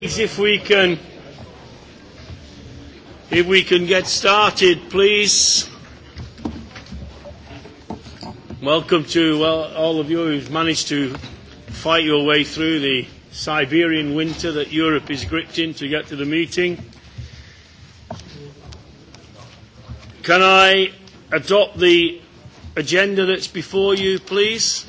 Please, if we can, if we can get started, please. Welcome to well, all of you who've managed to fight your way through the Siberian winter that Europe is gripped in to get to the meeting. Can I adopt the agenda that's before you, please?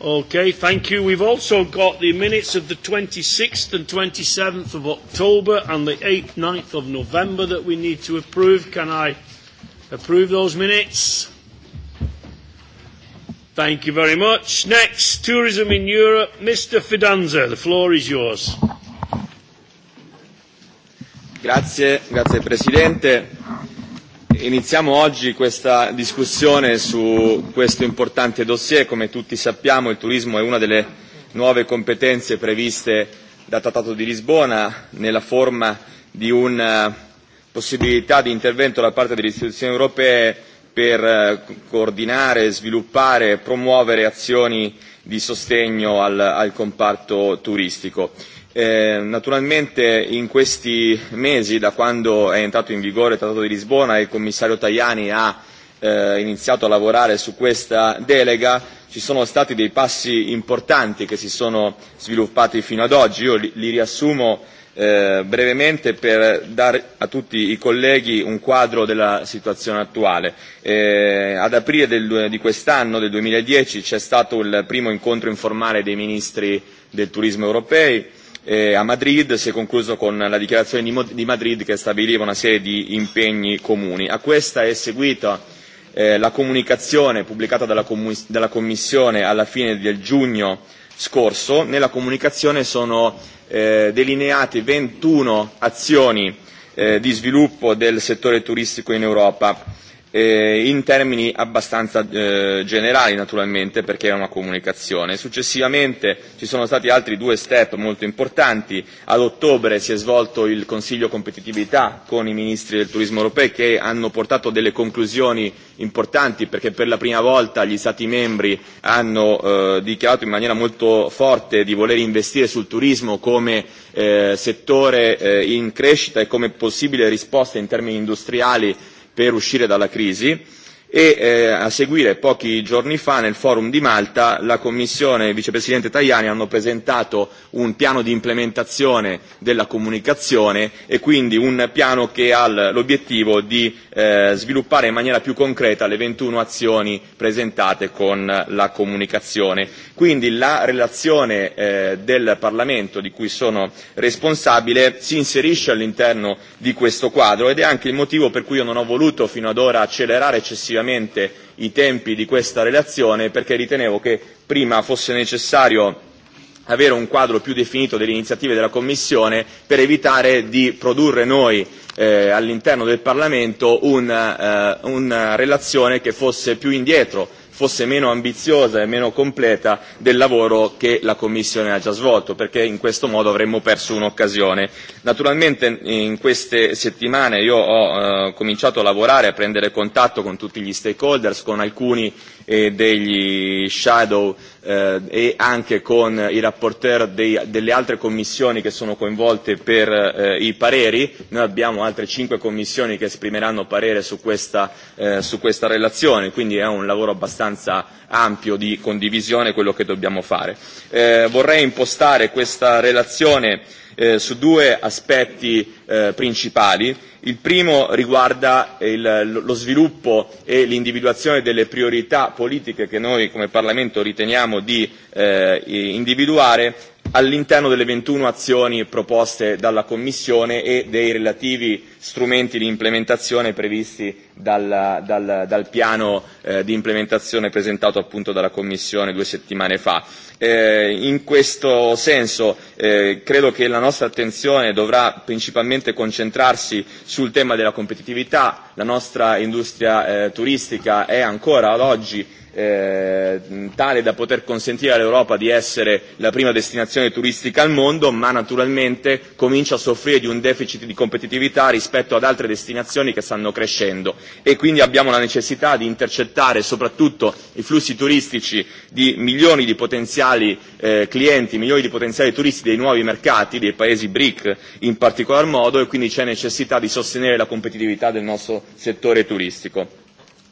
Okay, thank you. We've also got the minutes of the 26th and 27th of October and the 8th, 9th of November that we need to approve. Can I approve those minutes? Thank you very much. Next, tourism in Europe. Mr. Fidanza, the floor is yours. Grazie, grazie Presidente. Iniziamo oggi questa discussione su questo importante dossier. Come tutti sappiamo il turismo è una delle nuove competenze previste dal Trattato di Lisbona nella forma di una eh, possibilità di intervento da parte delle istituzioni europee per eh, coordinare, sviluppare e promuovere azioni di sostegno al, al comparto turistico. Eh, naturalmente in questi mesi, da quando è entrato in vigore il Trattato di Lisbona e il commissario Tajani ha eh, iniziato a lavorare su questa delega, ci sono stati dei passi importanti che si sono sviluppati fino ad oggi. Io li, li riassumo eh, brevemente per dare a tutti i colleghi un quadro della situazione attuale. Eh, ad aprile del, di quest'anno, del 2010, c'è stato il primo incontro informale dei ministri del turismo europei, eh, a Madrid si è concluso con la dichiarazione di, Mod- di Madrid che stabiliva una serie di impegni comuni. A questa è seguita eh, la comunicazione pubblicata dalla, com- dalla Commissione alla fine del giugno scorso. Nella comunicazione sono eh, delineate 21 azioni eh, di sviluppo del settore turistico in Europa eh, in termini abbastanza eh, generali naturalmente perché è una comunicazione. Successivamente ci sono stati altri due step molto importanti, ad ottobre si è svolto il Consiglio competitività con i ministri del turismo europei che hanno portato delle conclusioni importanti perché per la prima volta gli Stati membri hanno eh, dichiarato in maniera molto forte di voler investire sul turismo come eh, settore eh, in crescita e come possibile risposta in termini industriali per uscire dalla crisi e eh, a seguire pochi giorni fa nel forum di Malta la Commissione e il Vicepresidente Tajani hanno presentato un piano di implementazione della comunicazione e quindi un piano che ha l'obiettivo di eh, sviluppare in maniera più concreta le 21 azioni presentate con la comunicazione. Quindi la relazione eh, del Parlamento di cui sono responsabile si inserisce all'interno di questo quadro ed è anche il motivo per cui io non ho voluto fino ad ora accelerare eccessivamente rapidamente i tempi di questa relazione perché ritenevo che prima fosse necessario avere un quadro più definito delle iniziative della Commissione per evitare di produrre noi eh, all'interno del Parlamento una, eh, una relazione che fosse più indietro fosse meno ambiziosa e meno completa del lavoro che la Commissione ha già svolto, perché in questo modo avremmo perso un'occasione. Naturalmente in queste settimane io ho eh, cominciato a lavorare, a prendere contatto con tutti gli stakeholders, con alcuni e degli shadow eh, e anche con i rapporteur dei, delle altre commissioni che sono coinvolte per eh, i pareri. Noi abbiamo altre cinque commissioni che esprimeranno parere su questa, eh, su questa relazione, quindi è un lavoro abbastanza ampio di condivisione quello che dobbiamo fare. Eh, vorrei impostare questa relazione eh, su due aspetti eh, principali Il primo riguarda il, lo sviluppo e l'individuazione delle priorità politiche che noi come Parlamento riteniamo di eh, individuare all'interno delle 21 azioni proposte dalla Commissione e dei relativi strumenti di implementazione previsti dal, dal, dal piano eh, di implementazione presentato appunto dalla Commissione due settimane fa. Eh, in questo senso eh, credo che la nostra attenzione dovrà principalmente concentrarsi sul tema della competitività, la nostra industria eh, turistica è ancora ad oggi eh, tale da poter consentire all'Europa di essere la prima destinazione turistica al mondo, ma naturalmente comincia a soffrire di un deficit di competitività rispetto ad altre destinazioni che stanno crescendo e quindi abbiamo la necessità di intercettare soprattutto i flussi turistici di milioni di potenziali eh, clienti, milioni di potenziali turisti dei nuovi mercati, dei paesi BRIC in particolar modo e quindi c'è necessità di sostenere la competitività del nostro settore turistico.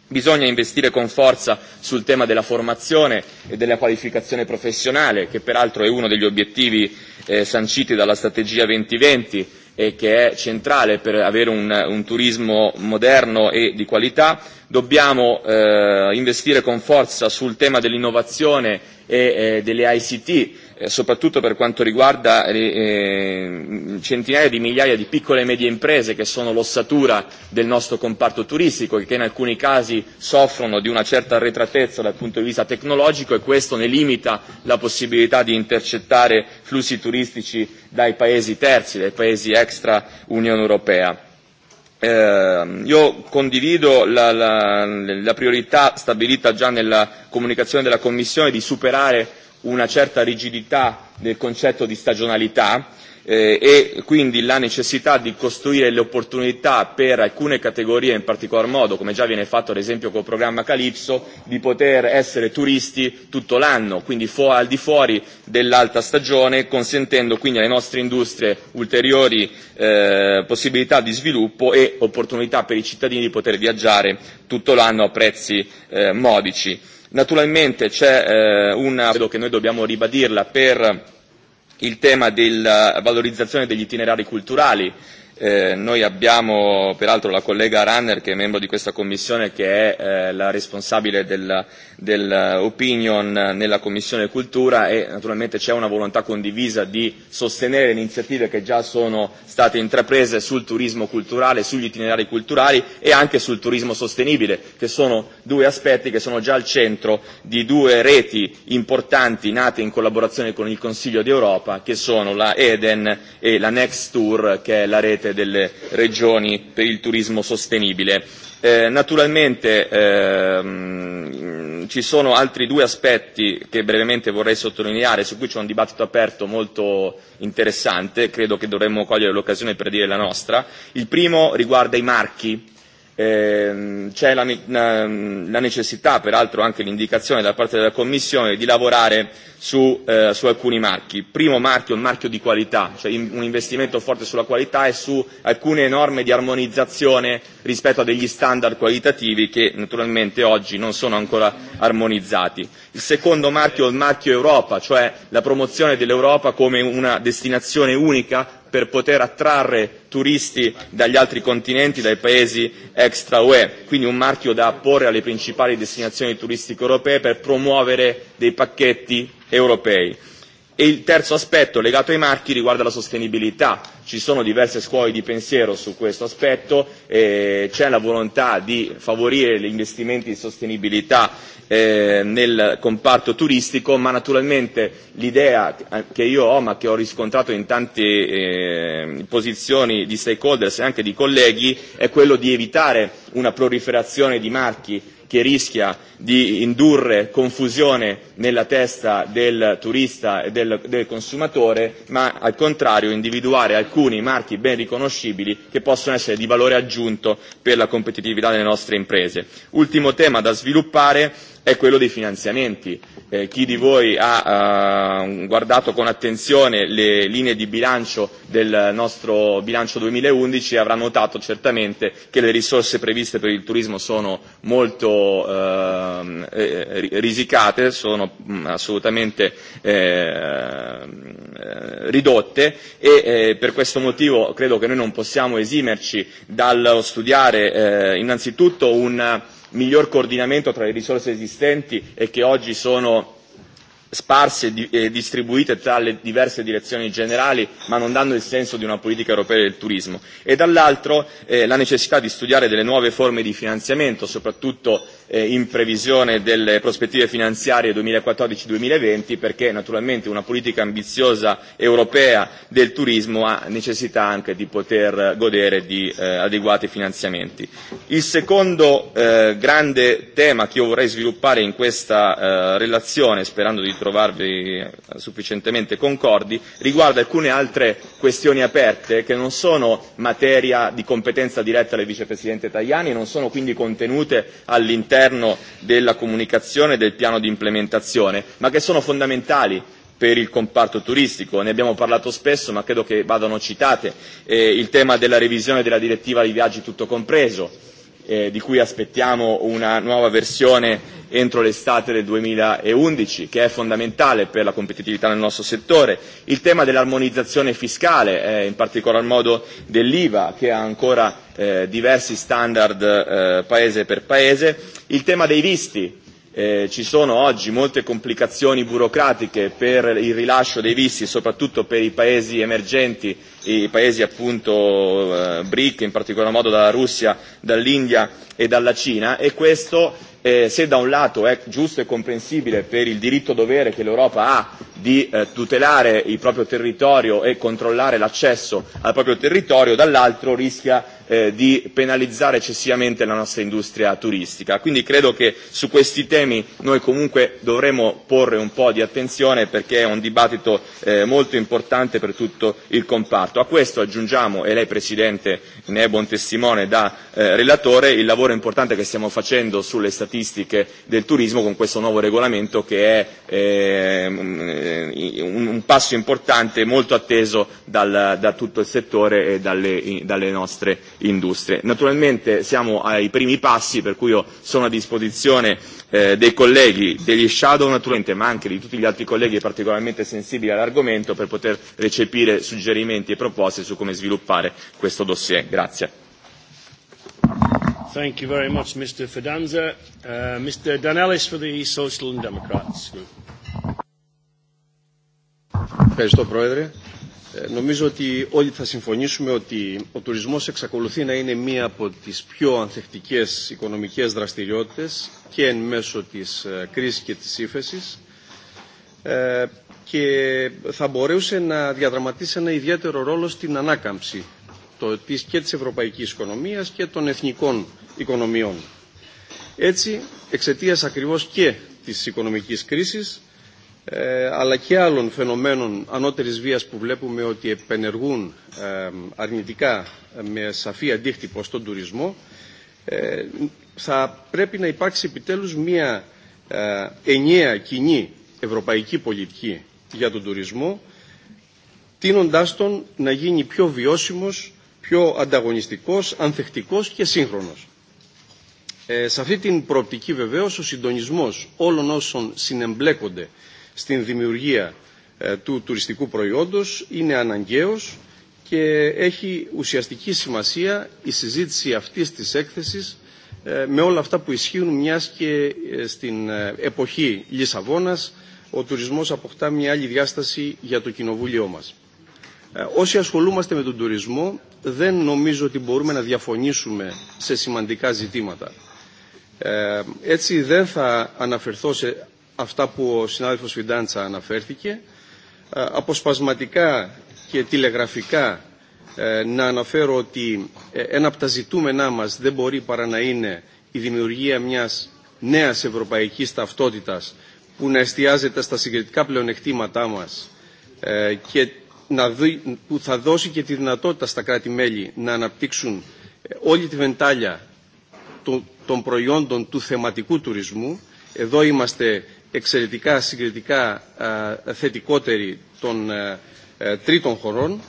Bisogna investire con forza sul tema della formazione e della qualificazione professionale, che peraltro è uno degli obiettivi eh, sanciti dalla strategia 2020 e che è centrale per avere un, un turismo moderno e di qualità. Dobbiamo eh, investire con forza sul tema dell'innovazione e eh, delle ICT, eh, soprattutto per quanto riguarda eh, eh, centinaia di migliaia di piccole e medie imprese che sono l'ossatura del nostro comparto turistico e che in alcuni casi soffrono di una certa arretratezza dal punto di vista tecnologico e questo ne limita la possibilità di intercettare flussi turistici dai paesi terzi, dai paesi extra Unione Europea. Eh, io condivido la, la, la priorità stabilita già nella comunicazione della Commissione di superare una certa rigidità del concetto di stagionalità eh, e quindi la necessità di costruire le opportunità per alcune categorie in particolar modo, come già viene fatto ad esempio col programma Calypso, di poter essere turisti tutto l'anno, quindi fu- al di fuori dell'alta stagione, consentendo quindi alle nostre industrie ulteriori eh, possibilità di sviluppo e opportunità per i cittadini di poter viaggiare tutto l'anno a prezzi eh, modici Naturalmente c'è eh, una, credo che noi dobbiamo ribadirla, per il tema della valorizzazione degli itinerari culturali. Eh, noi abbiamo peraltro la collega Runner, che è membro di questa commissione, che è eh, la responsabile del, dell'opinion eh, eh, nella Commissione Cultura e naturalmente c'è una volontà condivisa di sostenere le iniziative che già sono state intraprese sul turismo culturale, sugli itinerari culturali e anche sul turismo sostenibile, che sono due aspetti che sono già al centro di due reti importanti nate in collaborazione con il Consiglio d'Europa, che sono la Eden e la Next Tour, che è la rete delle regioni per il turismo sostenibile. Eh, naturalmente ehm, ci sono altri due aspetti che brevemente vorrei sottolineare, su cui c'è un dibattito aperto molto interessante, credo che dovremmo cogliere l'occasione per dire la nostra. Il primo riguarda i marchi Eh, c'è la, la necessità, peraltro anche l'indicazione da parte della Commissione, di lavorare su, eh, su alcuni marchi. Primo marchio, un marchio di qualità, cioè in, un investimento forte sulla qualità e su alcune norme di armonizzazione rispetto a degli standard qualitativi che naturalmente oggi non sono ancora armonizzati. Il secondo marchio è il marchio Europa, cioè la promozione dell'Europa come una destinazione unica per poter attrarre turisti dagli altri continenti, dai paesi extra UE, quindi un marchio da apporre alle principali destinazioni turistiche europee per promuovere dei pacchetti europei E il terzo aspetto legato ai marchi riguarda la sostenibilità. Ci sono diverse scuole di pensiero su questo aspetto, eh, c'è la volontà di favorire gli investimenti di sostenibilità eh, nel comparto turistico, ma naturalmente l'idea che io ho, ma che ho riscontrato in tante eh, posizioni di stakeholders e anche di colleghi, è quello di evitare una proliferazione di marchi che rischia di indurre confusione nella testa del turista e del, del consumatore, ma al contrario individuare alcuni marchi ben riconoscibili che possono essere di valore aggiunto per la competitività delle nostre imprese. Ultimo tema da sviluppare è quello dei finanziamenti. Eh, chi di voi ha eh, guardato con attenzione le linee di bilancio del nostro bilancio 2011 avrà notato certamente che le risorse previste per il turismo sono molto ehm, eh, risicate, sono mm, assolutamente eh, eh, ridotte e eh, per questo motivo credo che noi non possiamo esimerci dal studiare eh, innanzitutto un miglior coordinamento tra le risorse esistenti e che oggi sono sparse e distribuite tra le diverse direzioni generali, ma non danno il senso di una politica europea del turismo, e dall'altro eh, la necessità di studiare delle nuove forme di finanziamento, soprattutto eh, in previsione delle prospettive finanziarie 2014-2020 perché naturalmente una politica ambiziosa europea del turismo ha necessità anche di poter godere di eh, adeguati finanziamenti. Il secondo eh, grande tema che io vorrei sviluppare in questa eh, relazione, sperando di trovarvi eh, sufficientemente concordi, riguarda alcune altre questioni aperte che non sono materia di competenza diretta del vicepresidente Tajani e non sono quindi contenute all'interno all'interno della comunicazione e del piano di implementazione, ma che sono fondamentali per il comparto turistico. Ne abbiamo parlato spesso, ma credo che vadano citate. Eh, il tema della revisione della direttiva di viaggi tutto compreso, eh, di cui aspettiamo una nuova versione entro l'estate del 2011, che è fondamentale per la competitività nel nostro settore, il tema dell'armonizzazione fiscale, eh, in particolar modo dell'IVA, che ha ancora eh, diversi standard eh, paese per paese, il tema dei visti, eh, ci sono oggi molte complicazioni burocratiche per il rilascio dei visti, soprattutto per i paesi emergenti i paesi appunto eh, BRIC, in particolar modo dalla Russia, dall'India e dalla Cina e questo eh, se da un lato è giusto e comprensibile per il diritto dovere che l'Europa ha di eh, tutelare il proprio territorio e controllare l'accesso al proprio territorio, dall'altro rischia eh, di penalizzare eccessivamente la nostra industria turistica. Quindi credo che su questi temi noi comunque dovremo porre un po' di attenzione perché è un dibattito eh, molto importante per tutto il comparto. A questo aggiungiamo, e lei Presidente ne è buon testimone da eh, relatore, il lavoro importante che stiamo facendo sulle statistiche del turismo con questo nuovo regolamento che è ehm, eh, un, un passo importante molto atteso dal, da tutto il settore e dalle, dalle nostre industrie. Naturalmente siamo ai primi passi per cui io sono a disposizione eh, dei colleghi, degli shadow naturalmente, ma anche di tutti gli altri colleghi particolarmente sensibili all'argomento per poter recepire suggerimenti e proposte su come sviluppare questo dossier. Grazie. Thank you very much, Mr. Fidanza. Uh, Mr. Danellis for the Social and Democrats Group. Ευχαριστώ, Πρόεδρε νομίζω ότι όλοι θα συμφωνήσουμε ότι ο τουρισμός εξακολουθεί να είναι μία από τις πιο ανθεκτικές οικονομικές δραστηριότητες και εν μέσω της κρίσης και της ύφεσης και θα μπορούσε να διαδραματίσει ένα ιδιαίτερο ρόλο στην ανάκαμψη το, της, και της ευρωπαϊκής οικονομίας και των εθνικών οικονομιών. Έτσι, εξαιτίας ακριβώς και της οικονομικής κρίσης, ε, αλλά και άλλων φαινομένων ανώτερης βίας που βλέπουμε ότι επενεργούν ε, αρνητικά με σαφή αντίκτυπο στον τουρισμό, ε, θα πρέπει να υπάρξει επιτέλους μια ε, ενιαία κοινή ευρωπαϊκή πολιτική για τον τουρισμό, τίνοντάς τον να γίνει πιο βιώσιμος, πιο ανταγωνιστικός, ανθεκτικός και σύγχρονος. Ε, σε αυτή την προοπτική βεβαίως ο συντονισμός όλων όσων συνεμπλέκονται στην δημιουργία του τουριστικού προϊόντος είναι αναγκαίος και έχει ουσιαστική σημασία η συζήτηση αυτής της έκθεσης με όλα αυτά που ισχύουν μιας και στην εποχή Λισαβόνας ο τουρισμός αποκτά μια άλλη διάσταση για το κοινοβούλιο μας. Όσοι ασχολούμαστε με τον τουρισμό δεν νομίζω ότι μπορούμε να διαφωνήσουμε σε σημαντικά ζητήματα. Έτσι δεν θα αναφερθώ σε αυτά που ο συνάδελφος Φιντάντσα αναφέρθηκε, αποσπασματικά και τηλεγραφικά να αναφέρω ότι ένα από τα ζητούμενά μας δεν μπορεί παρά να είναι η δημιουργία μιας νέας ευρωπαϊκής ταυτότητας που να εστιάζεται στα συγκριτικά πλεονεκτήματά μας και να δει, που θα δώσει και τη δυνατότητα στα κράτη-μέλη να αναπτύξουν όλη τη βεντάλια των, των προϊόντων του θεματικού τουρισμού. Εδώ είμαστε εξαιρετικά συγκριτικά θετικότερη των τρίτων χωρών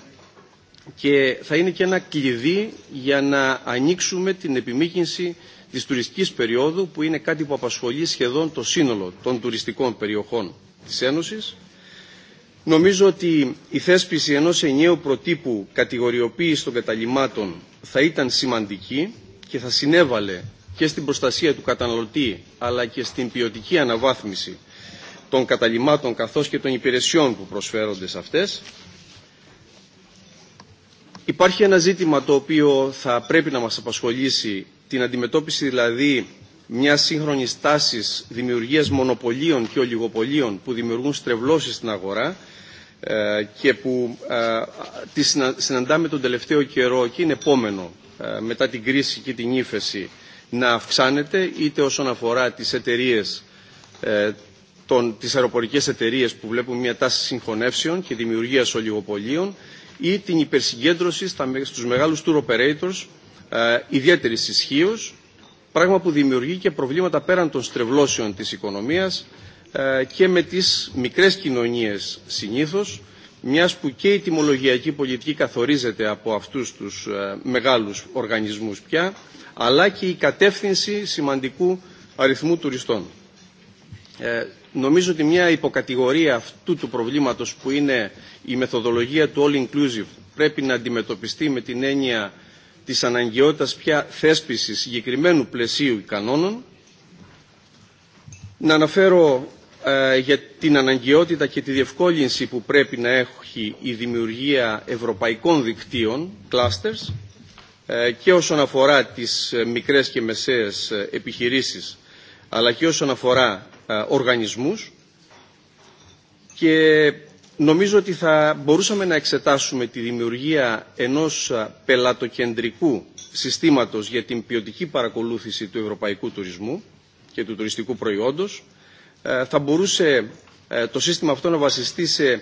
και θα είναι και ένα κλειδί για να ανοίξουμε την επιμήκυνση της τουριστικής περίοδου που είναι κάτι που απασχολεί σχεδόν το σύνολο των τουριστικών περιοχών της Ένωσης. Νομίζω ότι η θέσπιση ενός ενιαίου προτύπου κατηγοριοποίησης των καταλημάτων θα ήταν σημαντική και θα συνέβαλε και στην προστασία του καταναλωτή αλλά και στην ποιοτική αναβάθμιση των καταλημάτων καθώς και των υπηρεσιών που προσφέρονται σε αυτές. Υπάρχει ένα ζήτημα το οποίο θα πρέπει να μας απασχολήσει, την αντιμετώπιση δηλαδή μια σύγχρονη τάση δημιουργίας μονοπωλίων και ολιγοπωλίων που δημιουργούν στρεβλώσεις στην αγορά και που τη συναντάμε τον τελευταίο καιρό και είναι επόμενο μετά την κρίση και την ύφεση να αυξάνεται είτε όσον αφορά τις εταιρείες ε, των, τις αεροπορικές εταιρείες που βλέπουν μια τάση συγχωνεύσεων και δημιουργίας ολιγοπολίων ή την υπερσυγκέντρωση στα, στους μεγάλους tour operators ε, ιδιαίτερης ισχύω, πράγμα που δημιουργεί και προβλήματα πέραν των στρεβλώσεων της οικονομίας ε, και με τις μικρές κοινωνίες συνήθως, μιας που και η τιμολογιακή πολιτική καθορίζεται από αυτούς τους μεγάλους οργανισμούς πια, αλλά και η κατεύθυνση σημαντικού αριθμού τουριστών. Ε, νομίζω ότι μια υποκατηγορία αυτού του προβλήματος που είναι η μεθοδολογία του all inclusive πρέπει να αντιμετωπιστεί με την έννοια της αναγκαιότητας πια θέσπισης συγκεκριμένου πλαισίου κανόνων. Να αναφέρω ε, για την αναγκαιότητα και τη διευκόλυνση που πρέπει να έχει η δημιουργία ευρωπαϊκών δικτύων, clusters, ε, και όσον αφορά τις μικρές και μεσαίες επιχειρήσεις, αλλά και όσον αφορά ε, οργανισμούς. Και νομίζω ότι θα μπορούσαμε να εξετάσουμε τη δημιουργία ενός πελατοκεντρικού συστήματος για την ποιοτική παρακολούθηση του ευρωπαϊκού τουρισμού και του τουριστικού προϊόντος, θα μπορούσε το σύστημα αυτό να βασιστεί σε,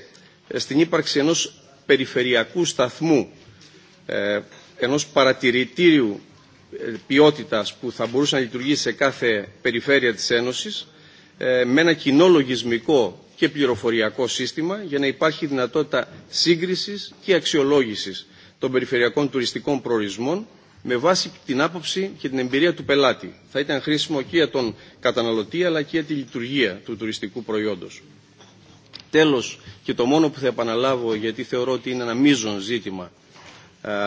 στην ύπαρξη ενός περιφερειακού σταθμού, ενός παρατηρητήριου ποιότητας που θα μπορούσε να λειτουργήσει σε κάθε περιφέρεια της Ένωσης με ένα κοινό λογισμικό και πληροφοριακό σύστημα για να υπάρχει δυνατότητα σύγκρισης και αξιολόγησης των περιφερειακών τουριστικών προορισμών με βάση την άποψη και την εμπειρία του πελάτη. Θα ήταν χρήσιμο και για τον καταναλωτή αλλά και για τη λειτουργία του τουριστικού προϊόντος. Τέλος, και το μόνο που θα επαναλάβω γιατί θεωρώ ότι είναι ένα μείζον ζήτημα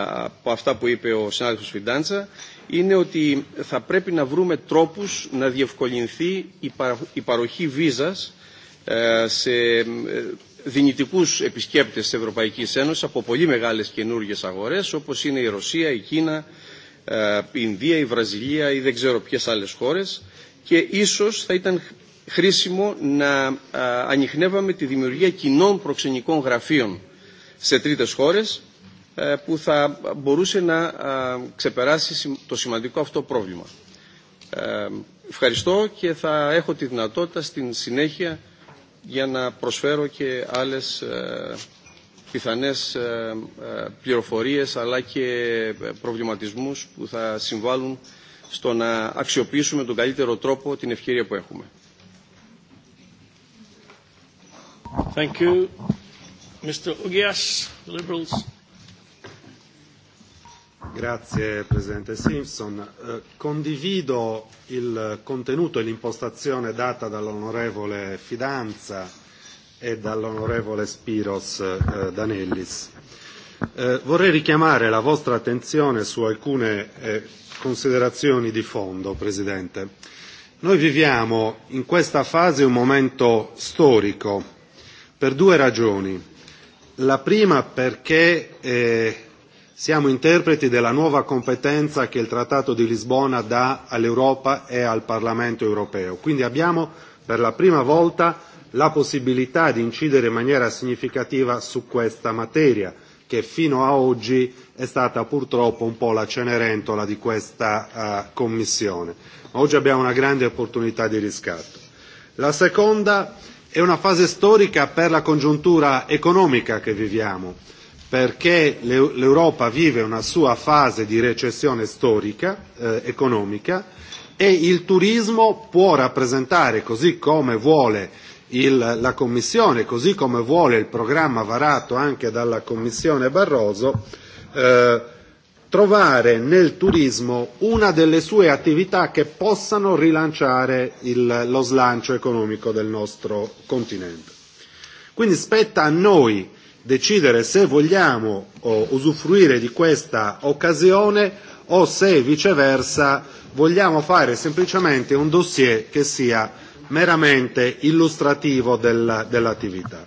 από αυτά που είπε ο συνάδελφος Φιντάντσα είναι ότι θα πρέπει να βρούμε τρόπους να διευκολυνθεί η παροχή βίζας σε δυνητικούς επισκέπτες της Ευρωπαϊκής Ένωσης από πολύ μεγάλες καινούργιες αγορές όπως είναι η Ρωσία, η Κίνα, η Ινδία, η Βραζιλία ή δεν ξέρω ποιες άλλες χώρες και ίσως θα ήταν χρήσιμο να ανοιχνεύαμε τη δημιουργία κοινών προξενικών γραφείων σε τρίτες χώρες που θα μπορούσε να ξεπεράσει το σημαντικό αυτό πρόβλημα. Ευχαριστώ και θα έχω τη δυνατότητα στην συνέχεια για να προσφέρω και άλλες πιθανές πληροφορίες αλλά και προβληματισμούς που θα συμβάλλουν στο να αξιοποιήσουμε τον καλύτερο τρόπο την ευκαιρία που έχουμε. Thank you. Mr. Ugias, Liberals. Grazie Presidente Simpson. Eh, condivido il contenuto e l'impostazione data dall'onorevole Fidanza e dall'onorevole Spiros eh, Danellis. Eh, vorrei richiamare la vostra attenzione su alcune eh, considerazioni di fondo, Presidente. Noi viviamo in questa fase un momento storico per due ragioni. La prima perché eh, siamo interpreti della nuova competenza che il Trattato di Lisbona dà all'Europa e al Parlamento europeo. Quindi abbiamo per la prima volta la possibilità di incidere in maniera significativa su questa materia, che fino a oggi è stata purtroppo un po' la cenerentola di questa uh, Commissione. Ma oggi abbiamo una grande opportunità di riscatto. La seconda è una fase storica per la congiuntura economica che viviamo, perché l'Europa vive una sua fase di recessione storica, eh, economica, e il turismo può rappresentare, così come vuole il, la Commissione, così come vuole il programma varato anche dalla Commissione Barroso, eh, trovare nel turismo una delle sue attività che possano rilanciare il, lo slancio economico del nostro continente. Quindi spetta a noi decidere se vogliamo oh, usufruire di questa occasione o se viceversa vogliamo fare semplicemente un dossier che sia meramente illustrativo del, dell'attività.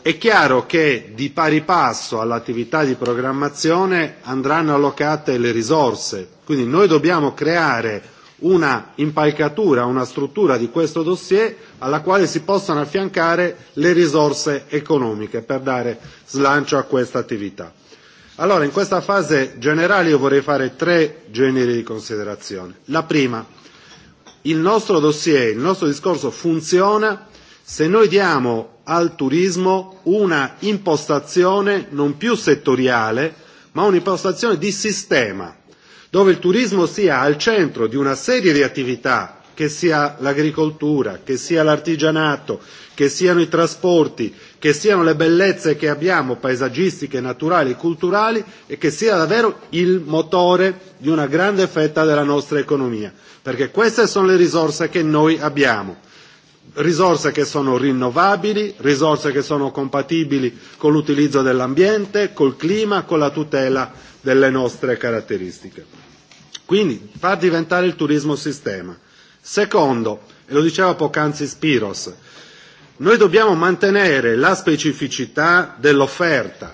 È chiaro che di pari passo all'attività di programmazione andranno allocate le risorse, quindi noi dobbiamo creare una impalcatura, una struttura di questo dossier alla quale si possano affiancare le risorse economiche per dare slancio a questa attività. Allora, in questa fase generale io vorrei fare tre generi di considerazioni. La prima, il nostro dossier, il nostro discorso funziona se noi diamo al turismo una impostazione non più settoriale, ma un'impostazione di sistema, dove il turismo sia al centro di una serie di attività, che sia l'agricoltura, che sia l'artigianato, che siano i trasporti, che siano le bellezze che abbiamo, paesaggistiche, naturali e culturali, e che sia davvero il motore di una grande fetta della nostra economia, perché queste sono le risorse che noi abbiamo risorse che sono rinnovabili, risorse che sono compatibili con l'utilizzo dell'ambiente, col clima, con la tutela delle nostre caratteristiche. Quindi far diventare il turismo sistema. Secondo, e lo diceva poc'anzi Spiros, Noi dobbiamo mantenere la specificità dell'offerta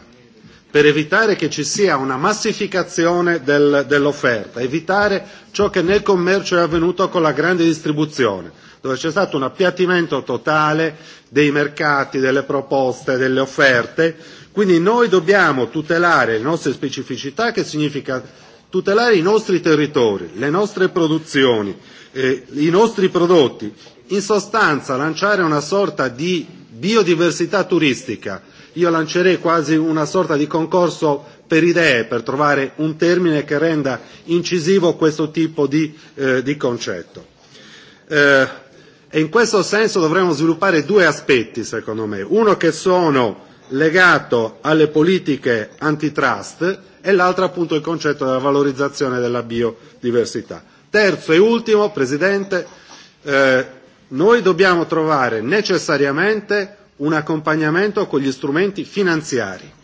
per evitare che ci sia una massificazione del, dell'offerta, evitare ciò che nel commercio è avvenuto con la grande distribuzione, dove c'è stato un appiattimento totale dei mercati, delle proposte, delle offerte. Quindi noi dobbiamo tutelare le nostre specificità, che significa tutelare i nostri territori, le nostre produzioni, eh, i nostri prodotti In sostanza lanciare una sorta di biodiversità turistica, io lancerei quasi una sorta di concorso per idee, per trovare un termine che renda incisivo questo tipo di, eh, di concetto. Eh, e in questo senso dovremmo sviluppare due aspetti, secondo me. Uno che sono legato alle politiche antitrust e l'altro appunto il concetto della valorizzazione della biodiversità. Terzo e ultimo, Presidente, eh, noi dobbiamo trovare necessariamente un accompagnamento con gli strumenti finanziari.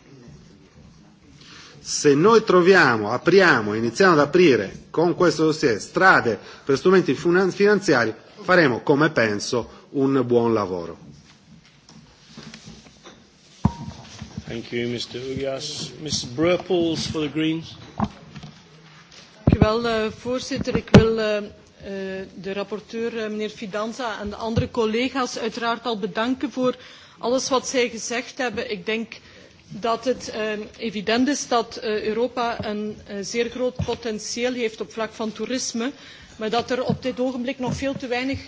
Se noi troviamo, apriamo, iniziamo ad aprire con questo dossier strade per strumenti finanziari, faremo, come penso, un buon lavoro. Thank you, Mr. Ugas. Ms. Brupels for the Greens. Dank u wel, uh, eh, voorzitter. Ik wil uh, Eh, de rapporteur, eh, meneer Fidanza, en de andere collega's uiteraard al bedanken voor alles wat zij gezegd hebben. Ik denk dat het eh, evident is dat eh, Europa een eh, zeer groot potentieel heeft op vlak van toerisme, maar dat er op dit ogenblik nog veel te weinig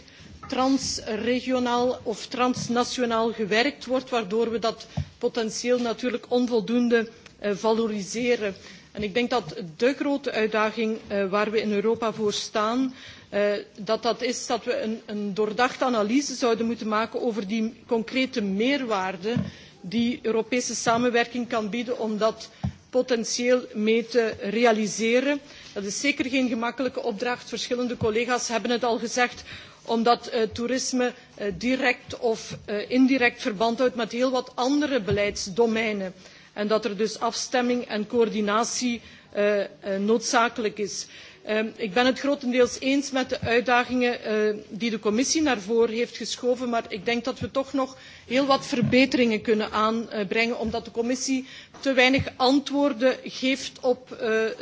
transregionaal of transnationaal gewerkt wordt, waardoor we dat potentieel natuurlijk onvoldoende eh, valoriseren. En ik denk dat de grote uitdaging eh, waar we in Europa voor staan, eh, uh, dat dat is dat we een, een doordachte analyse zouden moeten maken over die concrete meerwaarde die Europese samenwerking kan bieden om dat potentieel mee te realiseren. Dat is zeker geen gemakkelijke opdracht. Verschillende collega's hebben het al gezegd omdat uh, toerisme uh, direct of uh, indirect verband houdt met heel wat andere beleidsdomeinen en dat er dus afstemming en coördinatie uh, uh, noodzakelijk is. Ehm, ik ben het grotendeels eens met de uitdagingen eh, die de commissie naar voren heeft geschoven, maar ik denk dat we toch nog heel wat verbeteringen kunnen aanbrengen, omdat de commissie te weinig antwoorden geeft op eh,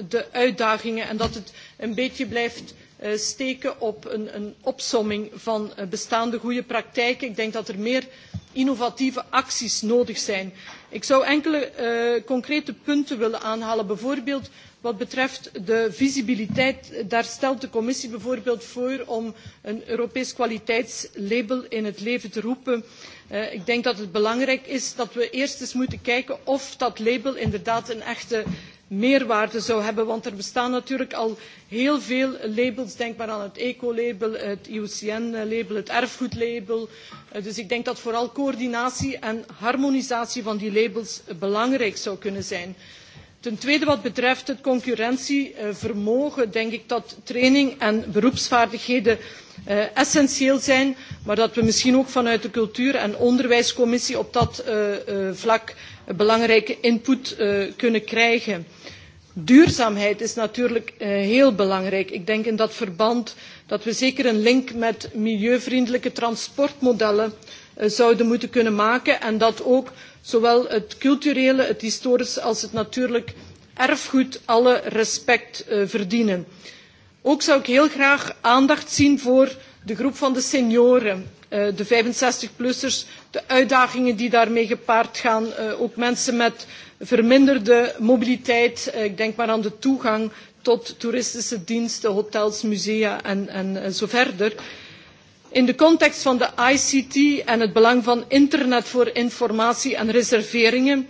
de uitdagingen en dat het een beetje blijft eh, steken op een, een opsomming van bestaande goede praktijken. Ik denk dat er meer innovatieve acties nodig zijn. Ik zou enkele uh, concrete punten willen aanhalen. Bijvoorbeeld Wat betreft de visibiliteit, daar stelt de commissie bijvoorbeeld voor om een Europees kwaliteitslabel in het leven te roepen. Uh, ik denk dat het belangrijk is dat we eerst eens moeten kijken of dat label inderdaad een echte meerwaarde zou hebben. Want er bestaan natuurlijk al heel veel labels. Denk maar aan het ecolabel, het IUCN-label, het erfgoedlabel. Eh, dus ik denk dat vooral coördinatie en harmonisatie van die labels belangrijk zou kunnen zijn. Ten tweede wat betreft het concurrentievermogen denk ik dat training en beroepsvaardigheden uh, essentieel zijn, maar dat we misschien ook vanuit de cultuur- en onderwijscommissie op dat uh, uh, vlak belangrijke input uh, kunnen krijgen. Duurzaamheid is natuurlijk uh, heel belangrijk. Ik denk in dat verband dat we zeker een link met milieuvriendelijke transportmodellen uh, zouden moeten kunnen maken en dat ook zowel het culturele, het historische als het natuurlijk erfgoed alle respect uh, verdienen. Ook zou ik heel graag aandacht zien voor de groep van de senioren, uh, de 65-plussers, de uitdagingen die daarmee gepaard gaan, uh, ook mensen met verminderde mobiliteit, uh, ik denk maar aan de toegang tot toeristische diensten, hotels, musea en, en uh, zo verder. Uh, in de context van de ICT en het belang van internet voor informatie en reserveringen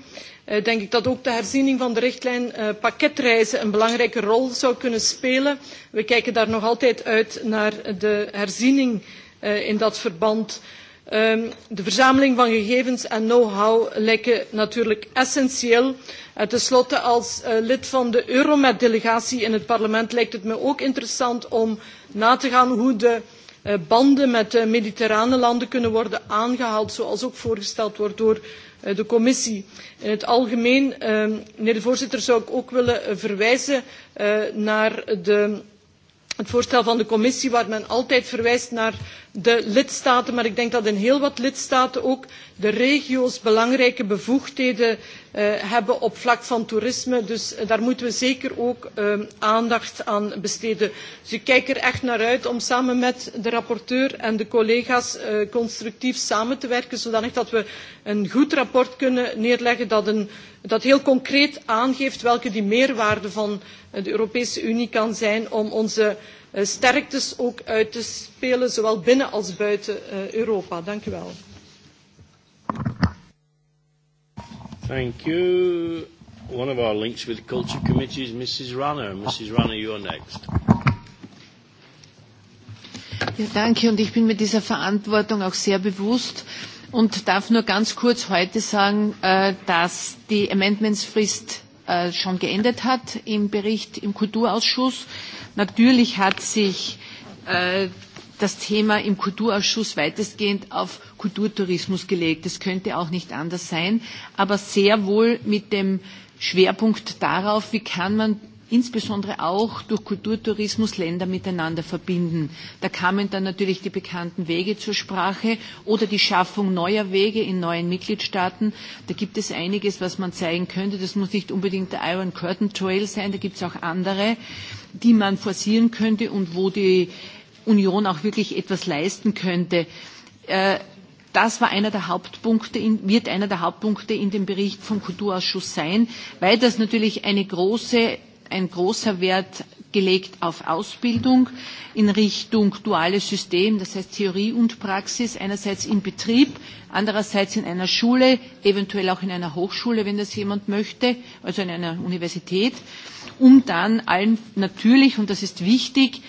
uh, denk ik dat ook de herziening van de richtlijn uh, pakketreizen een belangrijke rol zou kunnen spelen. We kijken daar nog altijd uit naar de herziening uh, in dat verband. Um, de verzameling van gegevens en know-how lijken natuurlijk essentieel. En tenslotte, als uh, lid van de Euromed-delegatie in het parlement lijkt het me ook interessant om na te gaan hoe de Eh, banden met eh, mediterrane landen kunnen worden aangehaald, zoals ook voorgesteld wordt door eh, de commissie. In het algemeen, ehm, meneer de voorzitter, zou ik ook willen verwijzen naar de het voorstel van de commissie waar men altijd verwijst naar de lidstaten, maar ik denk dat in heel wat lidstaten ook de regio's belangrijke bevoegdheden uh, hebben op vlak van toerisme. Dus uh, daar moeten we zeker ook uh, aandacht aan besteden. Dus ik kijk er echt naar uit om samen met de rapporteur en de collega's uh, constructief samen te werken, zodanig dat we een goed rapport kunnen neerleggen dat, een, dat heel concreet aangeeft welke die meerwaarde van de Europese Unie kan zijn om onze uh, Eh, sterktes ook uit te spelen, zowel binnen als buiten uh, Europa. Dank u wel. Thank you. One of our links with the Culture Committee is Mrs. Ranner. Mrs. Ranner, you're next. Ja, danke. Und ich bin mir dieser Verantwortung auch sehr bewusst und darf nur ganz kurz heute sagen, äh, dass die Amendmentsfrist äh, schon geendet hat im Bericht im Kulturausschuss. Äh, Natürlich hat sich äh, das Thema im Kulturausschuss weitestgehend auf Kulturtourismus gelegt. Das könnte auch nicht anders sein, aber sehr wohl mit dem Schwerpunkt darauf, wie kann man insbesondere auch durch Kulturtourismus Länder miteinander verbinden. Da kamen dann natürlich die bekannten Wege zur Sprache oder die Schaffung neuer Wege in neuen Mitgliedstaaten. Da gibt es einiges, was man zeigen könnte. Das muss nicht unbedingt der Iron Curtain Trail sein, da gibt es auch andere, die man forcieren könnte und wo die Union auch wirklich etwas leisten könnte. Äh, Das war einer der Hauptpunkte, in, wird einer der Hauptpunkte in dem Bericht vom Kulturausschuss sein, weil das natürlich eine große ein großer Wert gelegt auf Ausbildung in Richtung duales System, das heißt Theorie und Praxis, einerseits im Betrieb, andererseits in einer Schule, eventuell auch in einer Hochschule, wenn das jemand möchte, also in einer Universität, um dann allen natürlich, und das ist wichtig,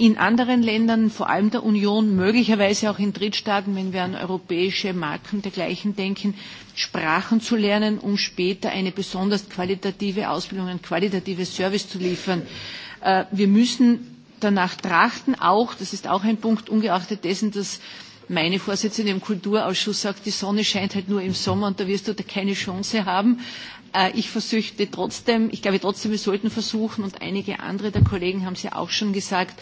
in anderen Ländern, vor allem der Union, möglicherweise auch in Drittstaaten, wenn wir an europäische Marken dergleichen denken, Sprachen zu lernen, um später eine besonders qualitative Ausbildung, ein qualitatives Service zu liefern. Äh, wir müssen danach trachten, auch, das ist auch ein Punkt, ungeachtet dessen, dass meine Vorsitzende im Kulturausschuss sagt, die Sonne scheint halt nur im Sommer und da wirst du da keine Chance haben. Äh, ich versuchte trotzdem, ich glaube trotzdem, wir sollten versuchen, und einige andere der Kollegen haben es ja auch schon gesagt,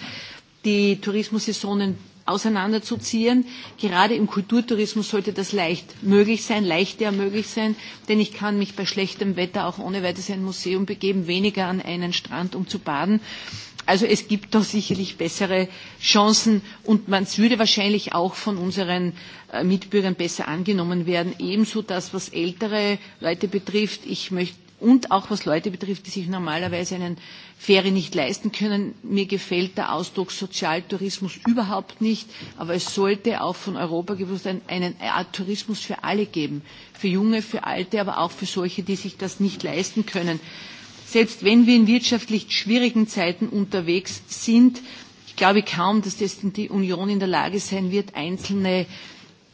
die Tourismusaisonen auseinanderzuziehen. Gerade im Kulturtourismus sollte das leicht möglich sein, leichter möglich sein, denn ich kann mich bei schlechtem Wetter auch ohne weiteres in ein Museum begeben, weniger an einen Strand, um zu baden. Also es gibt doch sicherlich bessere Chancen und man würde wahrscheinlich auch von unseren äh, Mitbürgern besser angenommen werden. Ebenso das, was ältere Leute betrifft. Ich möchte und auch was Leute betrifft, die sich normalerweise einen Fähre nicht leisten können. Mir gefällt der Ausdruck Sozialtourismus überhaupt nicht, aber es sollte auch von Europa gewusst sein, einen Art Tourismus für alle geben, für Junge, für Alte, aber auch für solche, die sich das nicht leisten können. Äh, selbst wenn wir in wirtschaftlich schwierigen Zeiten unterwegs sind, ich glaube kaum, dass das die Union in der Lage sein wird, einzelne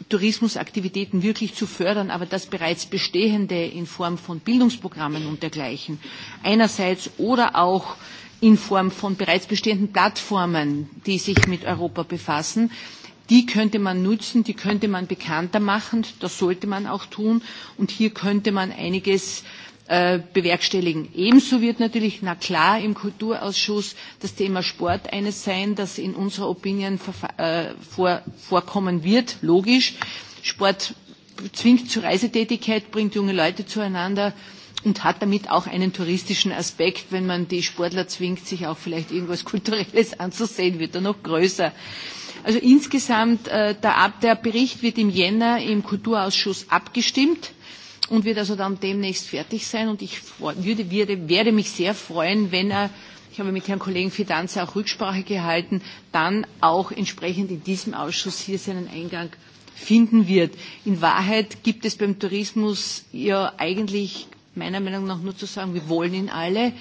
Tourismusaktivitäten wirklich zu fördern, aber das bereits bestehende in Form von Bildungsprogrammen und dergleichen einerseits oder auch in Form von bereits bestehenden Plattformen, die sich mit Europa befassen, die könnte man nutzen, die könnte man bekannter machen, das sollte man auch tun und hier könnte man einiges äh, Äh, bewerkstelligen. Ebenso wird natürlich, na klar, im Kulturausschuss das Thema Sport eines sein, das in unserer Opinion äh, vor, vorkommen wird, logisch. Sport zwingt zur Reisetätigkeit, bringt junge Leute zueinander und hat damit auch einen touristischen Aspekt. Wenn man die Sportler zwingt, sich auch vielleicht irgendwas Kulturelles anzusehen, wird er noch größer. Also insgesamt, äh, der, der Bericht wird im Jänner im Kulturausschuss abgestimmt. Äh, und wird also dann demnächst fertig sein. Und ich würde, würde, werde mich sehr freuen, wenn er, ich habe mit Herrn Kollegen Fidanza auch Rücksprache gehalten, dann auch entsprechend in diesem Ausschuss hier seinen Eingang finden wird. In Wahrheit gibt es beim Tourismus ja eigentlich meiner Meinung nach nur zu sagen, wir wollen ihn alle.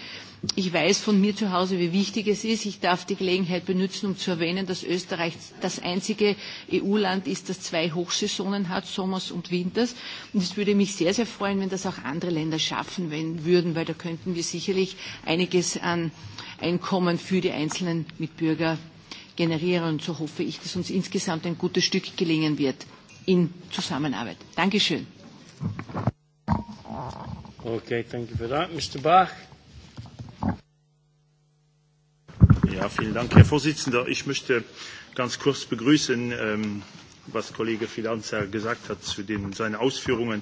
Ich weiß von mir zu Hause, wie wichtig es ist. Ich darf die Gelegenheit benutzen, um zu erwähnen, dass Österreich das einzige EU-Land ist, das zwei Hochsaisonen hat, Sommers und Winters. Und es würde mich sehr, sehr freuen, wenn das auch andere Länder schaffen wenn, würden, weil da könnten wir sicherlich einiges an Einkommen für die einzelnen Mitbürger generieren. Und so hoffe ich, dass uns insgesamt ein gutes Stück gelingen wird in Zusammenarbeit. Dankeschön. Okay, thank you for that. Mr. Bach. Ja, vielen Dank, Herr Vorsitzender. Ich möchte ganz kurz begrüßen, ähm, was Kollege Fidanza gesagt hat zu den, seinen Ausführungen.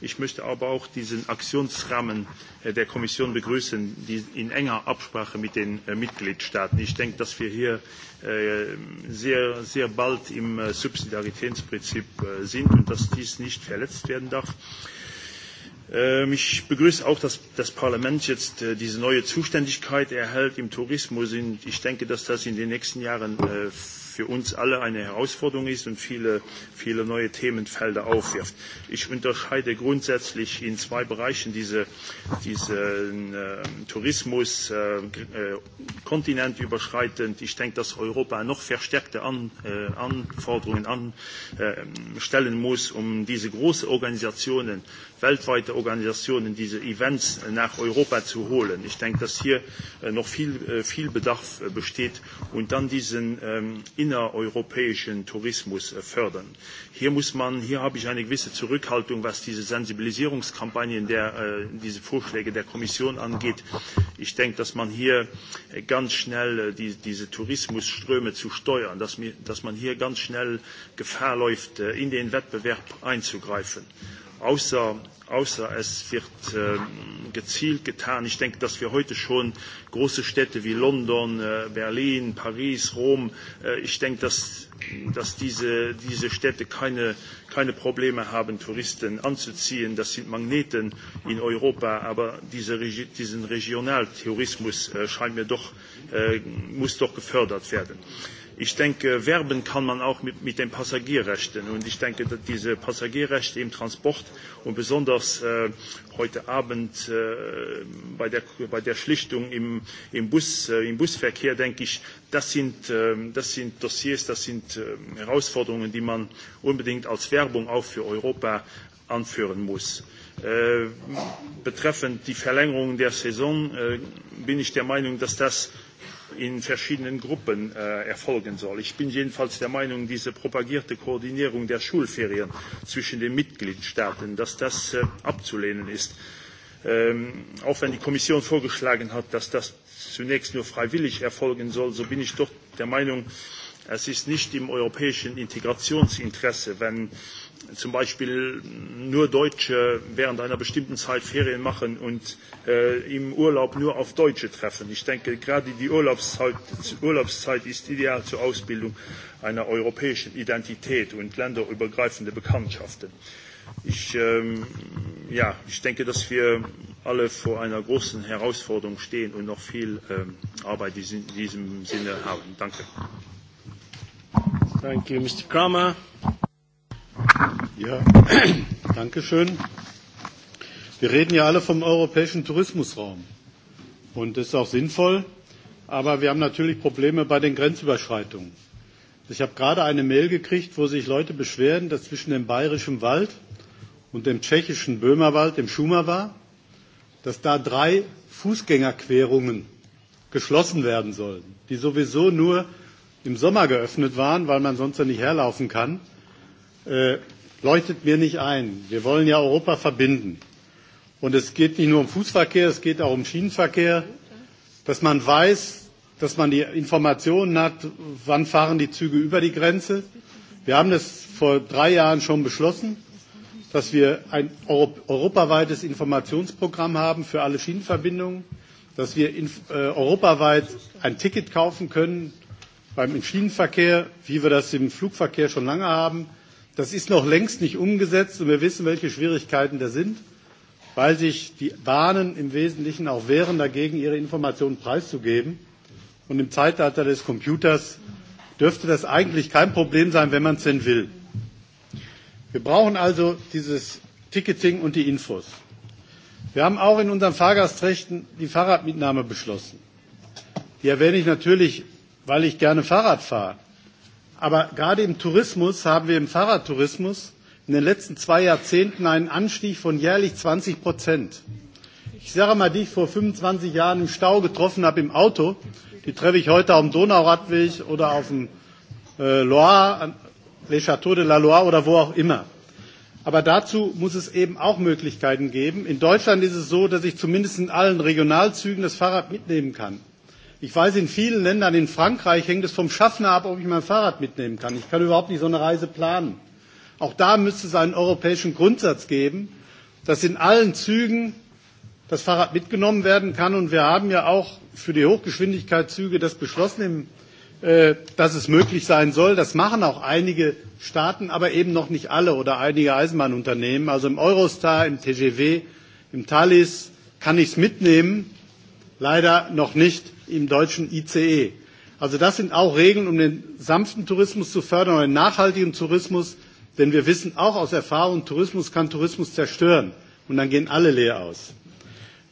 Ich möchte aber auch diesen Aktionsrahmen äh, der Kommission begrüßen, die in enger Absprache mit den äh, Mitgliedstaaten. Ich denke, dass wir hier äh, sehr, sehr bald im Subsidiaritätsprinzip sind und dass dies nicht verletzt werden darf. Äh, Ähm, ich begrüße auch, dass das Parlament jetzt äh, diese neue Zuständigkeit erhält im Tourismus. Ich denke, dass das in den nächsten Jahren äh, für uns alle eine Herausforderung ist und viele, viele neue Themenfelder aufwirft. Ich unterscheide grundsätzlich in zwei Bereichen diese, diesen äh, Tourismus äh, äh kontinentüberschreitend. Ich denke, dass Europa noch verstärkte An, äh, Anforderungen anstellen äh, muss, um diese großen Organisationen weltweite Organisationen diese Events nach Europa zu holen. Ich denke, dass hier äh, noch viel, äh, viel Bedarf äh, besteht und dann diesen ähm, innereuropäischen Tourismus fördern. Hier muss man, hier habe ich eine gewisse Zurückhaltung, was diese Sensibilisierungskampagnen der, äh, diese Vorschläge der Kommission angeht. Ich denke, dass man hier ganz schnell die, diese Tourismusströme zu steuern, dass, mir, dass man hier ganz schnell Gefahr läuft, in den Wettbewerb einzugreifen. Außer außer es wird äh, gezielt getan. Ich denke, dass wir heute schon große Städte wie London, äh, Berlin, Paris, Rom, äh, ich denke, dass, dass diese, diese Städte keine, keine Probleme haben, Touristen anzuziehen. Das sind Magneten in Europa, aber diese, diesen Regionaltourismus äh, scheint mir doch, äh, muss doch gefördert werden. Äh, Ich denke, werben kann man auch mit, mit den Passagierrechten. Und ich denke, dass diese Passagierrechte im Transport und besonders äh, heute Abend äh, bei, der, bei der Schlichtung im, im, Bus, äh, im Busverkehr, denke ich, das sind, äh, das sind Dossiers, das sind äh, Herausforderungen, die man unbedingt als Werbung auch für Europa anführen muss. Äh, betreffend die Verlängerung der Saison äh, bin ich der Meinung, dass das in verschiedenen Gruppen äh, erfolgen soll. Ich bin jedenfalls der Meinung, diese propagierte Koordinierung der Schulferien zwischen den Mitgliedstaaten, dass das äh, abzulehnen ist. Ähm, auch wenn die Kommission vorgeschlagen hat, dass das zunächst nur freiwillig erfolgen soll, so bin ich doch der Meinung, es ist nicht im europäischen Integrationsinteresse, wenn äh, zum Beispiel nur Deutsche während einer bestimmten Zeit Ferien machen und äh, im Urlaub nur auf Deutsche treffen. Ich denke, gerade die Urlaubszeit, Urlaubszeit ist ideal zur Ausbildung einer europäischen Identität und länderübergreifende Bekanntschaften. Ich, ähm, ja, ich denke, dass wir alle vor einer großen Herausforderung stehen und noch viel ähm, Arbeit in diesem Sinne haben. Danke. Thank you, Mr. Kramer. Ja, danke schön. Wir reden ja alle vom europäischen Tourismusraum. Und das ist auch sinnvoll. Aber wir haben natürlich Probleme bei den Grenzüberschreitungen. Ich habe gerade eine Mail gekriegt, wo sich Leute beschweren, dass zwischen dem bayerischen Wald und dem tschechischen Böhmerwald, dem Schumawa, dass da drei Fußgängerquerungen geschlossen werden sollen, die sowieso nur im Sommer geöffnet waren, weil man sonst ja nicht herlaufen kann. Äh, leuchtet mir nicht ein. Wir wollen ja Europa verbinden. Und es geht nicht nur um Fußverkehr, es geht auch um Schienenverkehr, dass man weiß, dass man die Informationen hat, wann fahren die Züge über die Grenze. Wir haben das vor drei Jahren schon beschlossen, dass wir ein europaweites Informationsprogramm haben für alle Schienenverbindungen, dass wir in, äh, europaweit ein Ticket kaufen können beim Schienenverkehr, wie wir das im Flugverkehr schon lange haben, Das ist noch längst nicht umgesetzt und wir wissen, welche Schwierigkeiten da sind, weil sich die Bahnen im Wesentlichen auch wehren, dagegen ihre Informationen preiszugeben. Und im Zeitalter des Computers dürfte das eigentlich kein Problem sein, wenn man es denn will. Wir brauchen also dieses Ticketing und die Infos. Wir haben auch in unseren Fahrgastrechten die Fahrradmitnahme beschlossen. Die erwähne ich natürlich, weil ich gerne Fahrrad fahre. Aber gerade im Tourismus haben wir im Fahrradtourismus in den letzten zwei Jahrzehnten einen Anstieg von jährlich 20 Prozent. Ich sage mal, die ich vor 25 Jahren im Stau getroffen habe im Auto, die treffe ich heute auf dem Donauradweg oder auf dem äh, Loire, Les Châteaux de la Loire oder wo auch immer. Aber dazu muss es eben auch Möglichkeiten geben. In Deutschland ist es so, dass ich zumindest in allen Regionalzügen das Fahrrad mitnehmen kann. Ich weiß, in vielen Ländern, in Frankreich hängt es vom Schaffner ab, ob ich mein Fahrrad mitnehmen kann. Ich kann überhaupt nicht so eine Reise planen. Auch da müsste es einen europäischen Grundsatz geben, dass in allen Zügen das Fahrrad mitgenommen werden kann. Und wir haben ja auch für die Hochgeschwindigkeitszüge das beschlossen, äh, dass es möglich sein soll. Das machen auch einige Staaten, aber eben noch nicht alle oder einige Eisenbahnunternehmen. Also im Eurostar, im TGV, im Thalys kann ich es mitnehmen, leider noch nicht im deutschen ICE. Also das sind auch Regeln, um den sanften Tourismus zu fördern oder den nachhaltigen Tourismus, denn wir wissen auch aus Erfahrung, Tourismus kann Tourismus zerstören und dann gehen alle leer aus.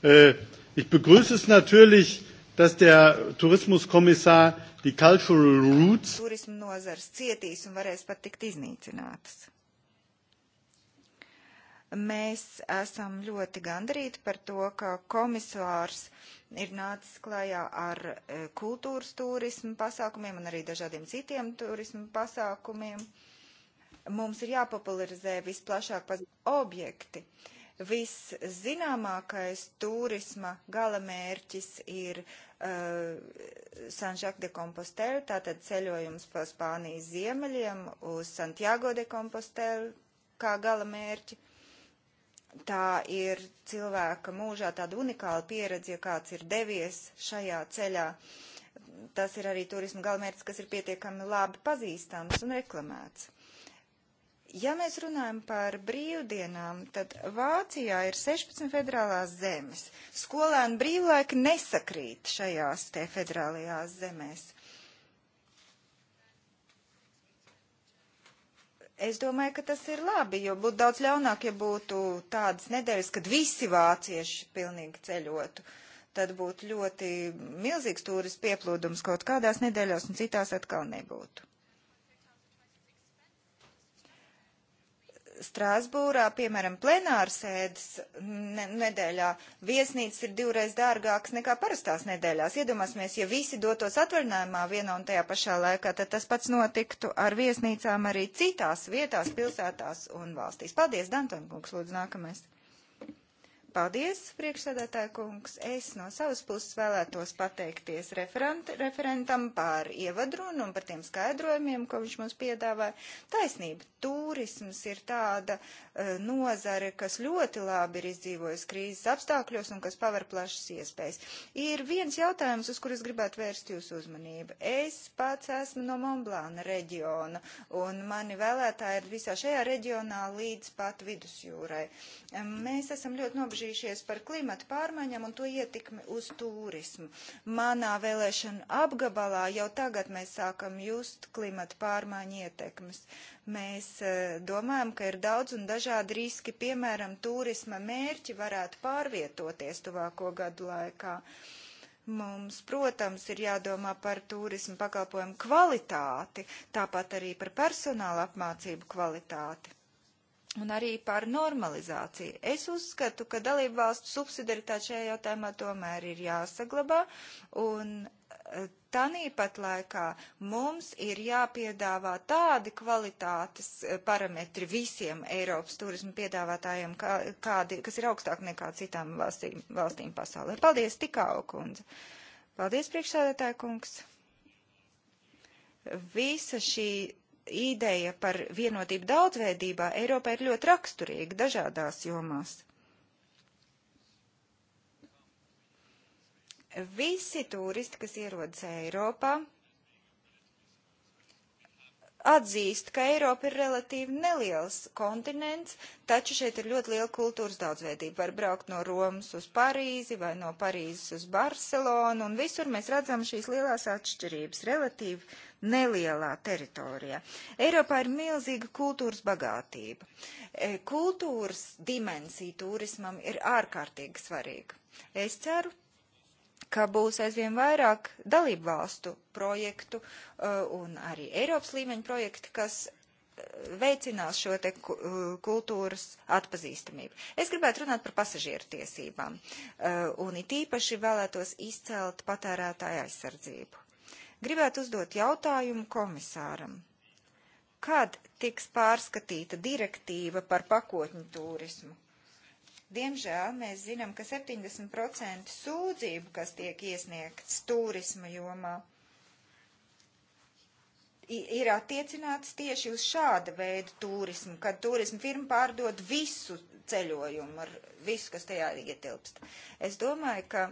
Äh, ich begrüße es natürlich, dass der Tourismuskommissar die Cultural Roots Turismu nozars cietīs un varēs pat tikt iznīcinātas. Mēs esam ļoti gandarīti par to, ka komisārs uh, ir nācis klajā ar e, kultūras turismu pasākumiem un arī dažādiem citiem turismu pasākumiem. Mums ir jāpopularizē visplašāk pazīstami objekti. Viszināmākais turisma gala mērķis ir uh, e, Sanžak de Compostela, tātad ceļojums pa Spānijas ziemeļiem uz Santiago de Compostela kā gala mērķi. Uh, tā ir cilvēka mūžā tāda unikāla pieredze, ja kāds ir devies šajā ceļā. Tas ir arī turismu galvenmērķis, kas ir pietiekami labi pazīstams un reklamēts. Ja mēs runājam par brīvdienām, tad Vācijā ir 16 federālās zemes. Skolēnu brīvlaika nesakrīt šajās te federālajās zemēs. Es domāju, ka tas ir labi, jo būtu daudz ļaunāk, ja būtu tādas nedēļas, kad visi vācieši pilnīgi ceļotu. Tad būtu ļoti milzīgs turis pieplūdums kaut kādās nedēļās un citās atkal nebūtu. Strāsbūrā, piemēram, plenārsēdes ne nedēļā viesnīcas ir divreiz dārgākas nekā parastās nedēļās. Iedomāsimies, ja visi dotos atvaļinājumā vienā un tajā pašā laikā, tad tas pats notiktu ar viesnīcām arī citās vietās, pilsētās un valstīs. Paldies, Dantonkungs, lūdzu nākamais. Paldies, priekšsēdētāja kungs. Es no savas puses vēlētos pateikties referentam par ievadrunu un par tiem skaidrojumiem, ko viņš mums piedāvāja. Taisnība, turisms ir tāda uh, nozare, kas ļoti labi ir izdzīvojusi krīzes apstākļos un kas paver plašas iespējas. Ir viens jautājums, uz kurus gribētu vērst jūsu uzmanību. Es pats esmu no Monblāna reģiona un mani vēlētāji ir visā šajā reģionā līdz pat vidusjūrai. Mēs esam ļoti nobežījuši nobežījušies par klimatu pārmaiņām un to ietekmi uz turismu. Manā vēlēšana apgabalā jau tagad mēs sākam just klimatu pārmaiņu ietekmes. Mēs e, domājam, ka ir daudz un dažādi riski, piemēram, turisma mērķi varētu pārvietoties tuvāko gadu laikā. Mums, protams, ir jādomā par turismu pakalpojumu kvalitāti, tāpat arī par personāla apmācību kvalitāti un arī par normalizāciju. Es uzskatu, ka dalību valstu subsidiaritāte šajā jautājumā tomēr ir jāsaglabā, un e, tanīpat laikā mums ir jāpiedāvā tādi kvalitātes e, parametri visiem Eiropas turismu piedāvātājiem, kā, kādi, kas ir augstāk nekā citām valstīm, valstīm pasaulē. Paldies, Tikau kundze! Paldies, priekšsēdētāja kungs! Visa šī ideja par vienotību daudzveidībā Eiropā ir ļoti raksturīga dažādās jomās. Visi turisti, kas ierodas Eiropā, atzīst, ka Eiropa ir relatīvi neliels kontinents, taču šeit ir ļoti liela kultūras daudzveidība. Var braukt no Romas uz Parīzi vai no Parīzes uz Barcelonu, un visur mēs redzam šīs lielās atšķirības, relatīvi nelielā teritorijā. Eiropā ir milzīga kultūras bagātība. E, kultūras dimensija turismam ir ārkārtīgi svarīga. Es ceru, ka būs aizvien vairāk dalību valstu projektu e, un arī Eiropas līmeņa projekti, kas e, veicinās šo te kultūras atpazīstamību. Es gribētu runāt par pasažieru tiesībām, un it īpaši vēlētos izcelt patērētāju aizsardzību. Gribētu uzdot jautājumu komisāram. Kad tiks pārskatīta direktīva par pakotņu turismu? Diemžēl mēs zinām, ka 70% sūdzību, kas tiek iesniegts turisma jomā, ir attiecināts tieši uz šāda veida turismu, kad turismu firma pārdod visu ceļojumu ar visu, kas tajā ietilpst. Es domāju, ka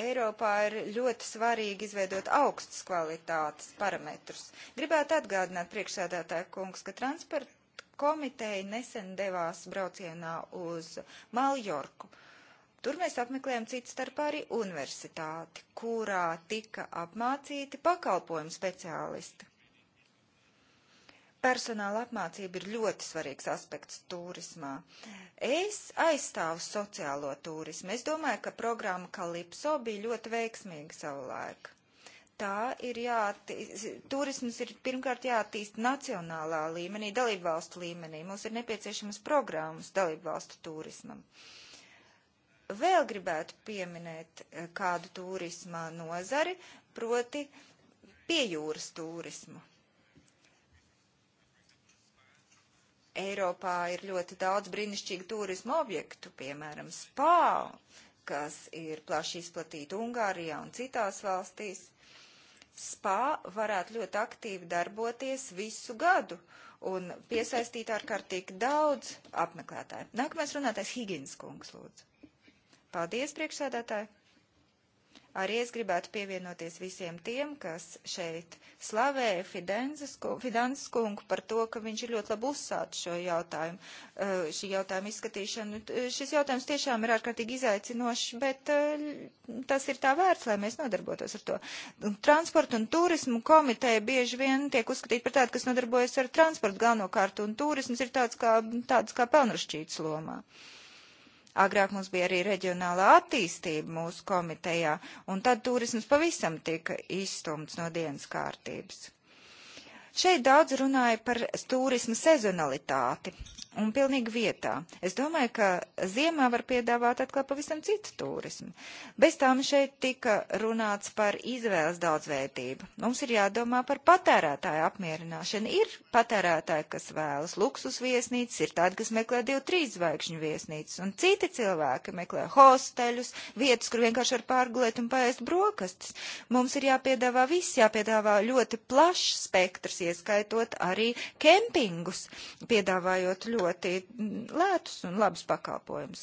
Eiropā ir ļoti svarīgi izveidot augstas kvalitātes parametrus. Gribētu atgādināt priekšsēdētāju kungs, ka transporta komiteja nesen devās braucienā uz Maljorku. Tur mēs apmeklējām citu starpā arī universitāti, kurā tika apmācīti pakalpojumu speciālisti. Personāla apmācība ir ļoti svarīgs aspekts turismā. Es aizstāvu sociālo turismu. Es domāju, ka programma Kalipso bija ļoti veiksmīga savulaik. Tā ir jāattīst, turisms ir pirmkārt jāattīst nacionālā līmenī, dalību valstu līmenī. Mums ir nepieciešamas programmas dalību valstu turismam. Vēl gribētu pieminēt eh, kādu turismā nozari, proti piejūras turismu Eiropā ir ļoti daudz brīnišķīgu turismu objektu, piemēram, spā, kas ir plaši izplatīta Ungārijā un citās valstīs. Spā varētu ļoti aktīvi darboties visu gadu un piesaistīt ārkārtīgi daudz apmeklētāju. Nākamais runātais Higins kungs, lūdzu. Paldies, priekšsēdētāji! Arī es gribētu pievienoties visiem tiem, kas šeit slavē Fidanses kungu par to, ka viņš ir ļoti labi uzsācis šo jautājumu, eh, šī jautājuma izskatīšanu. Eh, šis jautājums tiešām ir ārkārtīgi izaicinošs, bet eh, tas ir tā vērts, lai mēs nodarbotos ar to. Transporta un turismu komiteja bieži vien tiek uzskatīta par tādu, kas nodarbojas ar transportu galvenokārt, un turisms ir tāds kā, tāds kā pelnrašķīts lomā. Uh, Agrāk mums bija arī reģionālā attīstība mūsu komitejā, un tad turisms pavisam tika izstumts no dienas kārtības. Šeit daudz runāja par turismu sezonalitāti un pilnīgi vietā. Es domāju, ka ziemā var piedāvāt atkal pavisam citu turismu. Bez tām šeit tika runāts par izvēles daudzveidību. Mums ir jādomā par patērētāju apmierināšanu. Ir patērētāji, kas vēlas luksus viesnīcas, ir tādi, kas meklē divu, trīs zvaigžņu viesnīcas, un citi cilvēki meklē hosteļus, vietas, kur vienkārši var pārgulēt un paēst brokastis. Mums ir jāpiedāvā viss, jāpiedāvā ļoti plašs spektrs, ieskaitot arī kempingus, piedāvājot ļoti ļoti lētus un labus pakalpojumus.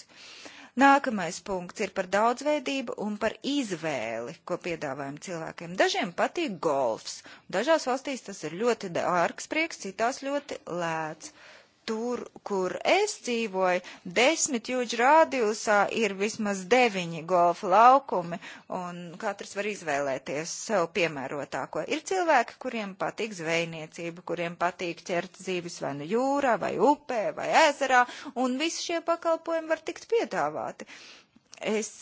Nākamais punkts ir par daudzveidību un par izvēli, ko piedāvājam cilvēkiem. Dažiem patīk golfs, dažās valstīs tas ir ļoti dārgs prieks, citās ļoti lēts. Uh, Tur, kur es dzīvoju, desmit jūdžu rādījusā ir vismaz deviņi golfa laukumi, un katrs var izvēlēties sev piemērotāko. Ir cilvēki, kuriem patīk zvejniecība, kuriem patīk ķert zīvis vai nu jūrā, vai upē, vai ezerā, un visi šie pakalpojumi var tikt piedāvāti. Es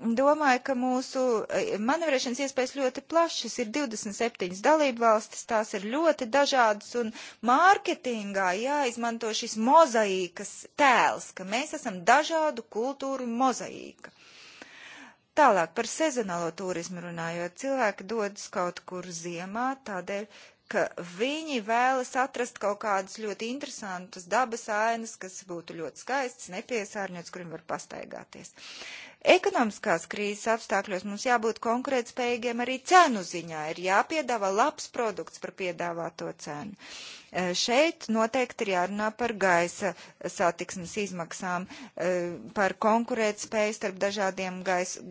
domāju, ka mūsu eh, manevrēšanas iespējas ļoti plašas. Ir 27 dalību valstis, tās ir ļoti dažādas, un mārketingā jāizmanto šis mozaīkas tēls, ka mēs esam dažādu kultūru mozaīka. Tālāk par sezonālo turismu runājot, cilvēki dodas kaut kur ziemā, tādēļ ka viņi vēlas atrast kaut kādas ļoti interesantas dabas ainas, kas būtu ļoti skaistas, nepiesārņotas, kuriem var pastaigāties. Ekonomiskās krīzes apstākļos mums jābūt konkurētspējīgiem arī cenu ziņā, ir jāpiedāvā labs produkts par piedāvāto cenu. Eh, šeit noteikti ir jārunā par gaisa satiksmes izmaksām, eh, par konkurētspēju starp dažādiem gaisa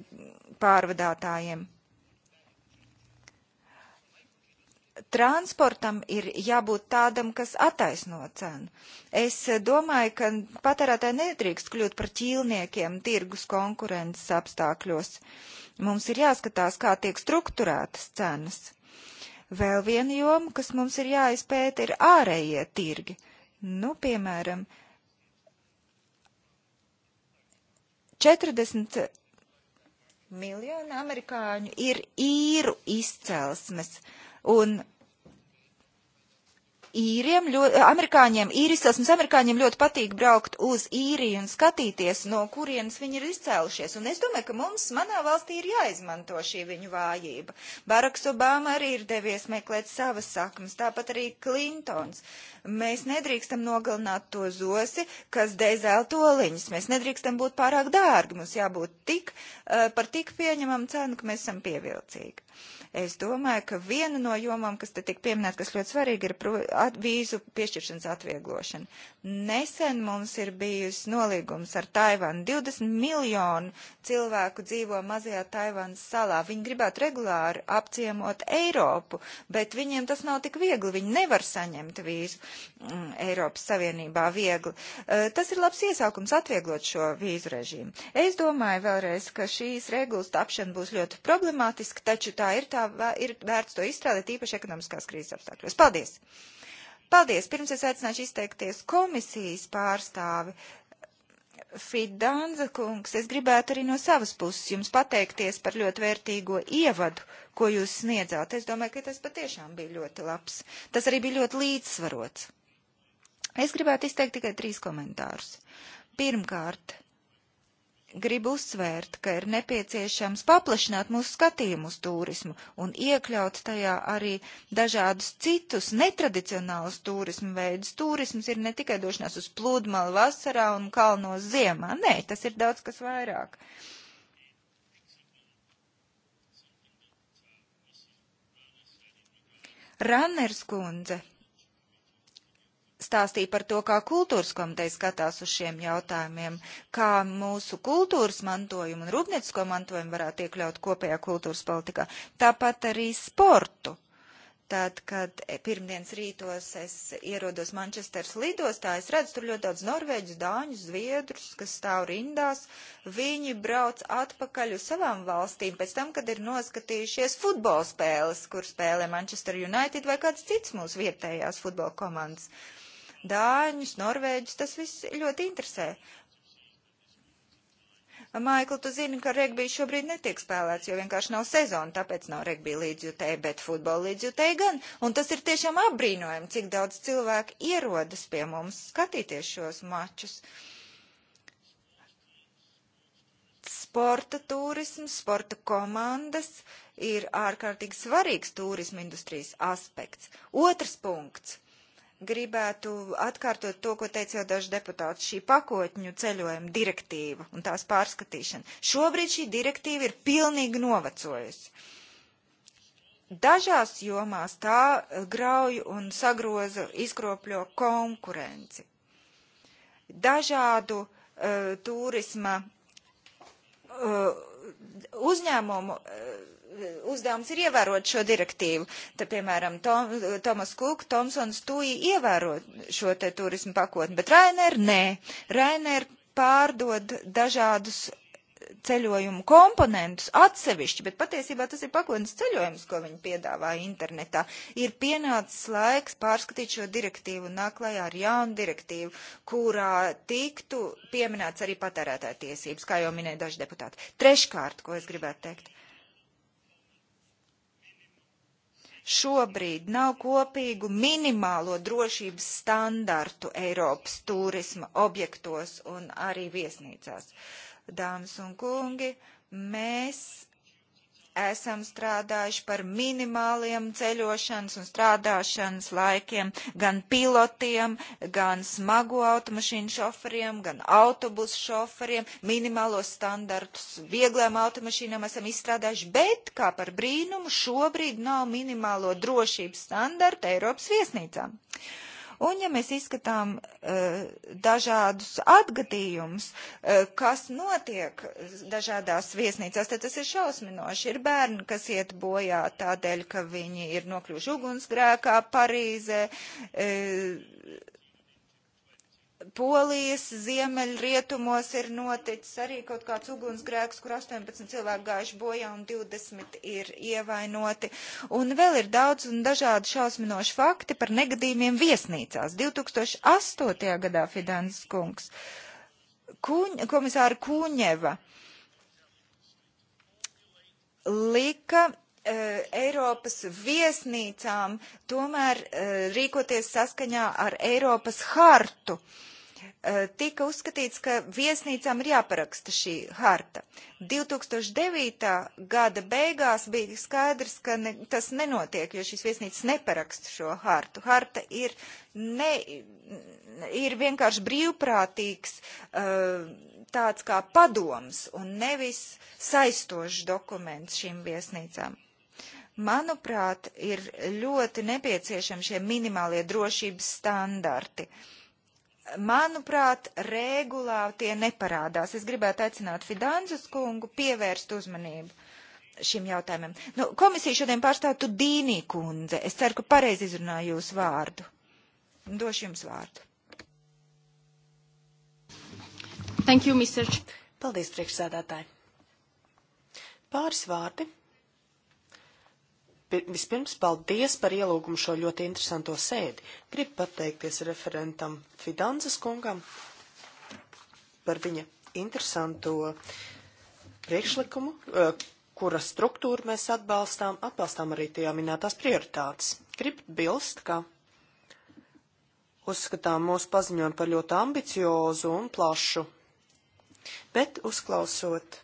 pārvadātājiem. transportam ir jābūt tādam, kas attaisno cenu. Es eh, domāju, ka patērētāji nedrīkst kļūt par ķīlniekiem tirgus konkurences apstākļos. Mums ir jāskatās, kā tiek strukturētas cenas. Vēl viena joma, kas mums ir jāizpēta, ir ārējie tirgi. Nu, piemēram, 40 miljoni amerikāņu ir īru izcelsmes. Uh, Un īriem, ļoti, amerikāņiem, īrisasmas amerikāņiem ļoti patīk braukt uz īriju un skatīties, no kurienes viņi ir izcēlušies. Un es domāju, ka mums manā valstī ir jāizmanto šī viņu vājība. Baraks Obama arī ir devies meklēt savas saknes, tāpat arī Klintons. Mēs nedrīkstam nogalināt to zosi, kas dezēl toliņus. Mēs nedrīkstam būt pārāk dārgi. Mums jābūt tik, eh, par tik pieņemamu cenu, ka mēs esam pievilcīgi. Uh, Es domāju, ka viena no jomām, kas te tik pieminēta, kas ļoti svarīga, ir at vīzu piešķiršanas atvieglošana. Nesen mums ir bijis nolīgums ar Taivānu. 20 miljonu cilvēku dzīvo mazajā Taivānas salā. Viņi gribētu regulāri apciemot Eiropu, bet viņiem tas nav tik viegli. Viņi nevar saņemt vīzu mm, Eiropas Savienībā viegli. Uh, tas ir labs iesākums atvieglot šo vīzu režīmu. Es domāju vēlreiz, ka šīs regulas tapšana būs ļoti problemātiska, taču tā ir tā laikā ir vērts to izstrādāt īpaši ekonomiskās krīzes apstākļos. Paldies! Paldies! Pirms es aicināšu izteikties komisijas pārstāvi. Fidanza kungs, es gribētu arī no savas puses jums pateikties par ļoti vērtīgo ievadu, ko jūs sniedzāt. Es domāju, ka tas patiešām bija ļoti labs. Tas arī bija ļoti līdzsvarots. Es gribētu izteikt tikai trīs komentārus. Pirmkārt, gribu uzsvērt, ka ir nepieciešams paplašināt mūsu skatījumu uz turismu un iekļaut tajā arī dažādus citus netradicionālus turismu veidus. Turisms ir ne tikai došanās uz pludmali vasarā un kalnos ziemā, nē, tas ir daudz kas vairāk. Ranners kundze stāstīja par to, kā kultūras komiteja skatās uz šiem jautājumiem, kā mūsu kultūras mantojumu un rūpniecisko mantojumu varētu iekļaut kopējā kultūras politikā. Tāpat arī sportu. Tad, kad pirmdienas rītos es ierodos Manchesteras lidostā, es redzu tur ļoti daudz norvēģus, dāņus, zviedrus, kas stāv rindās. Viņi brauc atpakaļ uz savām valstīm pēc tam, kad ir noskatījušies futbola spēles, kur spēlē Manchester United vai kāds cits mūsu vietējās futbola komandas. Uh, dāņus, norvēģus, tas viss ļoti interesē. Maikl, tu zini, ka regbijs šobrīd netiek spēlēts, jo vienkārši nav sezona, tāpēc nav regbija līdzjutēji, bet futbola līdzjutēji gan. Un tas ir tiešām apbrīnojami, cik daudz cilvēku ierodas pie mums skatīties šos mačus. Sporta turisms, sporta komandas ir ārkārtīgi svarīgs turisma industrijas aspekts. Otrs punkts gribētu atkārtot to, ko teica jau daži deputāti, šī pakotņu ceļojuma direktīva un tās pārskatīšana. Šobrīd šī direktīva ir pilnīgi novecojusi. Dažās jomās tā grauj un sagroza, izkropļo konkurenci. Dažādu uh, turisma uh, uzņēmumu uh, uzdevums ir ievērot šo direktīvu. Te, piemēram, Tom, Tomas Kuk, Tomsons Tūji ievēro šo te turismu pakotni, bet Rainer nē. Rainer pārdod dažādus ceļojumu komponentus atsevišķi, bet patiesībā tas ir pakotnes ceļojums, ko viņi piedāvā internetā. Ir pienācis laiks pārskatīt šo direktīvu un nāk klajā ar jaunu direktīvu, kurā tiktu pieminēts arī patērētāja tiesības, kā jau minēja daži deputāti. Treškārt, ko es gribētu teikt. šobrīd nav kopīgu minimālo drošības standartu Eiropas turisma objektos un arī viesnīcās. Dāmas un kungi, mēs esam strādājuši par minimāliem ceļošanas un strādāšanas laikiem gan pilotiem, gan smago automašīnu šoferiem, gan autobusu šoferiem. Minimālos standartus vieglām automašīnām esam izstrādājuši, bet, kā par brīnumu, šobrīd nav minimālo drošības standartu Eiropas viesnīcām. Uh, Un ja mēs izskatām uh, dažādus atgadījumus, uh, kas notiek dažādās viesnīcās, tad tas ir šausminoši. Ir bērni, kas iet bojā tādēļ, ka viņi ir nokļuvuši ugunsgrēkā Parīzē. Uh, Polijas ziemeļrietumos ir noticis arī kaut kāds ugunsgrēks, kur 18 cilvēki gājuši bojā un 20 ir ievainoti. Un vēl ir daudz un dažādi šausminoši fakti par negadījumiem viesnīcās. 2008. gadā Fidans kungs, Kuņ, komisāra Kūņeva, lika Uh, Eiropas viesnīcām tomēr uh, rīkoties saskaņā ar Eiropas hartu. Uh, Eh, tika uzskatīts, ka viesnīcām ir jāparaksta šī harta. 2009. gada beigās bija skaidrs, ka ne, tas nenotiek, jo šīs viesnīcas neparaksta šo hartu. Harta ir, ne, ir vienkārši brīvprātīgs eh, tāds kā padoms un nevis saistošs dokuments šīm viesnīcām. Manuprāt, ir ļoti nepieciešami šie minimālie drošības standarti. Uh, manuprāt, regulā tie neparādās. Es gribētu aicināt Fidanzas kungu pievērst uzmanību šim jautājumam. Nu, komisija šodien pārstāv tu Dīnī kundze. Es ceru, ka pareizi izrunāju jūsu vārdu. Došu jums vārdu. Thank you, Mr. Paldies, priekšsēdētāji. Pāris vārdi Vispirms paldies par ielūgumu šo ļoti interesanto sēdi. Gribu pateikties referentam Fidanzas kungam par viņa interesanto priekšlikumu, eh, kura struktūru mēs atbalstām, atbalstām arī tajā minētās prioritātes. Gribu bilst, ka uzskatām mūsu paziņojumu par ļoti ambiciozu un plašu, bet uzklausot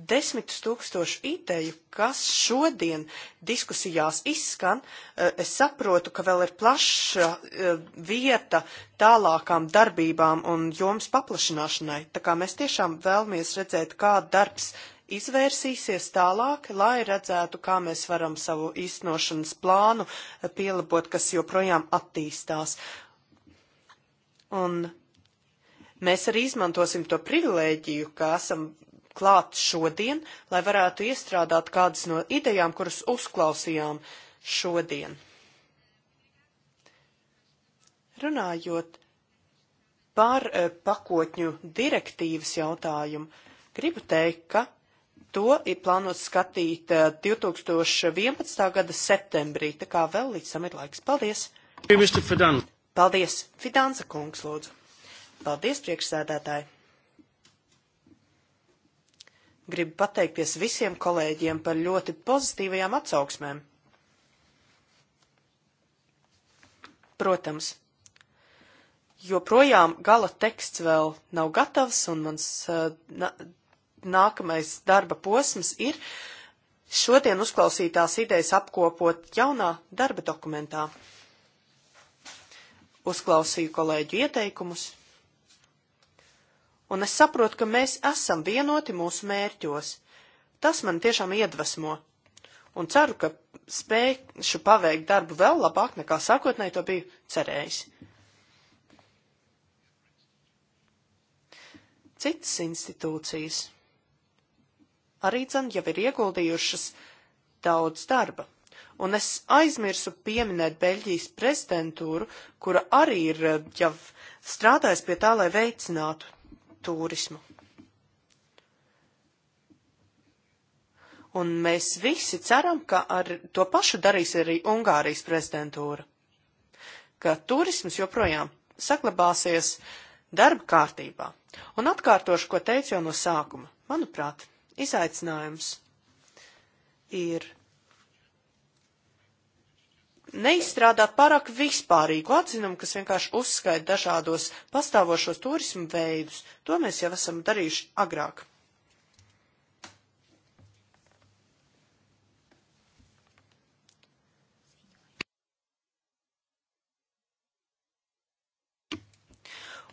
desmitus tūkstošu ideju, kas šodien diskusijās izskan. Eh, es saprotu, ka vēl ir plaša eh, vieta tālākām darbībām un joms paplašināšanai, tā kā mēs tiešām vēlamies redzēt, kā darbs izvērsīsies tālāk, lai redzētu, kā mēs varam savu īstenošanas plānu eh, pielabot, kas joprojām attīstās. Un mēs arī izmantosim to privilēģiju, ka esam klāt šodien, lai varētu iestrādāt kādas no idejām, kuras uzklausījām šodien. Runājot par eh, pakotņu direktīvas jautājumu, gribu teikt, ka to ir plānots skatīt 2011. Eh, gada septembrī, tā kā vēl līdz tam ir laiks. Paldies! Paldies, Fidanza kungs, lūdzu! Paldies, priekšsēdētāji! Gribu pateikties visiem kolēģiem par ļoti pozitīvajām atsauksmēm. Protams, joprojām gala teksts vēl nav gatavs, un mans uh, nākamais darba posms ir šodien uzklausītās idejas apkopot jaunā darba dokumentā. Uzklausīju kolēģu ieteikumus un es saprotu, ka mēs esam vienoti mūsu mērķos. Tas man tiešām iedvesmo, un ceru, ka spēšu paveikt darbu vēl labāk, nekā sākotnēji to biju cerējis. Citas institūcijas arī dzem jau ir ieguldījušas daudz darba. Un es aizmirsu pieminēt Beļģijas prezidentūru, kura arī ir eh, jau strādājusi pie tā, lai veicinātu turismu. Un mēs visi ceram, ka ar to pašu darīs arī Ungārijas prezidentūra, ka turisms joprojām saglabāsies darba kārtībā. Un atkārtošu, ko teicu jau no sākuma. Manuprāt, izaicinājums ir neizstrādāt pārāk vispārīgu atzinumu, kas vienkārši uzskaita dažādos pastāvošos turismu veidus. To mēs jau esam darījuši agrāk.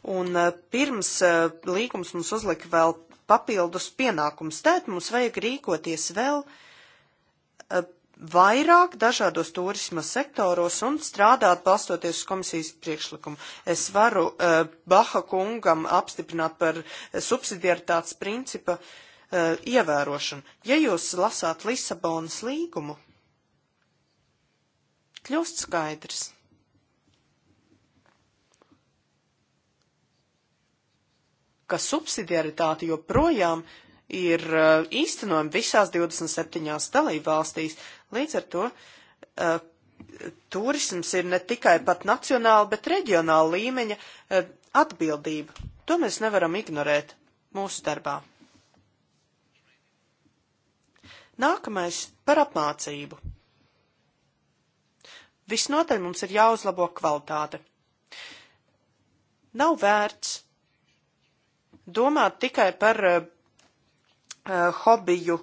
Un eh, pirms eh, līgums mums uzlika vēl papildus pienākums, tad mums vajag rīkoties vēl eh, vairāk dažādos turisma sektoros un strādāt balstoties uz komisijas priekšlikumu. Es varu uh, Baha kungam apstiprināt par eh, subsidiaritātes principa uh, ievērošanu. Ja jūs lasāt Lisabonas līgumu, kļūst skaidrs. ka subsidiaritāte joprojām uh, ir uh, īstenojami visās 27 dalībvalstīs. Līdz ar to uh, turisms ir ne tikai pat nacionāla, bet reģionāla līmeņa uh, atbildība. To mēs nevaram ignorēt mūsu darbā. Nākamais par apmācību. Visnotaļ mums ir jāuzlabo kvalitāte. Nav vērts domāt tikai par Eh, hobiju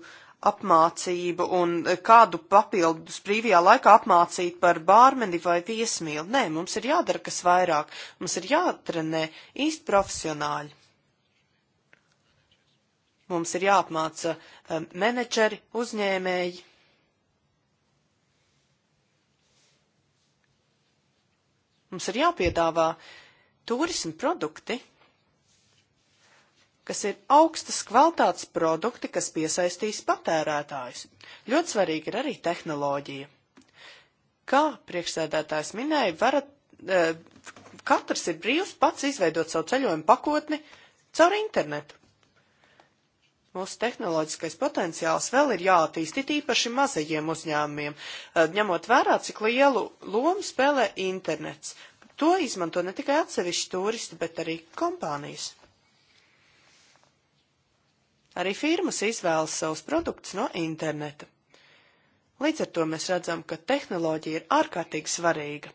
apmācību un eh, kādu papildus brīvajā laikā apmācīt par bārmeni vai viesmīlu. Nē, mums ir jādara kas vairāk, mums ir jātrenē īsti profesionāļi. Mums ir jāapmāca eh, menedžeri, uzņēmēji. Mums ir jāpiedāvā turismu produkti kas ir augstas kvalitātes produkti, kas piesaistīs patērētājus. Ļoti svarīgi ir arī tehnoloģija. Kā priekšsēdētājs minēja, varat, e, katrs ir brīvs pats izveidot savu ceļojumu pakotni caur internetu. Mūsu tehnoloģiskais potenciāls vēl ir jāattīstīt īpaši mazajiem uzņēmumiem, e, ņemot vērā, cik lielu lomu spēlē internets. To izmanto ne tikai atsevišķi turisti, bet arī kompānijas. Arī firmas izvēlas savus produktus no interneta. Līdz ar to mēs redzam, ka tehnoloģija ir ārkārtīgi svarīga.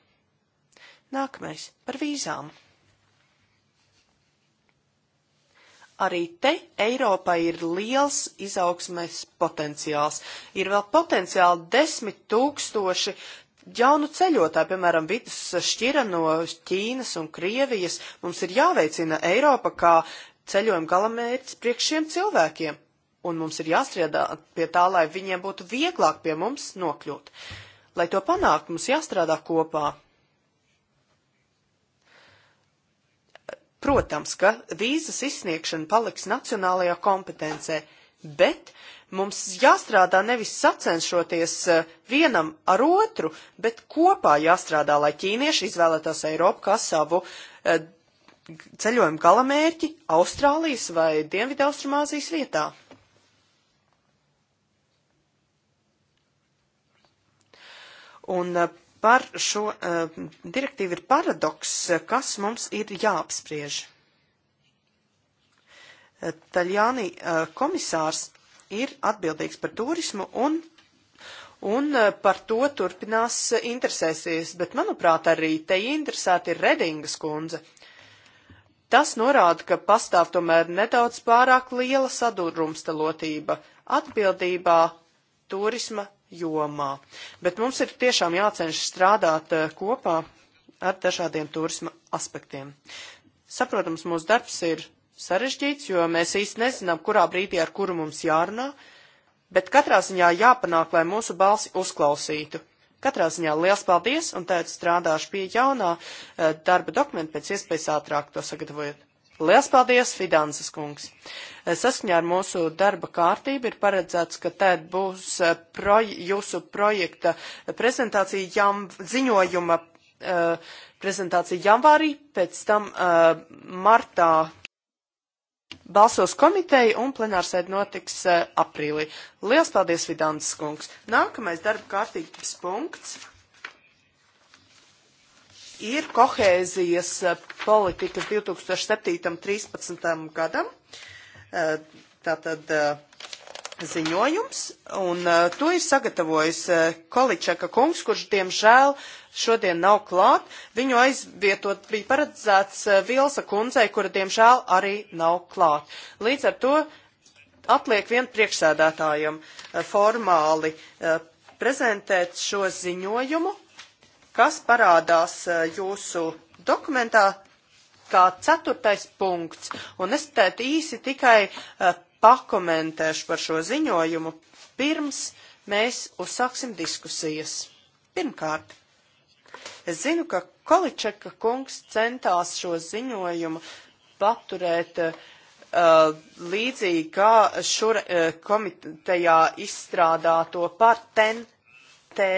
Nākamais par vīzām. Arī te Eiropai ir liels izaugsmēs potenciāls. Ir vēl potenciāli desmit tūkstoši jaunu ceļotāju, piemēram, vidus šķira no Ķīnas un Krievijas. Mums ir jāveicina Eiropa kā ceļojuma galamērķis priekš šiem cilvēkiem, un mums ir jāstrādā pie tā, lai viņiem būtu vieglāk pie mums nokļūt. Lai to panākt, mums jāstrādā kopā. Protams, ka vīzas izsniegšana paliks nacionālajā kompetencē, bet mums jāstrādā nevis sacenšoties eh, vienam ar otru, bet kopā jāstrādā, lai ķīnieši izvēlētos Eiropu kā savu eh, ceļojuma galamērķi Austrālijas vai Dienvidaustrumāzijas vietā. Un eh, par šo uh, direktīvu ir paradoks, kas mums ir jāapspriež. Eh, Taļjāni uh, komisārs ir atbildīgs par turismu un, un uh, par to turpinās interesēsies, bet manuprāt arī te interesēta ir Redingas kundze. Uh, Tas norāda, ka pastāv tomēr nedaudz pārāk liela sadurumstalotība atbildībā turisma jomā. Bet mums ir tiešām jācenšas strādāt eh, kopā ar dažādiem turisma aspektiem. Saprotams, mūsu darbs ir sarežģīts, jo mēs īsti nezinām, kurā brīdī ar kuru mums jārunā, bet katrā ziņā jāpanāk, lai mūsu balsi uzklausītu. Katrā ziņā liels paldies, un tagad strādāšu pie jaunā uh, darba dokumenta pēc iespējas ātrāk to sagatavojot. Liels paldies, Fidanses kungs! Eh, saskaņā ar mūsu darba kārtību ir paredzēts, ka tēt būs eh, proj jūsu projekta prezentācija jām ziņojuma uh, prezentācija janvārī, pēc tam uh, martā balsos komiteja un plenārsēd notiks uh, aprīlī. Lielas paldies, Vidāns Skunks. Nākamais darba kārtības punkts ir kohēzijas uh, politikas 2007-2013 gadam. Uh, tātad ziņojums, un uh, to ir sagatavojis uh, Količaka kungs, kurš diemžēl šodien nav klāt. Viņu aizvietot bija paredzēts uh, Vilsa kundzei, kura diemžēl arī nav klāt. Līdz ar to atliek vien priekšsēdētājiem uh, formāli uh, prezentēt šo ziņojumu, kas parādās uh, jūsu dokumentā kā ceturtais punkts. Un es tēt īsi tikai uh, pakomentēšu par šo ziņojumu, pirms mēs uzsāksim diskusijas. Pirmkārt, es zinu, ka Količeka kungs centās šo ziņojumu paturēt uh, līdzīgi kā šur uh, komitejā izstrādāto par TNT.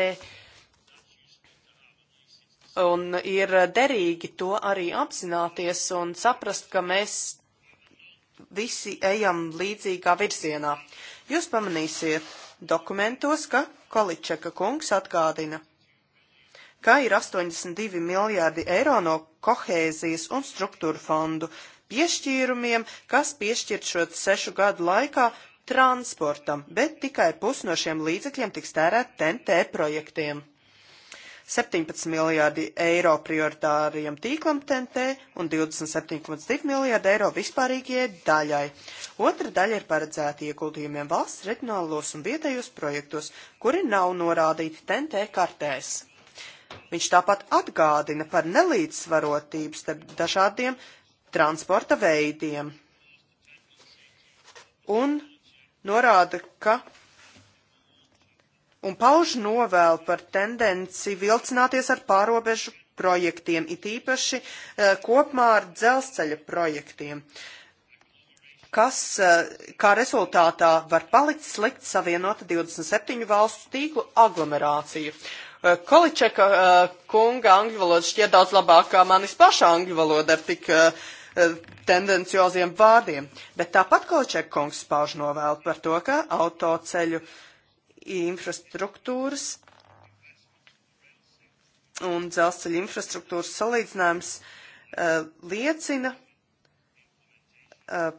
Un ir derīgi to arī apzināties un saprast, ka mēs visi ejam līdzīgā virzienā. Jūs pamanīsiet dokumentos, ka Količeka kungs atgādina, ka ir 82 miljārdi eiro no kohēzijas un struktūra fondu piešķīrumiem, kas piešķirt šo sešu gadu laikā transportam, bet tikai pus no šiem līdzekļiem tiks tērēt TNT projektiem. 17 miljārdi eiro prioritāriem tīklam TNT un 27,2 miljārdi eiro vispārīgie daļai. Otra daļa ir paredzēta ieguldījumiem valsts reģionālos un vietējos projektos, kuri nav norādīti TNT kartēs. Viņš tāpat atgādina par nelīdzsvarotību starp dažādiem transporta veidiem un norāda, ka un pauž novēlu par tendenci vilcināties ar pārobežu projektiem, it īpaši eh, kopumā ar dzelzceļa projektiem, kas eh, kā rezultātā var palikt slikt savienota 27 valstu tīklu aglomerācija. Eh, Količeka kunga angļu valoda šķiet daudz labākā manis paša angļu valoda ar tik tendencioziem vārdiem, bet tāpat Količeka kungs pauž novēlu par to, ka autoceļu uh, infrastruktūras un dzelzceļa infrastruktūras salīdzinājums uh, liecina, uh,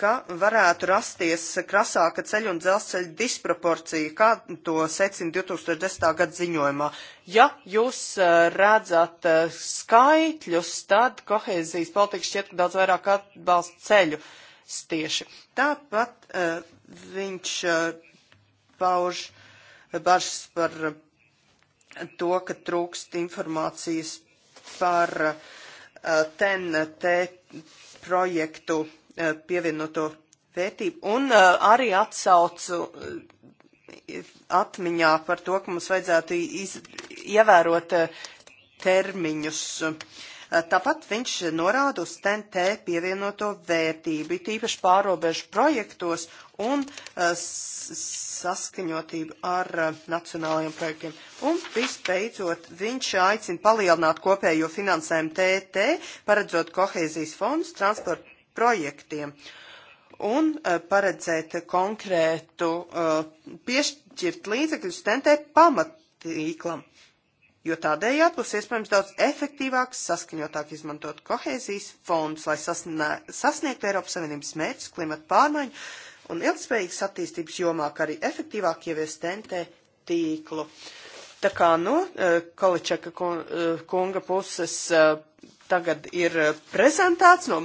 ka varētu rasties krasāka ceļu un dzelzceļa disproporcija, kā to secina 2010. gada ziņojumā. Ja jūs uh, redzat skaitļus, tad kohēzijas politika šķiet, ka daudz vairāk atbalsta ceļu tieši. Tāpat viņš pauž bažas par to, ka trūkst informācijas par TNT eh, projektu eh, pievienoto vērtību un eh, arī atsaucu atmiņā par to, ka mums vajadzētu iz, ievērot termiņus. Uh, Tāpat viņš norāda uz TNT pievienoto vērtību, tīpaši pārobežu projektos un eh, saskaņotību ar eh, nacionālajiem projektiem. Un visbeidzot, viņš aicina palielināt kopējo finansējumu TT, paredzot kohēzijas fondus transporta projektiem un eh, paredzēt konkrētu piešķirt līdzekļus TNT pamatīklam jo tādējādi būs iespējams daudz efektīvāk, saskaņotāk izmantot kohēzijas fondus, lai sasniegtu Eiropas Savienības mērķus klimata pārmaiņu un ilgspējīgas attīstības jomā, kā arī efektīvāk ieviest TNT tīklu. Tā kā no nu, e, Kaličeka e, kunga puses e, tagad ir prezentāts no.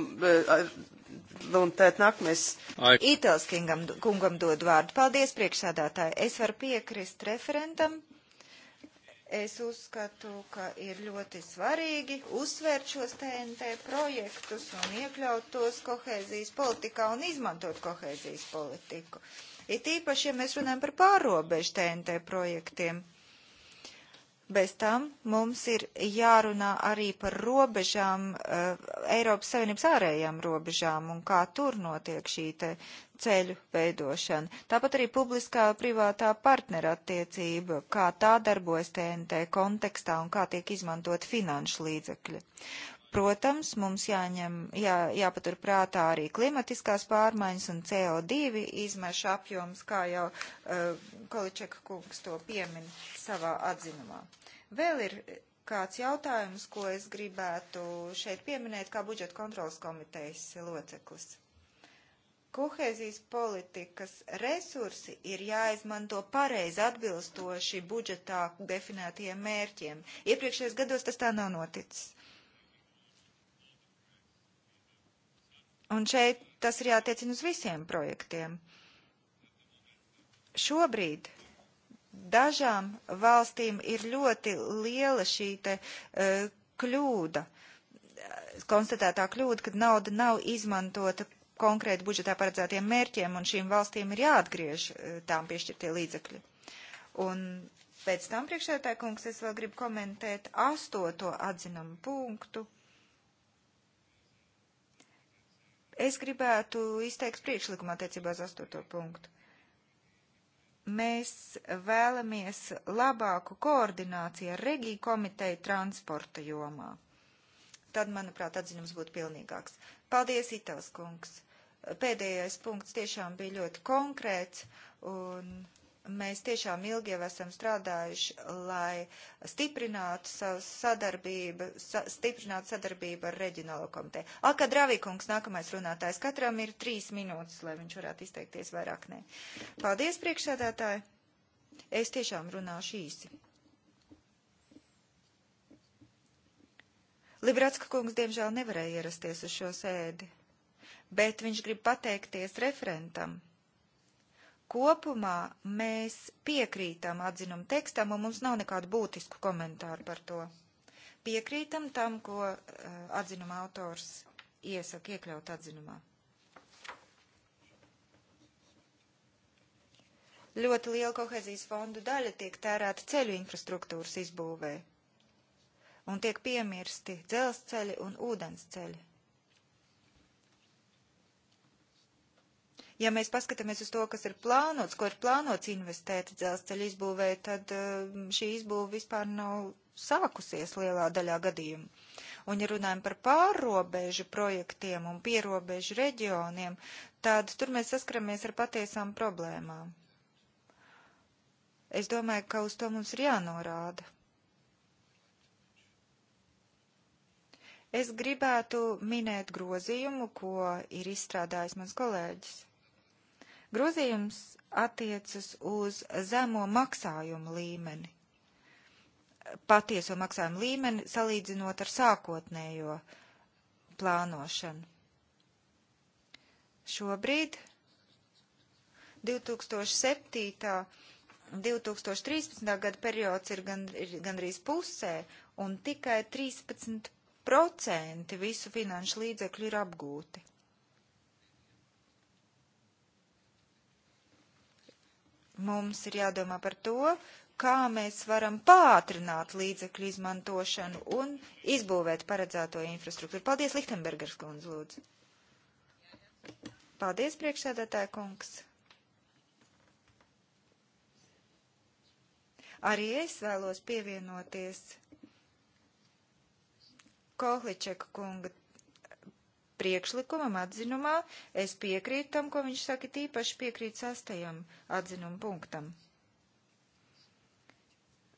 Un tēt nākamais. Itāls kungam dod vārdu. Paldies, priekšsādātāji. Es varu piekrist referentam Es uzskatu, ka ir ļoti svarīgi uzsvērt šos TNT projektus un iekļaut tos kohēzijas politikā un izmantot kohēzijas politiku. It īpaši, ja mēs runājam par pārobežu TNT projektiem. Bez tam mums ir jārunā arī par robežām, uh, Eiropas Savienības ārējām robežām un kā tur notiek šī te ceļu veidošana. Tāpat arī publiskā privātā partnerattiecība, kā tā darbojas TNT kontekstā un kā tiek izmantot finanšu līdzekļi. Protams, mums jāņem, jā, jāpatur prātā arī klimatiskās pārmaiņas un CO2 izmešu apjoms, kā jau uh, Količeka kungs to piemin savā atzinumā. Vēl ir kāds jautājums, ko es gribētu šeit pieminēt kā budžeta kontrolas komitejas loceklis kohēzijas politikas resursi ir jāizmanto pareizi atbilstoši budžetā definētajiem mērķiem. Iepriekšējos gados tas tā nav noticis. Un šeit tas ir jātiecina uz visiem projektiem. Šobrīd dažām valstīm ir ļoti liela šī te uh, kļūda, konstatētā kļūda, kad nauda nav izmantota konkrēti budžetā paredzētiem mērķiem, un šīm valstīm ir jāatgriež eh, tām piešķirtie līdzekļi. Un pēc tam, priekšētāj kungs, es vēl gribu komentēt astoto atzinumu punktu. Es gribētu izteikt priekšlikumu attiecībā uz astoto punktu. Mēs vēlamies labāku koordināciju ar Regiju komiteju transporta jomā. Tad, manuprāt, atzinums būtu pilnīgāks. Paldies, Itāls kungs! pēdējais punkts tiešām bija ļoti konkrēts un mēs tiešām ilgi jau esam strādājuši, lai stiprinātu savu sadarbību, sa stiprinātu sadarbību ar reģionālo komiteju. Alka Dravīkungs, nākamais runātājs. Katram ir trīs minūtes, lai viņš varētu izteikties vairāk nē. Paldies, priekšsēdētāji. Es tiešām runāšu īsi. Libratska kungs, diemžēl, nevarēja ierasties uz šo sēdi bet viņš grib pateikties referentam. Kopumā mēs piekrītam atzinumu tekstam, un mums nav nekādu būtisku komentāru par to. Piekrītam tam, ko uh, atzinuma autors iesaka iekļaut atzinumā. Ļoti liela kohezijas fondu daļa tiek tērēta ceļu infrastruktūras izbūvē, un tiek piemirsti dzelzceļi un ūdensceļi. Ja mēs paskatāmies uz to, kas ir plānots, ko ir plānots investēt dzelzceļa izbūvē, tad um, šī izbūve vispār nav sākusies lielā daļā gadījumu. Un, ja runājam par pārrobežu projektiem un pierobežu reģioniem, tad tur mēs saskaramies ar patiesām problēmām. Es domāju, ka uz to mums ir jānorāda. Es gribētu minēt grozījumu, ko ir izstrādājis mans kolēģis. Grozījums attiecas uz zemo maksājumu līmeni, patieso maksājumu līmeni salīdzinot ar sākotnējo plānošanu. Šobrīd 2007. 2013. gada periods ir gan, gandrīz pusē, un tikai 13% visu finanšu līdzekļu ir apgūti. Mums ir jādomā par to, kā mēs varam pātrināt līdzekļu izmantošanu un izbūvēt paredzēto infrastruktūru. Paldies, Lichtenbergers kundz, lūdzu. Paldies, priekšsēdētāja kungs. Arī es vēlos pievienoties Kohličeka kunga priekšlikumam, atzinumā. Es piekrītu tam, ko viņš saka, tīpaši piekrīt sastajam atzinumu punktam.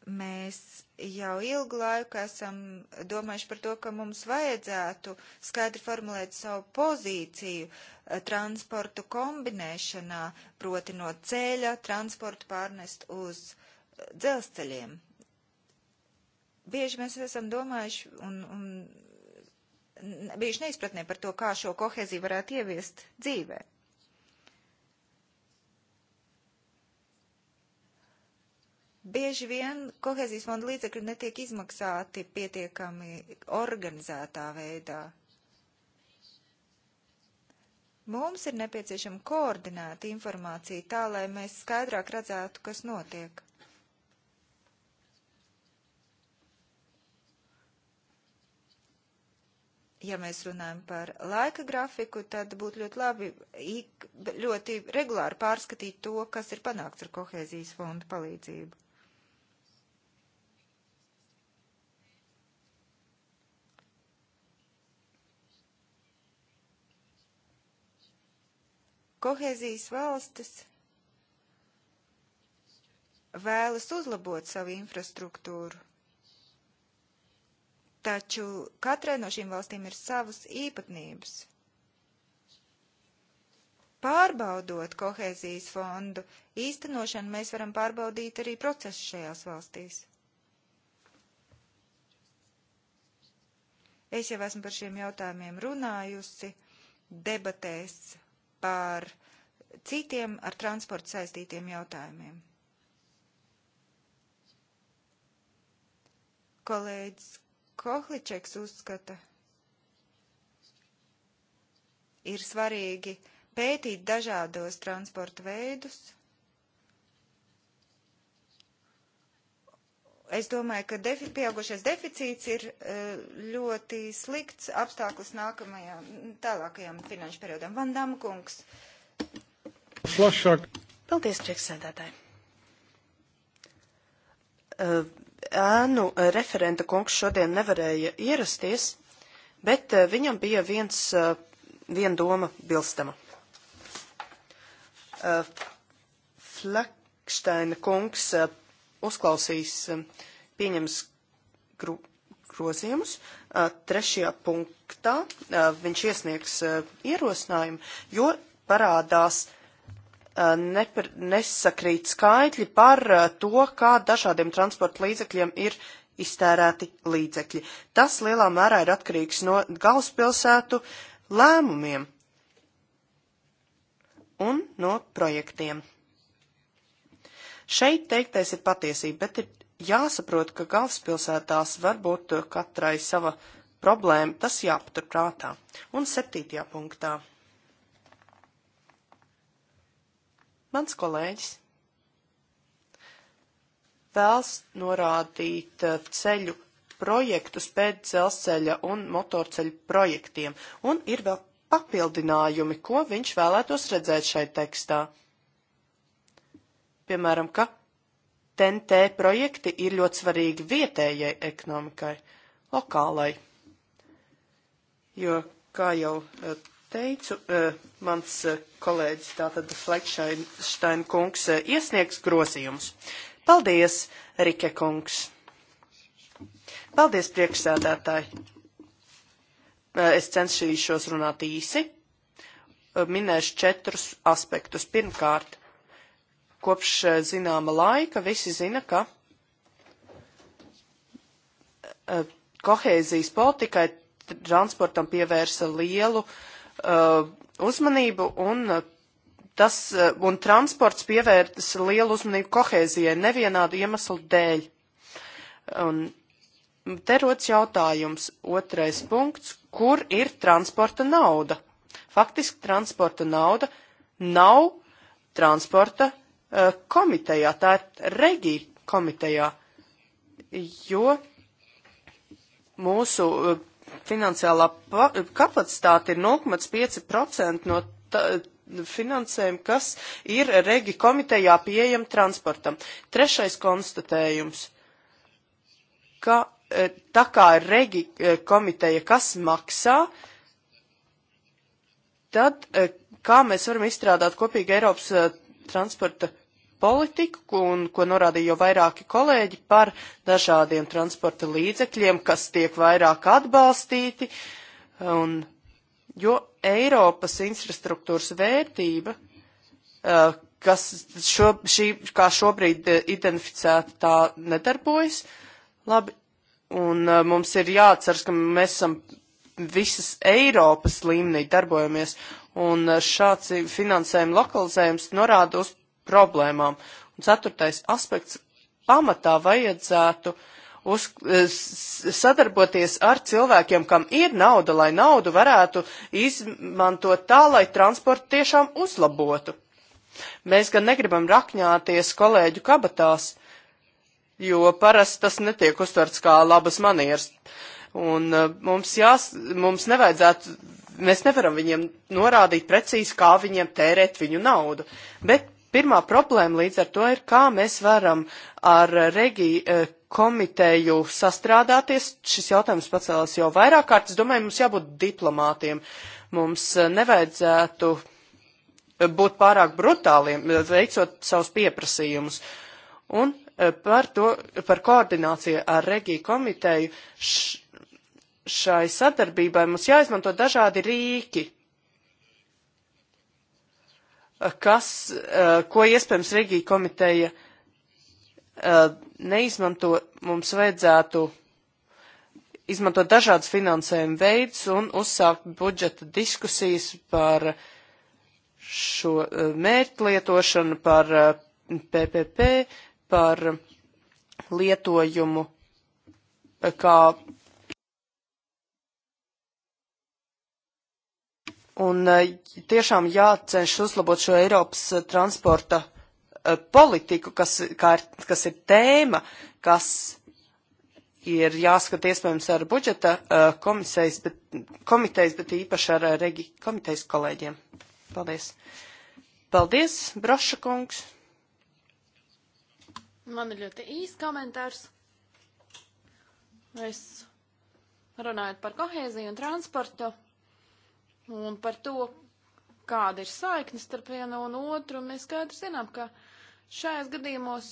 Mēs jau ilgu laiku esam domājuši par to, ka mums vajadzētu skaidri formulēt savu pozīciju eh, transportu kombinēšanā, proti no ceļa transportu pārnest uz eh, dzelzceļiem. Bieži mēs esam domājuši un, un bijuši neizpratnē par to, kā šo koheziju varētu ieviest dzīvē. Bieži vien kohezijas fonda līdzekļi netiek izmaksāti pietiekami organizētā veidā. Mums ir nepieciešama koordinēta informācija tā, lai mēs skaidrāk redzētu, kas notiek. ja mēs runājam par laika grafiku, tad būtu ļoti labi ik, ļoti regulāri pārskatīt to, kas ir panākts ar kohēzijas fondu palīdzību. Kohēzijas valstis vēlas uzlabot savu infrastruktūru Taču katrai no šīm valstīm ir savas īpatnības. Pārbaudot kohēzijas fondu īstenošanu, mēs varam pārbaudīt arī procesu šajās valstīs. Es jau esmu par šiem jautājumiem runājusi debatēs par citiem ar transportu saistītiem jautājumiem. Kolēģis Kohličeks uzskata, ir svarīgi pētīt dažādos transporta veidus. Es domāju, ka defi, pieaugušais deficīts ir e, ļoti slikts apstākļus nākamajām, tālākajām finanšu periodām. Vandam kungs. Plašāk. Paldies, priekšsēdētāji. Uh, ēnu eh, referenta kungs šodien nevarēja ierasties, bet eh, viņam bija viens, eh, viena doma bilstama. Flekšteina kungs uzklausīs pieņems gru, grozījumus. Trešajā punktā viņš iesniegs ierosinājumu, jo parādās Eh, nepar, nesakrīt skaitļi par eh, to, kā dažādiem transporta līdzekļiem ir iztērēti līdzekļi. Tas lielā mērā ir atkarīgs no galvaspilsētu lēmumiem un no projektiem. Šeit teiktais ir patiesība, bet ir jāsaprot, ka galvaspilsētās var būt katrai sava problēma, tas jāpatur prātā. Un septītajā punktā Mans kolēģis vēlas norādīt eh, ceļu projektus pēc dzelzceļa un motorceļu projektiem, un ir vēl papildinājumi, ko viņš vēlētos redzēt šai tekstā. Piemēram, ka TNT projekti ir ļoti svarīgi vietējai ekonomikai, lokālai, jo, kā jau eh, teicu, eh, mans eh, kolēģis tātad Flekšaina kungs eh, iesniegs grozījumus. Paldies, Rike kungs! Paldies, priekšsēdētāji! Es cenšīšos runāt īsi. Minēšu četrus aspektus. Pirmkārt, kopš zināma laika visi zina, ka kohēzijas politikai transportam pievērsa lielu uh, Uh, uzmanību un uh, tas, uh, un transports pievērtas lielu uzmanību kohēzijai nevienādu iemeslu dēļ. Un te rodas jautājums, otrais punkts, kur ir transporta nauda? Faktiski transporta nauda nav transporta uh, komitejā, tā ir regī komitejā, jo mūsu uh, finansiālā kapacitāte ir 0,5% no finansējuma, kas ir regi komitejā pieejama transportam. Trešais konstatējums, ka e, tā kā regi e, komiteja, kas maksā, tad e, kā mēs varam izstrādāt kopīgu Eiropas transporta politiku un ko norādīja jau vairāki kolēģi par dažādiem transporta līdzekļiem, kas tiek vairāk atbalstīti, un, jo Eiropas infrastruktūras vērtība, kas šo, šī, kā šobrīd identificēta, tā nedarbojas, labi, un mums ir jāatceras, ka mēs esam visas Eiropas līmenī darbojamies, un šāds finansējuma lokalizējums norāda uz problēmām. Un ceturtais aspekts pamatā vajadzētu uz, eh, sadarboties ar cilvēkiem, kam ir nauda, lai naudu varētu izmantot tā, lai transportu tiešām uzlabotu. Mēs gan negribam rakņāties kolēģu kabatās, jo parasti tas netiek uztverts kā labas manieres. Un eh, mums jās, mums nevajadzētu, mēs nevaram viņiem norādīt precīzi, kā viņiem tērēt viņu naudu. Bet Pirmā problēma līdz ar to ir, kā mēs varam ar regi e, komiteju sastrādāties. Šis jautājums pacēlās jau vairāk kārt. Es domāju, mums jābūt diplomātiem. Mums e, nevajadzētu būt pārāk brutāliem, veicot savus pieprasījumus. Un e, par to, par koordināciju ar regiju komiteju š, šai sadarbībai mums jāizmanto dažādi rīki, Eh, kas, eh, ko iespējams Regija komiteja eh, neizmanto, mums vajadzētu izmantot dažādas finansējuma veidus un uzsākt budžeta diskusijas par šo mērķu lietošanu, par PPP, par lietojumu kā Un e, tiešām jācenš uzlabot šo Eiropas e, transporta e, politiku, kas, kā ir, kas ir tēma, kas ir jāskat iespējams ar budžeta komisijas, bet, komitejas, bet īpaši ar regi komitejas kolēģiem. Paldies. Paldies, Broša kungs. Man ir ļoti īs komentārs. Es runāju par kohēziju un transportu un par to, kāda ir saikne starp vienu un otru, un mēs skaidri zinām, ka šajās gadījumos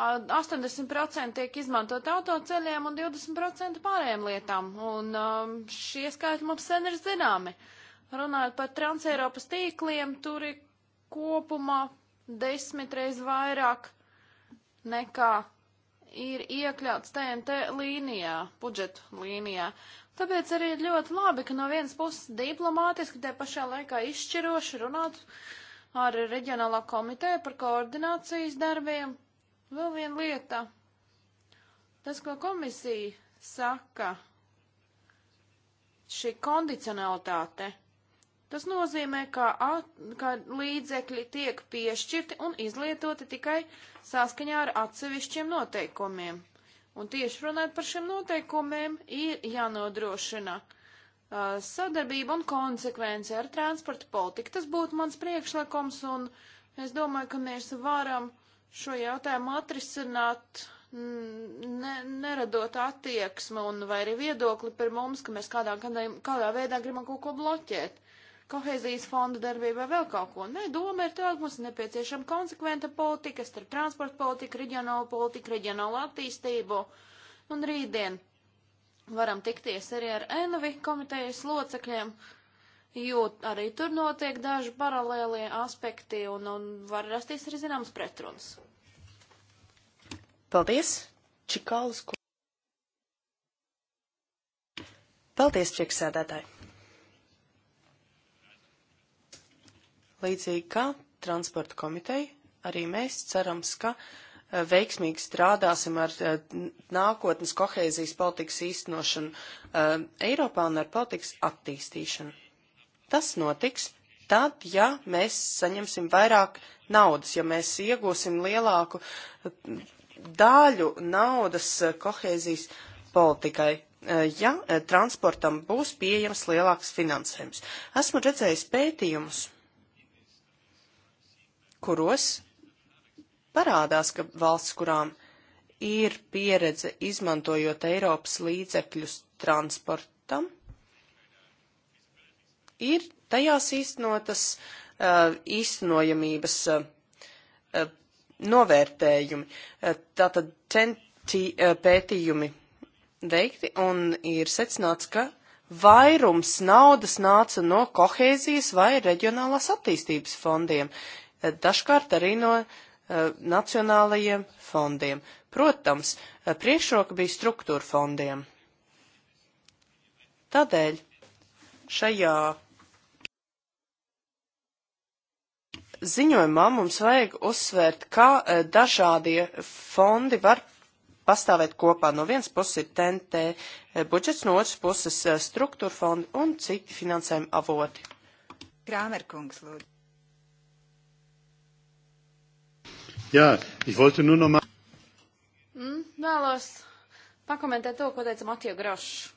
80% tiek izmantot autoceļiem un 20% pārējām lietām, un um, šie skaitļi mums sen ir zināmi. Runājot par transeiropas tīkliem, tur ir kopumā desmitreiz vairāk nekā ir iekļauts TNT līnijā, budžetu līnijā. Tāpēc arī ir ļoti labi, ka no vienas puses diplomātiski, te pašā laikā izšķiroši runāt ar reģionālā komiteja par koordinācijas darbiem. Vēl viena lieta. Tas, ko komisija saka, šī kondicionalitāte. Tas nozīmē, ka, at, ka līdzekļi tiek piešķirti un izlietoti tikai saskaņā ar atsevišķiem noteikumiem. Un tieši runājot par šiem noteikumiem, ir jānodrošina uh, sadarbība un konsekvence ar transporta politiku. Tas būtu mans priekšlikums, un es domāju, ka mēs varam šo jautājumu atrisināt, ne, neradot attieksmi un vai arī viedokli par mums, ka mēs kādā, kādā, kādā veidā gribam kaut ko bloķēt kohēzijas fonda darbībai vēl kaut ko. Nē, doma ir tāda, mums ir nepieciešama konsekventa politika starp transporta politiku, reģionālu politiku, reģionālu attīstību. Un rītdien varam tikties arī ar Envi komitejas locekļiem, jo arī tur notiek daži paralēlie aspekti un, un var rasties arī zināms pretruns. Paldies, Čikālas. Paldies, priekšsēdētāji! Līdzīgi kā transporta komiteja, arī mēs cerams, ka eh, veiksmīgi strādāsim ar eh, nākotnes kohēzijas politikas īstenošanu eh, Eiropā un ar politikas attīstīšanu. Tas notiks tad, ja mēs saņemsim vairāk naudas, ja mēs iegūsim lielāku daļu naudas kohēzijas politikai, ja transportam būs pieejams lielāks finansējums. Esmu redzējis pētījumus kuros parādās, ka valsts, kurām ir pieredze izmantojot Eiropas līdzekļus transportam, ir tajās īstenotas uh, īstenojamības uh, uh, novērtējumi. Eh, tātad tenti pētījumi veikti un ir secināts, ka vairums naudas nāca no kohēzijas vai reģionālās attīstības fondiem, dažkārt arī no eh, nacionālajiem fondiem. Protams, eh, priekšroka bija struktūra fondiem. Tādēļ šajā ziņojumā mums vajag uzsvērt, kā eh, dažādie fondi var pastāvēt kopā. No vienas puses ir TNT budžets, no otras puses struktūra fondi un citi finansējuma avoti. Krāmerkungs, lūdzu. Jā, es wollte nur nomā. Mm, vēlos pakomentēt to, ko teica Matija Grošs.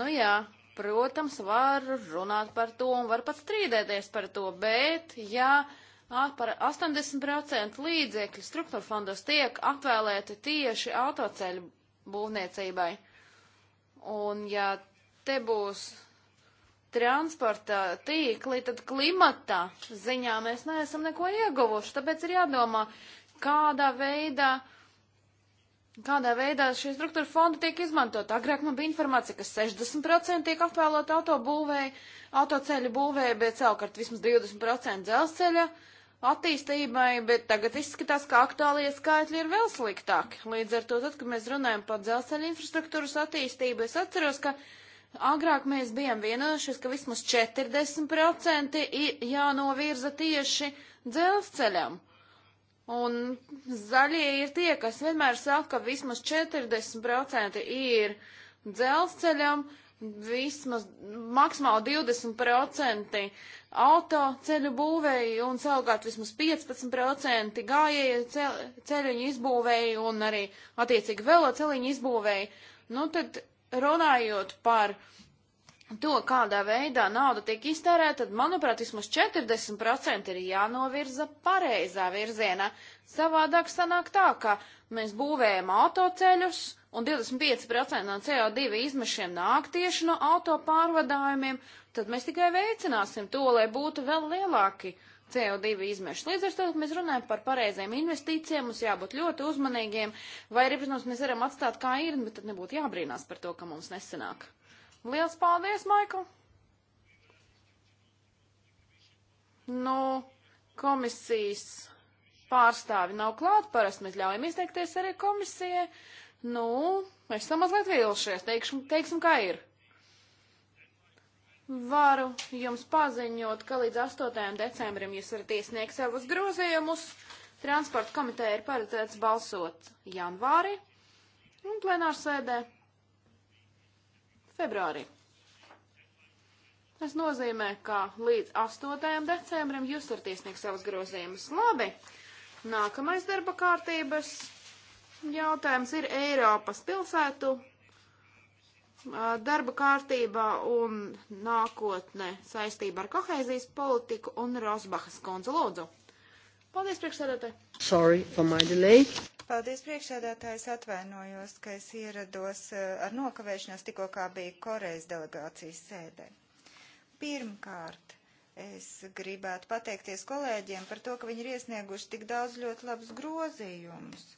Nu jā, protams, var runāt par to un var pat strīdēties par to, bet ja par 80% līdzekļu struktūra fondos tiek atvēlēti tieši autoceļu būvniecībai, un ja te būs transporta tīkli, tad klimata ziņā mēs neesam neko ieguvuši. Tāpēc ir jādomā, kādā veidā. Kādā veidā šie struktūra fondi tiek izmantot? Agrāk man bija informācija, ka 60% tiek atvēlot autobūvēju, autoceļu būvēju, bet savukārt vismaz 20% dzelzceļa attīstībai, bet tagad izskatās, ka aktuālie skaitļi ir vēl sliktāki. Līdz ar to, tad, kad mēs runājam par dzelzceļa infrastruktūras attīstību, es atceros, ka Agrāk mēs bijām vienojušies, ka vismaz 40% ir jānovirza tieši dzelzceļam. Un zaļie ir tie, kas vienmēr saka, ka vismaz 40% ir dzelzceļam, vismaz maksimāli 20% autoceļu būvēji un savukārt vismaz 15% gājēju ceļu izbūvēji un arī attiecīgi velocieliņu izbūvēji. Nu tad runājot par to, kādā veidā nauda tiek iztērēta, tad, manuprāt, vismaz 40% ir jānovirza pareizā virzienā. Savādāk sanāk tā, ka mēs būvējam autoceļus, un 25% no CO2 izmešiem nāk tieši no auto pārvadājumiem, tad mēs tikai veicināsim to, lai būtu vēl lielāki uh, CO2 izmešus. Līdz ar to, ka mēs runājam par pareiziem investīcijiem, mums jābūt ļoti uzmanīgiem, vai arī, protams, mēs varam atstāt kā ir, bet tad nebūtu jābrīnās par to, ka mums nesanāk. Liels paldies, Maikl! Nu, komisijas pārstāvi nav klāt, parasti mēs ļaujam izteikties arī komisijai. Nu, mēs esam mazliet vīlušies, teiksim, teiksim kā ir. Varu jums paziņot, ka līdz 8. decembrim jūs varat iesniegt savus grozījumus. Transporta komiteja ir paredzēts balsot janvāri un plenārsēdē februārī. Tas nozīmē, ka līdz 8. decembrim jūs varat iesniegt savus grozījumus. Labi, nākamais darba kārtības jautājums ir Eiropas pilsētu darba kārtībā un nākotne saistība ar kohēzijas politiku un Rosbahas kundze lūdzu. Paldies, priekšsēdētāji! Sorry for my delay. Paldies, priekšsēdētājs, atvainojos, ka es ierados ar nokavēšanos tikko kā bija Korejas delegācijas sēdē. Pirmkārt, es gribētu pateikties kolēģiem par to, ka viņi ir iesnieguši tik daudz ļoti labus grozījumus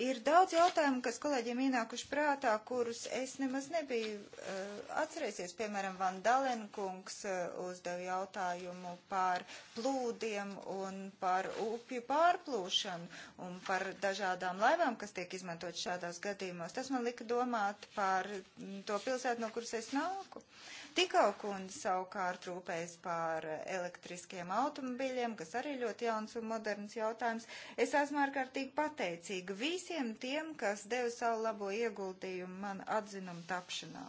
Ir daudz jautājumu, kas kolēģiem ienākuši prātā, kurus es nemaz nebiju uh, atcerēsies. Piemēram, Van Dalenkungs uh, eh, uzdeva jautājumu par plūdiem un par upju pārplūšanu un par dažādām laivām, kas tiek izmantot šādās gadījumos. Tas man lika domāt par mm, to pilsētu, no kuras es nāku. Uh, Tikau kundze savukārt rūpējas par elektriskiem automobiļiem, kas arī ļoti jauns un moderns jautājums. Es esmu ārkārtīgi pateicīga visiem tiem, kas deva savu labo ieguldījumu man atzinumu tapšanā.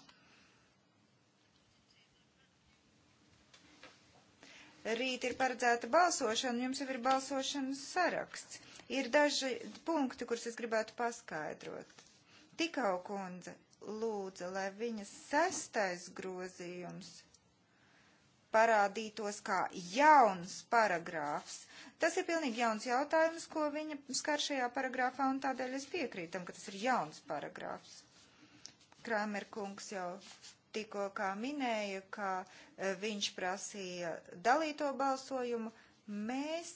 Rīt ir paredzēta balsošana, jums jau ir balsošanas saraksts. Ir daži punkti, kurus es gribētu paskaidrot. Tikau kundze, lūdza, lai viņas sestais grozījums parādītos kā jauns paragrāfs. Tas ir pilnīgi jauns jautājums, ko viņa skar šajā paragrāfā, un tādēļ es piekrītam, ka tas ir jauns paragrāfs. Krāmer kungs jau tikko kā minēja, ka e, viņš prasīja dalīto balsojumu. Mēs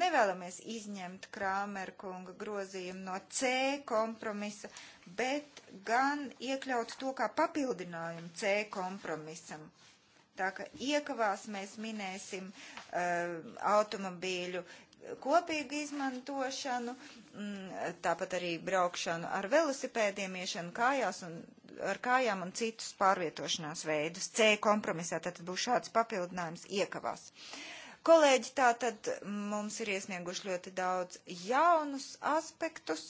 nevēlamies izņemt Krāmer kunga grozījumu no C kompromisa bet gan iekļaut to kā papildinājumu C kompromisam. Tā ka iekavās mēs minēsim uh, automobīļu kopīgu izmantošanu, mm, tāpat arī braukšanu ar velosipēdiem, iešanu kājās un ar kājām un citus pārvietošanās veidus. C kompromisā tātad būs šāds papildinājums iekavās. Kolēģi tātad mums ir iesnieguši ļoti daudz jaunus aspektus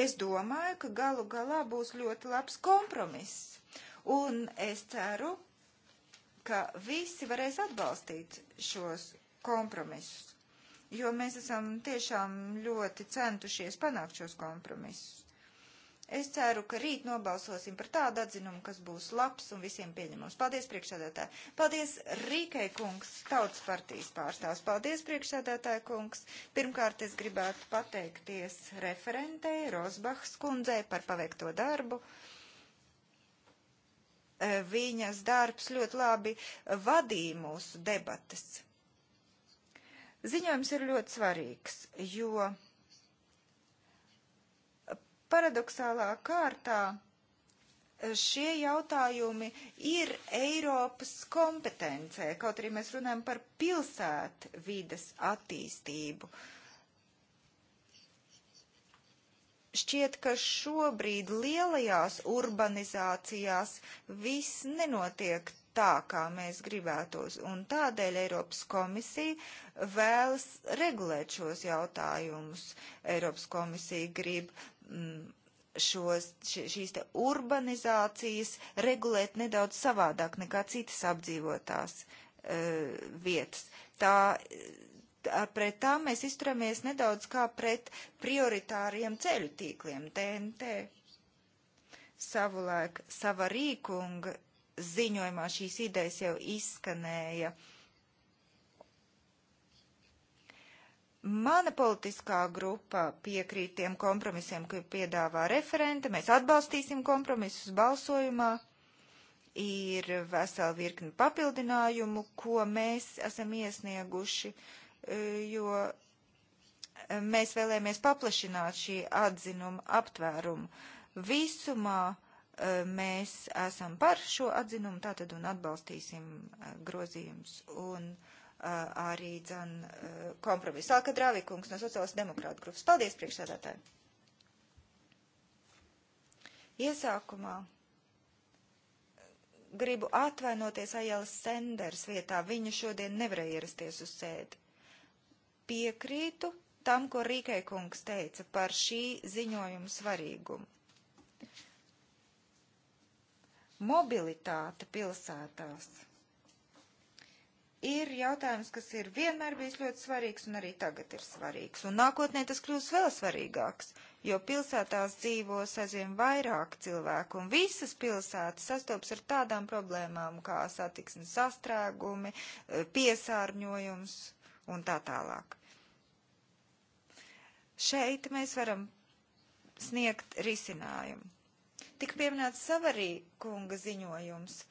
Es domāju, ka galu galā būs ļoti labs kompromiss. Un es ceru, ka visi varēs atbalstīt šos kompromisus, jo mēs esam tiešām ļoti centušies panākt šos kompromisus. Es ceru, ka rīt nobalsosim par tādu atzinumu, kas būs labs un visiem pieņemams. Paldies, priekšsēdētāji. Paldies, Rīkai kungs, tautas partijas pārstāvs. Paldies, priekšsēdētāji kungs. Pirmkārt, es gribētu pateikties referentei Rozbahas kundzei par paveikto darbu e, viņas darbs ļoti labi vadīja mūsu debatas. Ziņojums ir ļoti svarīgs, jo paradoxālā kārtā eh, šie jautājumi ir Eiropas kompetencē, kaut arī mēs runājam par pilsētvidas attīstību. Šķiet, ka šobrīd lielajās urbanizācijās viss nenotiek tā, kā mēs gribētos, un tādēļ Eiropas komisija vēlas regulēt šos jautājumus. Eiropas komisija grib mm, šos, šīs te urbanizācijas regulēt nedaudz savādāk nekā citas apdzīvotās uh, vietas. Tā, tā, pret tām mēs izturamies nedaudz kā pret prioritāriem ceļu tīkliem TNT. Savulaik sava rīkunga ziņojumā šīs idejas jau izskanēja. Uh, Mana politiskā grupa piekrīt tiem kompromisiem, ko piedāvā referente. Mēs atbalstīsim kompromisus balsojumā. Ir vesela virkni papildinājumu, ko mēs esam iesnieguši, e, jo e, mēs vēlēmies paplašināt šī atzinuma aptvērumu. Visumā e, mēs esam par šo atzinumu, tātad un atbalstīsim grozījumus un grozījumus arī dzen kompromisu. Sāka Drāvīkungs no Sociālas demokrāta grupas. Paldies, priekšsēdētāji! Iesākumā gribu atvainoties Ajēlas Senders vietā. Viņa šodien nevarēja ierasties uz sēdi. Piekrītu tam, ko Rīkai kungs teica par šī ziņojuma svarīgumu. Mobilitāte pilsētās ir jautājums, kas ir vienmēr bijis ļoti svarīgs un arī tagad ir svarīgs. Un nākotnē tas kļūs vēl svarīgāks, jo pilsētās dzīvos aizvien vairāk cilvēku, un visas pilsētas sastopas ar tādām problēmām kā satiksmes sastrēgumi, eh, piesārņojums un tā tālāk. Šeit mēs varam sniegt risinājumu. Tik pieminēts Savarī kunga ziņojums.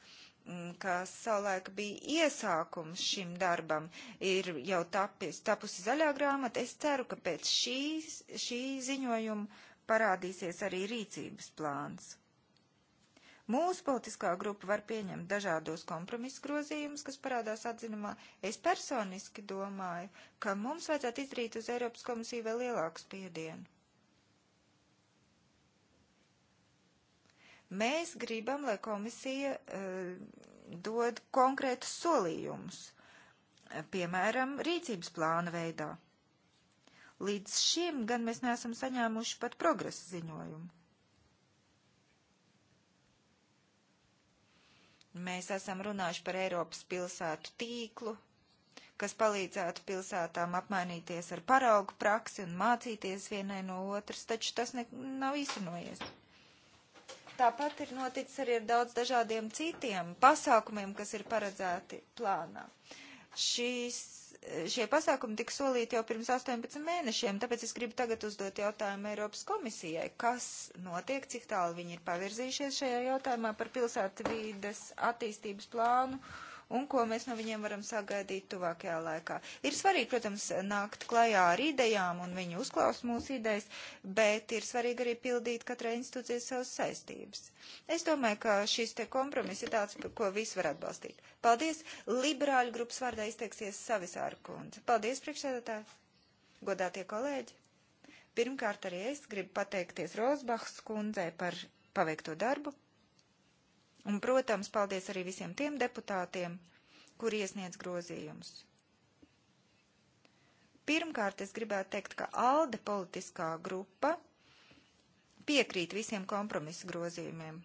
Mm, kas savulaik bija iesākums šim darbam, ir jau tapis, tapusi zaļā grāmata. Es ceru, ka pēc šīs, šī ziņojuma parādīsies arī rīcības plāns. Mūsu politiskā grupa var pieņemt dažādos kompromisu grozījumus, kas parādās atzinumā. Es personiski domāju, ka mums vajadzētu izdarīt uz Eiropas komisiju vēl lielāku spiedienu. Mēs gribam, lai komisija uh, dod konkrētus solījumus, e, piemēram, rīcības plāna veidā. Līdz šim gan mēs neesam saņēmuši pat progresa ziņojumu. Mēs esam runājuši par Eiropas pilsētu tīklu, kas palīdzētu pilsētām apmainīties ar paraugu praksi un mācīties vienai no otras, taču tas ne, nav īstenojies. Tāpat ir noticis arī ar daudz dažādiem citiem pasākumiem, kas ir paredzēti plānā. Šīs, šie pasākumi tika solīti jau pirms 18 mēnešiem, tāpēc es gribu tagad uzdot jautājumu Eiropas komisijai, kas notiek, cik tālu viņi ir pavirzījušies šajā jautājumā par pilsētu vīdes attīstības plānu. Uh, un ko mēs no viņiem varam sagaidīt tuvākajā laikā. Ir svarīgi, protams, nākt klajā ar idejām un viņi uzklaus mūsu idejas, bet ir svarīgi arī pildīt katrai institūcijai savas saistības. Es domāju, ka šis te kompromiss ir tāds, ko visi var atbalstīt. Paldies! Liberāļu grupas vārdā izteiksies Savisāra kundze. Paldies, priekšsēdētāji! Godātie kolēģi! Pirmkārt, arī es gribu pateikties Rozbachs kundzei par paveikto darbu. Un, protams, paldies arī visiem tiem deputātiem, kur iesniedz grozījumus. Pirmkārt, es gribētu teikt, ka ALDE politiskā grupa piekrīt visiem kompromisu grozījumiem.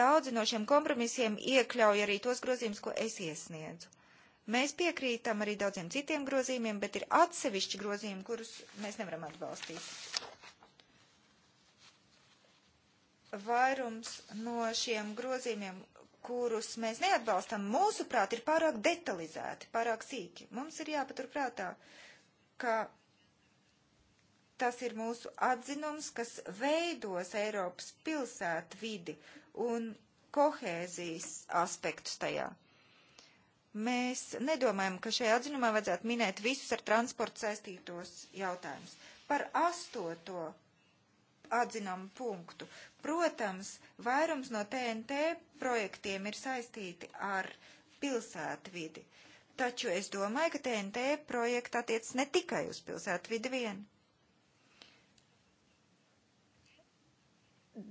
Daudzi no šiem kompromisiem iekļauj arī tos grozījumus, ko es iesniedzu. Mēs piekrītam arī daudziem citiem grozījumiem, bet ir atsevišķi grozījumi, kurus mēs nevaram atbalstīt vairums no šiem grozījumiem, kurus mēs neatbalstam, mūsuprāt, ir pārāk detalizēti, pārāk sīki. Mums ir jāpaturprātā, ka tas ir mūsu atzinums, kas veidos Eiropas pilsētu vidi un kohēzijas aspektus tajā. Mēs nedomājam, ka šajā atzinumā vajadzētu minēt visus ar transportu saistītos jautājumus. Par astoto atzinumu punktu. Protams, vairums no TNT projektiem ir saistīti ar pilsētvidi, taču es domāju, ka TNT projekta attiec ne tikai uz pilsētvidi vien.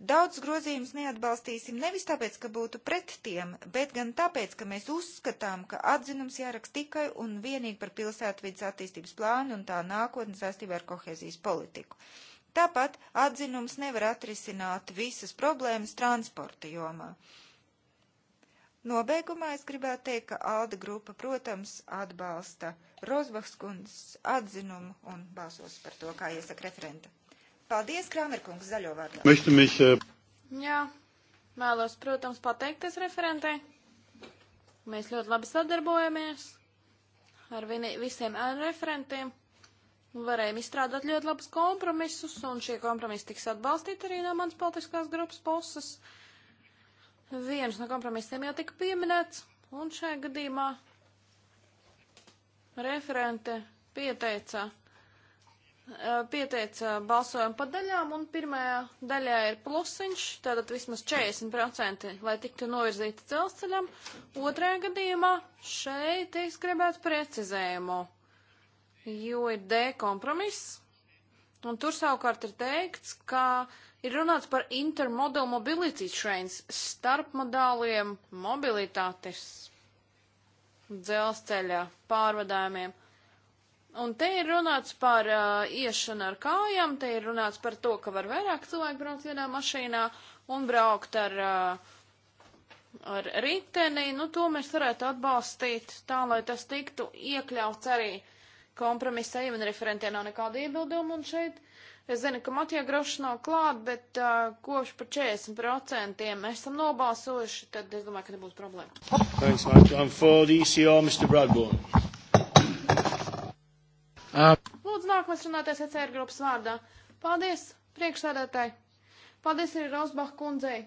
Daudz grozījums neatbalstīsim nevis tāpēc, ka būtu pret tiem, bet gan tāpēc, ka mēs uzskatām, ka atzinums jāraksta tikai un vienīgi par pilsētvidas attīstības plānu un tā nākotnes saistībā ar kohēzijas politiku. Uh, Tāpat atzinums nevar atrisināt visas problēmas transporta jomā. Nobeigumā es gribētu teikt, ka Alda grupa, protams, atbalsta Rozbachs kundzes atzinumu un balsos par to, kā iesaka referenta. Paldies, Krāmerkungs, zaļo vārdā. Mich, uh... Jā, vēlos, protams, pateikties referentei. Mēs ļoti labi sadarbojamies ar vini, visiem referentiem. Varējām izstrādāt ļoti labus kompromisus, un šie kompromisi tiks atbalstīti arī no manas politiskās grupas puses. Viens no kompromisiem jau tika pieminēts, un šajā gadījumā referente pieteica pieteica balsojumu pa daļām, un pirmajā daļā ir plusiņš, tātad vismaz 40%, lai tiktu novirzīti dzelzceļam. Otrajā gadījumā šeit es gribētu precizējumu jo ir D kompromiss, un tur savukārt ir teikts, ka ir runāts par intermodal mobility trains, starpmodāliem mobilitātes dzelzceļa pārvadājumiem. Un te ir runāts par uh, iešanu ar kājām, te ir runāts par to, ka var vairāk cilvēku braukt vienā mašīnā un braukt ar, uh, ar riteni. Nu, to mēs varētu atbalstīt tā, lai tas tiktu iekļauts arī uh, kompromisējiem un referentiem nav nekāda iebilduma. Un šeit es zinu, ka Matija Grošs nav klāt, bet uh, kopš par 40% esam nobalsojuši, tad es domāju, ka nebūs problēma. Thanks, Michael. And for the ECR, Mr. Bradbourne. Uh. Lūdzu, nākamais runātais ECR grupas vārdā. Paldies, priekšsēdētāji. Paldies arī Rosbach kundzei.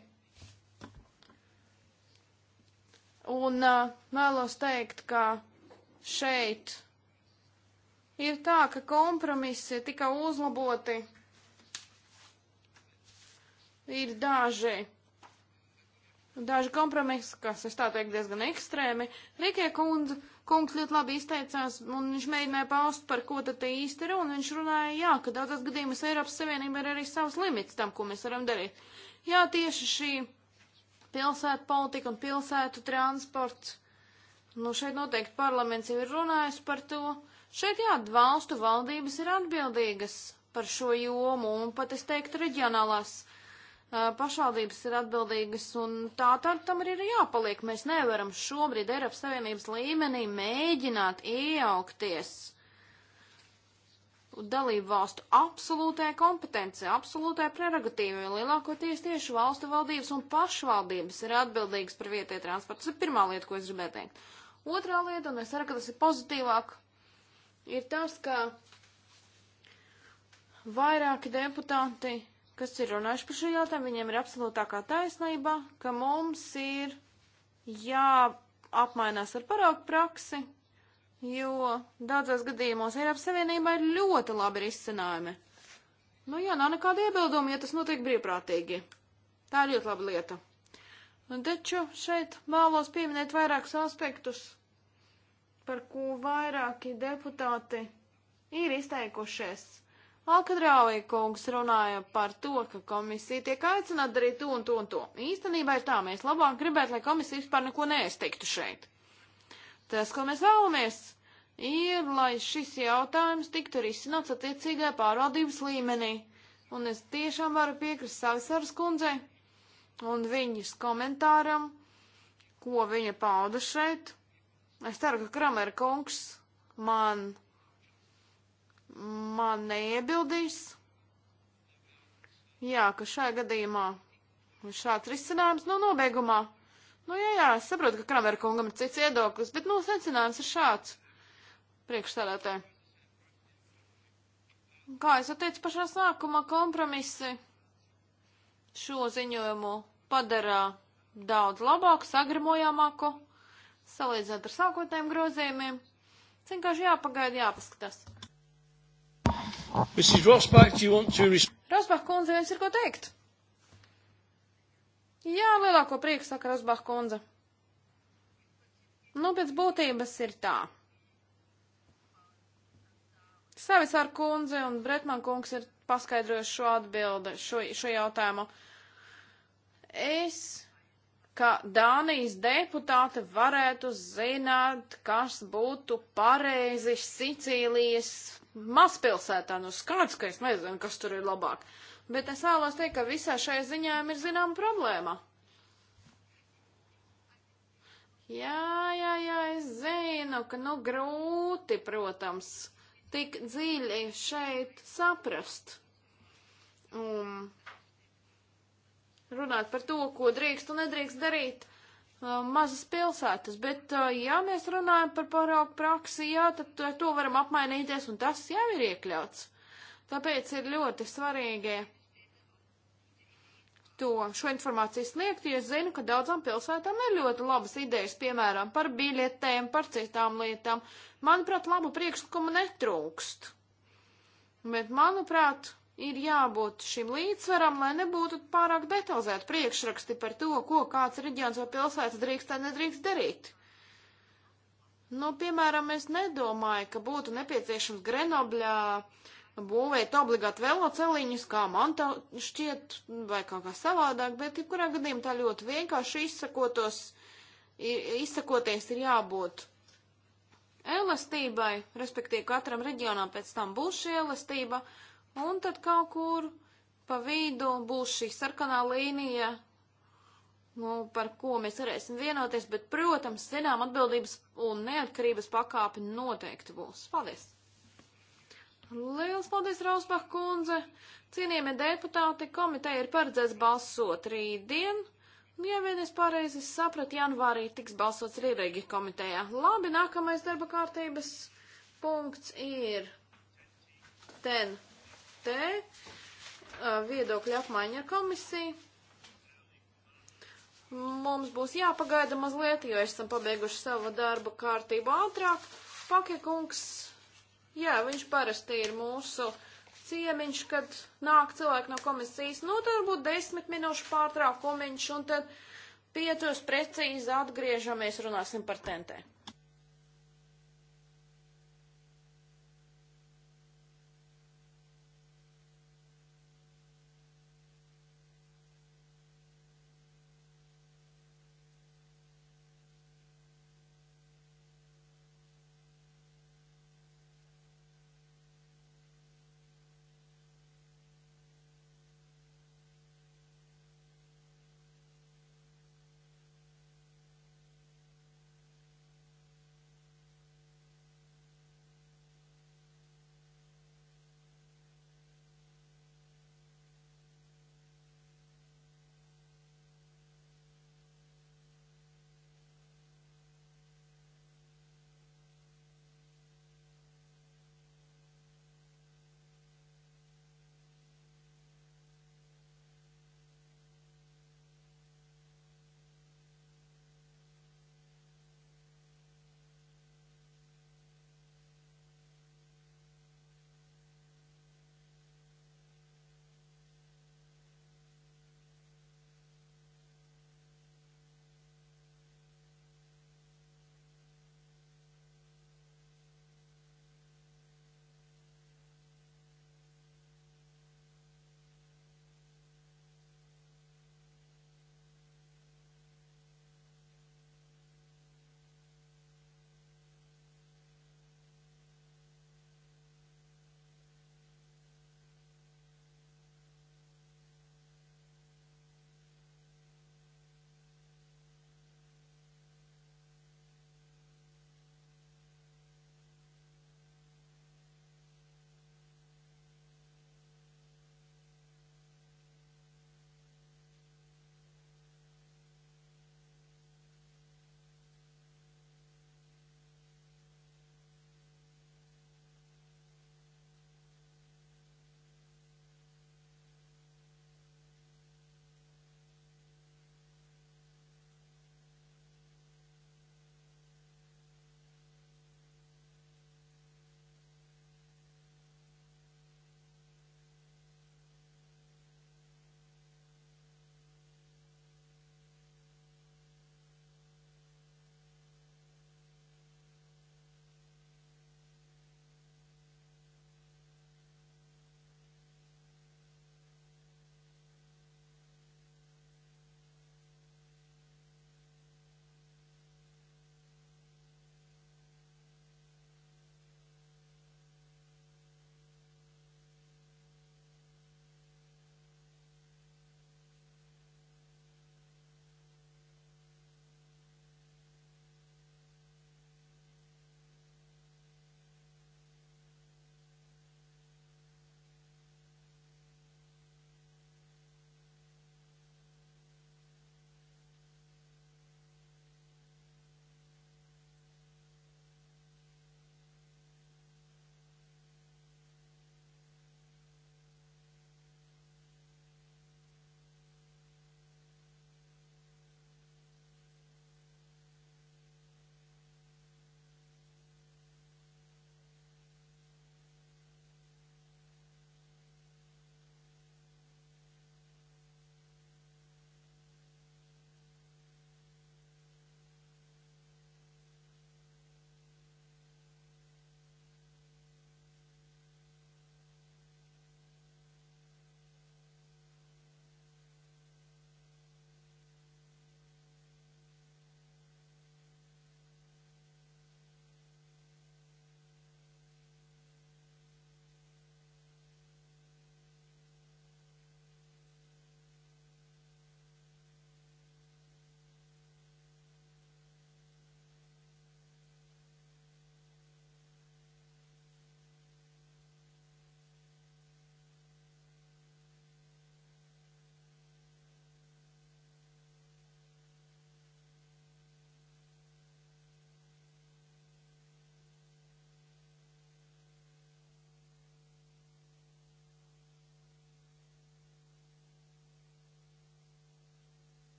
Un uh, vēlos teikt, ka šeit ir tā, ka kompromisi tika uzlaboti. Ir daži, daži kompromisi, kas, es tā teiktu, diezgan ekstrēmi. Rikie kundze, kungs ļoti labi izteicās, un viņš mēģināja paust, par ko tad te īsti runa. Viņš runāja, jā, ka daudzas gadījumas Eiropas Savienība ir arī savs limits tam, ko mēs varam darīt. Jā, tieši šī pilsētu politika un pilsētu transports. Nu, šeit noteikti parlaments jau ir runājis par to. Uh, Šeit jā, valstu valdības ir atbildīgas par šo jomu, un pat es teiktu, reģionālās uh, pašvaldības ir atbildīgas, un tā tad tam arī ir jāpaliek. Mēs nevaram šobrīd Eiropas Savienības līmenī mēģināt iejaukties dalību valstu absolūtajai kompetencijai, absolūtajai prerogatīvai, jo lielākoties tieši valstu valdības un pašvaldības ir atbildīgas par vietēju transportu. Tas ir pirmā lieta, ko es gribēju teikt. Otrā lieta, un es ceru, ka tas ir pozitīvāk, ir tas, ka vairāki deputāti, kas ir runājuši par šo jautājumu, viņiem ir absolūtākā taisnība, ka mums ir jāapmainās ar paraugu praksi, jo daudzos gadījumos Eiropas Savienībā ir ļoti labi risinājumi. Nu jā, nav nekāda iebilduma, ja tas notiek brīvprātīgi. Tā ir ļoti laba lieta. Un taču šeit vēlos pieminēt vairākus aspektus, par ko vairāki deputāti ir izteikušies. Alkadrauja kungs runāja par to, ka komisija tiek aicināta darīt to un to un to. Īstenībā ir tā, mēs labāk gribētu, lai komisija vispār neko neizteiktu šeit. Tas, ko mēs vēlamies, ir, lai šis jautājums tiktu risināts attiecīgajā pārvaldības līmenī. Un es tiešām varu piekrist Savisaras kundzei un viņas komentāram, ko viņa pauda šeit. Es ceru, ka Kramer kungs man, man neiebildīs. Jā, ka šajā gadījumā šāds risinājums nav nu, nobeigumā. Nu, jā, jā, es saprotu, ka Kramer kungam ir cits iedoklis, bet mūsu nu, secinājums ir šāds priekšstādātāji. Kā es teicu pašā sākumā, kompromisi šo ziņojumu padarā daudz labāku, sagramojamāku salīdzinot ar sākotnējiem grozījumiem. Vienkārši jāpagaida, jāpaskatās. Rosbach, to... Rosbach kundze, jums ir ko teikt? Jā, lielāko prieku saka Rosbach kundze. Nu, pēc būtības ir tā. Savisāra kundze un Bretman kungs ir paskaidrojuši šo atbildi, šo, šo jautājumu. Es ka Dānijas deputāti varētu zināt, kas būtu pareizi Sicīlijas mazpilsētā. Nu, skāds, ka es nezinu, kas tur ir labāk. Bet es vēlos teikt, ka visā šajā ziņām ir zinām problēma. Jā, jā, jā, es zinu, ka nu grūti, protams, tik dziļi šeit saprast. Um, runāt par to, ko drīkst un nedrīkst darīt uh, mazas pilsētas, bet uh, ja mēs runājam par paraugu praksi, jā, tad ar to varam apmainīties, un tas jau ir iekļauts. Tāpēc ir ļoti svarīgi to šo informāciju sniegt, jo es zinu, ka daudzām pilsētām ir ļoti labas idejas, piemēram, par biļetēm, par citām lietām. Manuprāt, labu priekšlikumu netrūkst. Bet, manuprāt, ir jābūt šim līdzsveram, lai nebūtu pārāk detalizēti priekšraksti par to, ko kāds reģions vai pilsētas drīkst vai nedrīkst darīt. Nu, piemēram, es nedomāju, ka būtu nepieciešams Grenobļā būvēt obligāti veloceliņus, kā man tā šķiet, vai kaut kā savādāk, bet jebkurā gadījumā tā ļoti vienkārši izsakotos, izsakoties ir jābūt elastībai, respektīvi katram reģionam pēc tam būs šī elastība. Uh, Un tad kaut kur pa vidu būs šī sarkanā līnija, nu, par ko mēs varēsim vienoties, bet, protams, zinām atbildības un neatkarības pakāpe noteikti būs. Paldies! Liels paldies, Rausbach kundze! Cienījamie deputāti, komiteja ir paredzēts balsot rītdien. Ja vien es pareizi sapratu, janvārī tiks balsots rīrēgi komitejā. Labi, nākamais darba kārtības punkts ir ten te viedokļa apmaiņa ar komisiju. Mums būs jāpagaida mazliet, jo esam pabeiguši savu darba kārtību ātrāk. Pakekungs, jā, viņš parasti ir mūsu ciemiņš, kad nāk cilvēki no komisijas, nu tad varbūt desmit minūšu pārtraukumiņš un tad piecos precīzi atgriežamies, runāsim par tentē.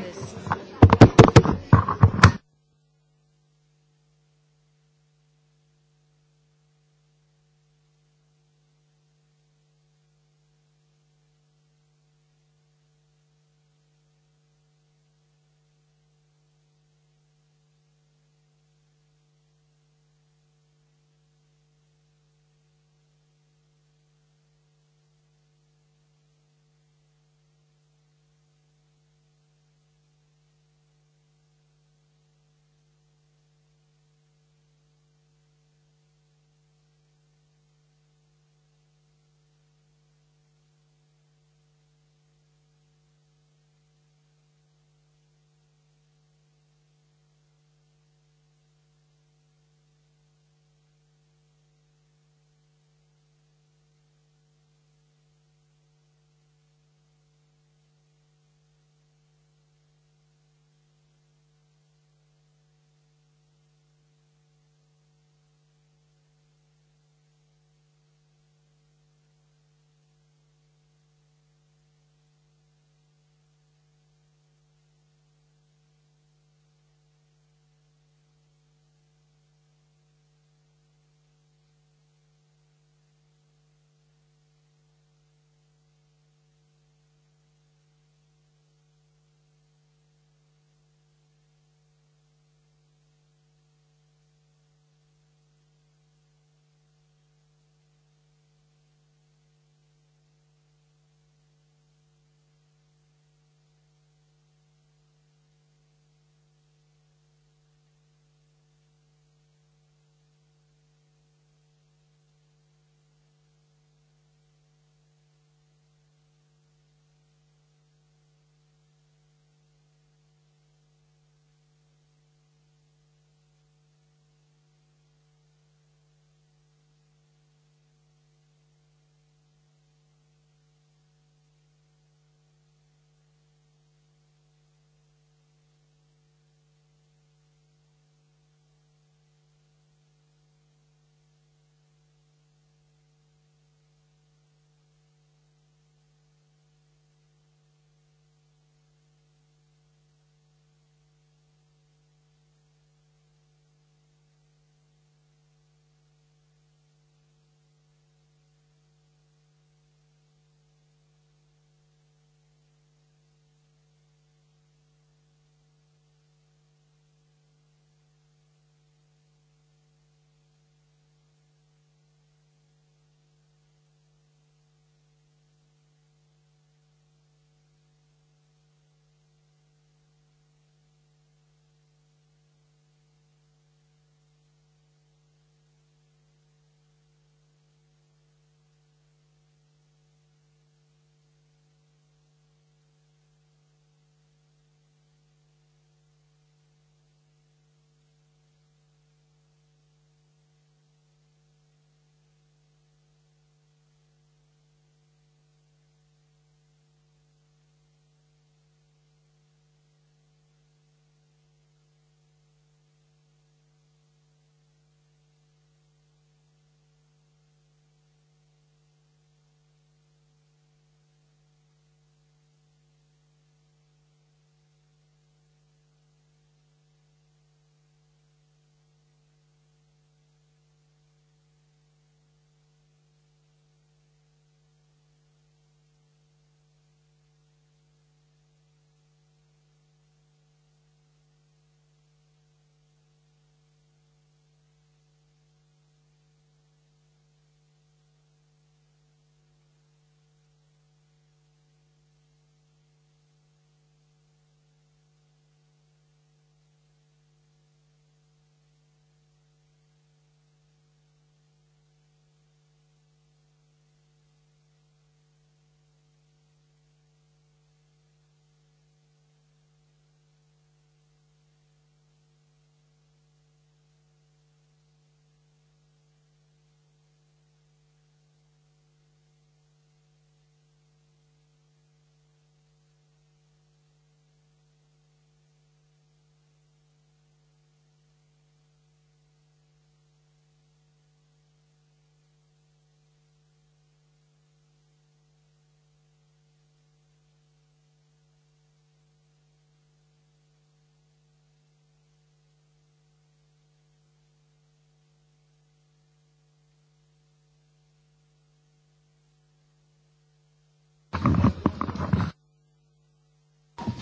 Yes.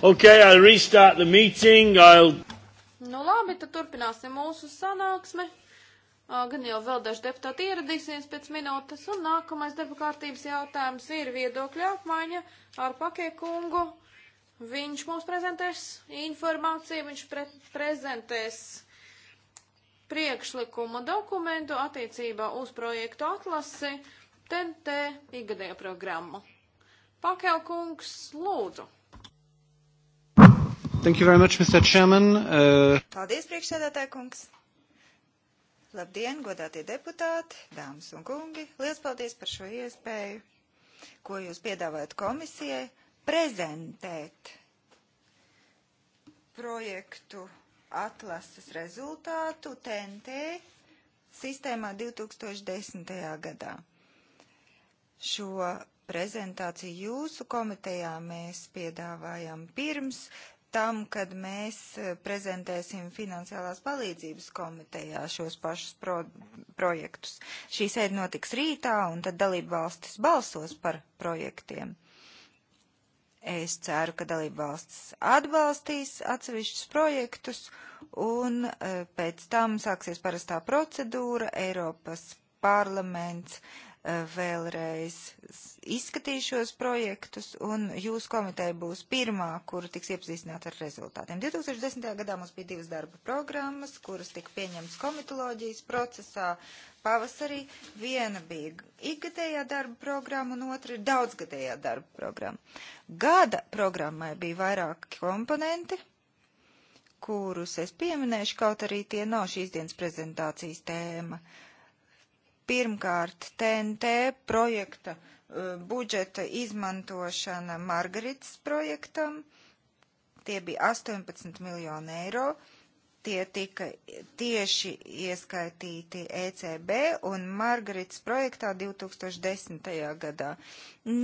Okay, I'll restart the meeting. I'll... Nu labi, tad turpināsim mūsu sanāksmi. Gan jau vēl daži deputāti ieradīsies pēc minūtes, un nākamais darba kārtības jautājums ir viedokļa apmaiņa ar pakiekungu. Viņš mums prezentēs informāciju, viņš pre prezentēs priekšlikumu dokumentu attiecībā uz projektu atlasi TNT ikgadē programmu. Pakelkungs, lūdzu! Thank you very much, Mr. Chairman. Uh... Paldies, priekšsēdētāja kungs. Labdien, godātie deputāti, dāmas un kungi. Lielas paldies par šo iespēju, ko jūs piedāvājat komisijai prezentēt projektu atlases rezultātu TNT sistēmā 2010. gadā. Šo prezentāciju jūsu komitejā mēs piedāvājam pirms tam, kad mēs eh, prezentēsim finansiālās palīdzības komitejā šos pašus pro projektus. Šī sēde notiks rītā, un tad dalība valstis balsos par projektiem. Es ceru, ka dalība valsts atbalstīs atsevišķus projektus, un eh, pēc tam sāksies parastā procedūra. Eiropas parlaments uh, vēlreiz izskatīšos projektus, un jūsu komiteja būs pirmā, kura tiks iepazīstināta ar rezultātiem. 2010. gadā mums bija divas darba programmas, kuras tika pieņemtas komitoloģijas procesā pavasarī. Viena bija ikgadējā darba programma, un otra ir daudzgadējā darba programma. Gada programmai bija vairāki komponenti kurus es pieminēšu, kaut arī tie nav šīs dienas prezentācijas tēma. Uh, Pirmkārt, TNT projekta e, budžeta izmantošana Margaritas projektam. Tie bija 18 miljoni eiro. Tie tika tieši ieskaitīti ECB un Margaritas projektā 2010. gadā.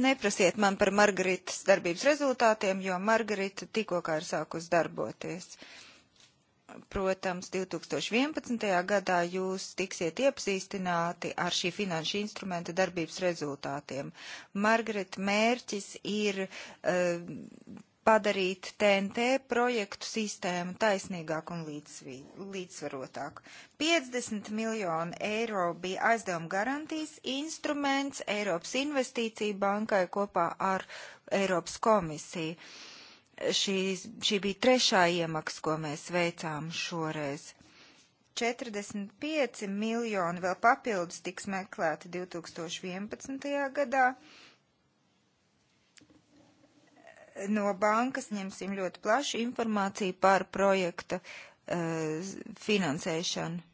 Neprasiet man par Margaritas darbības rezultātiem, jo Margarita tikko kā ir sākus darboties. Uh, Protams, 2011. gadā jūs tiksiet iepazīstināti ar šī finanšu instrumenta darbības rezultātiem. Margaret, mērķis ir uh, padarīt TNT projektu sistēmu taisnīgāku un līdzsvi, līdzsvarotāku. 50 miljonu eiro bija aizdevuma garantijas instruments Eiropas investīcija bankai kopā ar Eiropas komisiju. Uh, Šī, šī bija trešā iemaksa, ko mēs veicām šoreiz. 45 miljoni vēl papildus tiks meklēti 2011. gadā. No bankas ņemsim ļoti plašu informāciju par projekta uh, finansēšanu.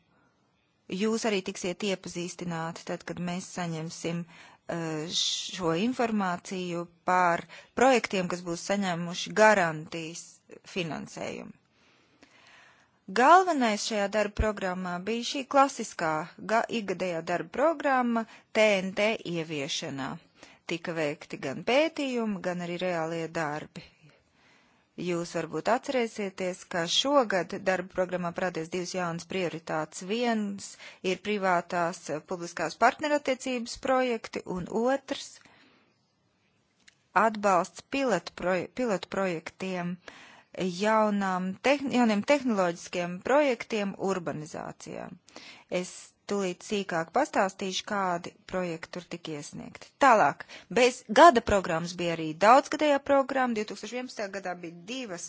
Jūs arī tiksiet iepazīstināti tad, kad mēs saņemsim uh, Eh, šo informāciju par projektiem, kas būs saņēmuši garantijas finansējumu. Galvenais šajā darba programmā bija šī klasiskā ikgadējā darba programma TNT ieviešanā. Tika veikti gan pētījumi, gan arī reālie darbi Jūs varbūt atcerēsieties, ka šogad darba programmā parādīs divas jaunas prioritātes. Viens ir privātās eh, publiskās partnerattiecības projekti, un otrs atbalsts pilotu, proje, pilotu projektiem, jaunām, tehn, jauniem tehnoloģiskiem projektiem urbanizācijā. Es Tūlīt sīkāk pastāstīšu, kādi projekti tur tika iesniegti. Tālāk, bez gada programmas bija arī daudzgadējā programma. 2011. gadā bija divas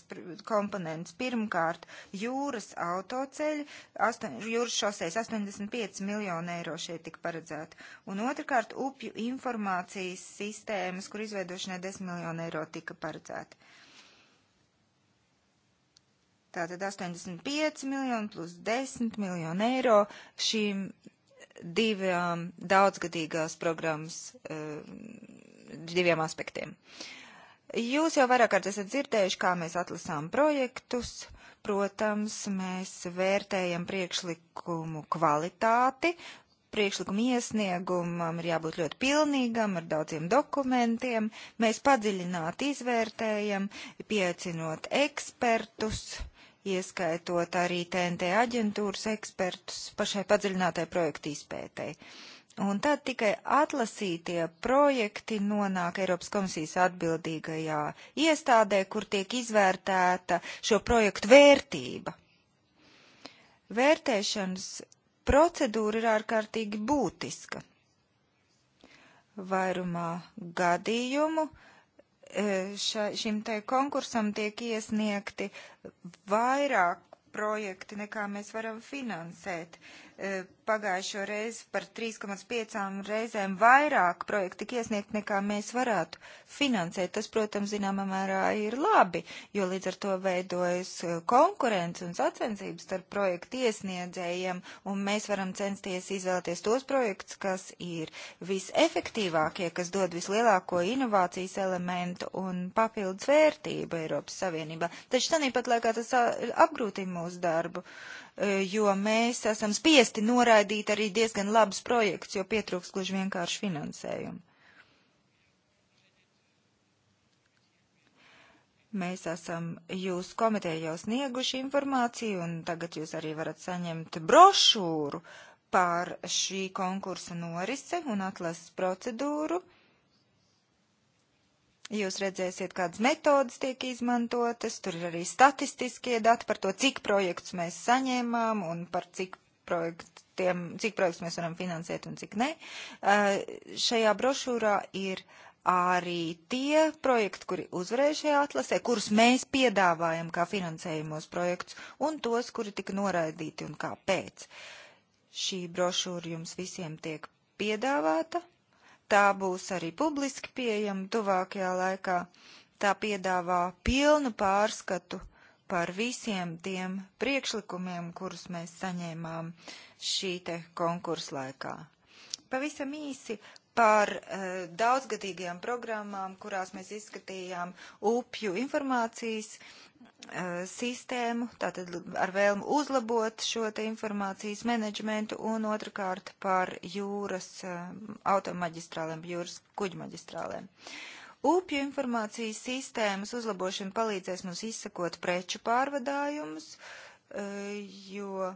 komponentes. Pirmkārt, jūras autoceļi, asto, jūras šoseis 85 miljonu eiro šeit tika paredzēta. Un otrkārt, upju informācijas sistēmas, kur izveidošanai 10 miljonu eiro tika paredzēta. Tātad 85 miljoni plus 10 miljoni eiro šīm divām daudzgadīgās programmas eh, diviem aspektiem. Jūs jau vairāk kārt esat dzirdējuši, kā mēs atlasām projektus. Protams, mēs vērtējam priekšlikumu kvalitāti. Priekšlikuma iesniegumam ir jābūt ļoti pilnīgam, ar daudziem dokumentiem. Mēs padziļināti izvērtējam, pieaicinot ekspertus. Uh, ieskaitot arī TNT aģentūras ekspertus pašai padziļinātai projektu izpētēji. Un tad tikai atlasītie projekti nonāk Eiropas komisijas atbildīgajā iestādē, kur tiek izvērtēta šo projektu vērtība. Vērtēšanas procedūra ir ārkārtīgi būtiska. Vairumā gadījumu uh, E, ša, šim te konkursam tiek iesniegti vairāk projekti, nekā mēs varam finansēt. Uh, pagājušo э, reizi par 3,5 reizēm vairāk projektu tik iesniegt, nekā mēs varētu finansēt. Tas, protams, zināmā mērā ir labi, jo līdz ar to veidojas eh, konkurence un sacensības starp projektu iesniedzējiem, un mēs varam censties izvēlēties tos projektus, kas ir visefektīvākie, kas dod vislielāko inovācijas elementu un papildus vērtību Eiropas Savienībā. Taču tāpat laikā tas apgrūtina mūsu darbu. Uh, Eh, jo mēs esam spiesti noraidīt arī diezgan labus projektus, jo pietrūks gluži vienkārši finansējumu. Mēs esam jūsu komiteja jau snieguši informāciju, un tagad jūs arī varat saņemt brošūru par šī konkursa norise un atlases procedūru. Jūs redzēsiet, kādas metodas tiek izmantotas, tur ir arī statistiskie dati par to, cik projektus mēs saņēmām un par cik projektiem, cik projektus mēs varam finansēt un cik nē. Eh, šajā brošūrā ir arī tie projekti, kuri uzvarēja šajā atlasē, kurus mēs piedāvājam kā finansējumos projektus, un tos, kuri tika noraidīti un kāpēc. Šī brošūra jums visiem tiek piedāvāta. Tā būs arī publiski pieejama tuvākajā laikā. Tā piedāvā pilnu pārskatu par visiem tiem priekšlikumiem, kurus mēs saņēmām šī te konkursa laikā. Pavisam īsi par uh, daudzgadīgajām programmām, kurās mēs izskatījām upju informācijas Eh, sistēmu, tātad ar vēlmu uzlabot šo te informācijas menedžmentu un otrkārt par jūras eh, automaģistrālēm, jūras kuģmaģistrālēm. Upju informācijas sistēmas uzlabošana palīdzēs mums izsakot preču pārvadājumus, eh, jo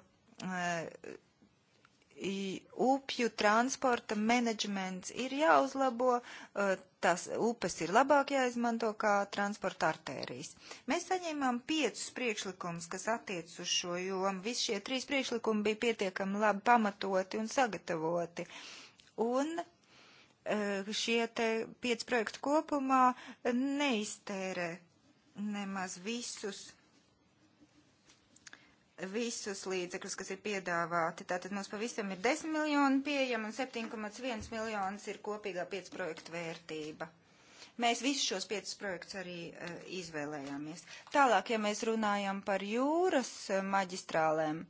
upju transporta menedžments ir jāuzlabo, e, tās upes ir labāk jāizmanto kā transporta artērijas. Mēs saņēmām piecus priekšlikumus, kas attiec uz šo jomu. Visi šie trīs priekšlikumi bija pietiekami labi pamatoti un sagatavoti. Un e, šie te pieci projekti kopumā neiztērē nemaz visus visus līdzekļus, kas ir piedāvāti. Tātad mums pavisam ir 10 miljoni pieejami un 7,1 miljonus ir kopīgā 5 projektu vērtība. Mēs visus šos 5 projektus arī uh, izvēlējāmies. Tālāk, ja mēs runājam par jūras e, maģistrālēm,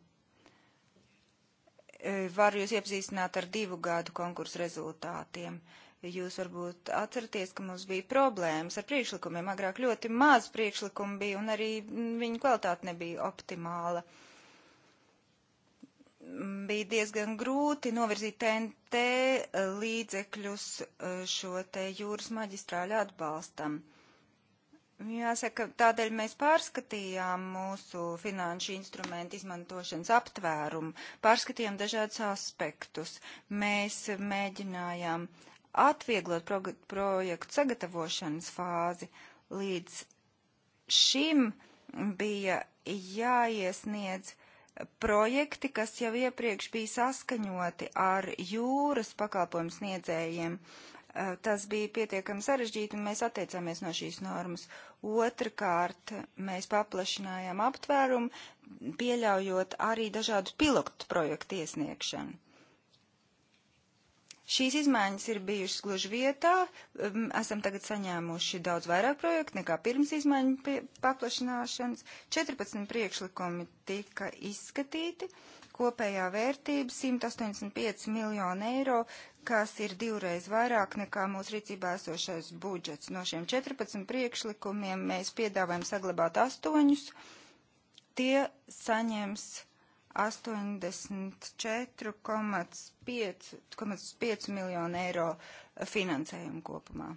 e, varu jūs iepazīstināt ar divu gadu konkursu rezultātiem. Uh, Jūs varbūt atceraties, ka mums bija problēmas ar priekšlikumiem. Agrāk ļoti maz priekšlikumu bija un arī viņu kvalitāte nebija optimāla. Bija diezgan grūti novirzīt TNT eh, līdzekļus eh, šo te jūras maģistrāļu atbalstam. Jāsaka, tādēļ mēs pārskatījām mūsu finanšu instrumentu izmantošanas aptvērumu, pārskatījām dažādus aspektus. Mēs mēģinājām atvieglot pro projektu sagatavošanas fāzi. Līdz šim bija jāiesniedz projekti, kas jau iepriekš bija saskaņoti ar jūras pakalpojumu sniedzējiem. Eh, tas bija pietiekami sarežģīti, un mēs atteicāmies no šīs normas. Otrakārt, mēs paplašinājām aptvērumu, pieļaujot arī dažādu pilotu projektu iesniegšanu. Šīs izmaiņas ir bijušas gluži vietā. Esam tagad saņēmuši daudz vairāk projektu nekā pirms izmaiņu paplašināšanas. 14 priekšlikumi tika izskatīti. Kopējā vērtība 185 miljonu eiro, kas ir divreiz vairāk nekā mūsu rīcībā esošais budžets. No šiem 14 priekšlikumiem mēs piedāvājam saglabāt astoņus. Tie saņems 84,5 miljonu eiro finansējumu kopumā.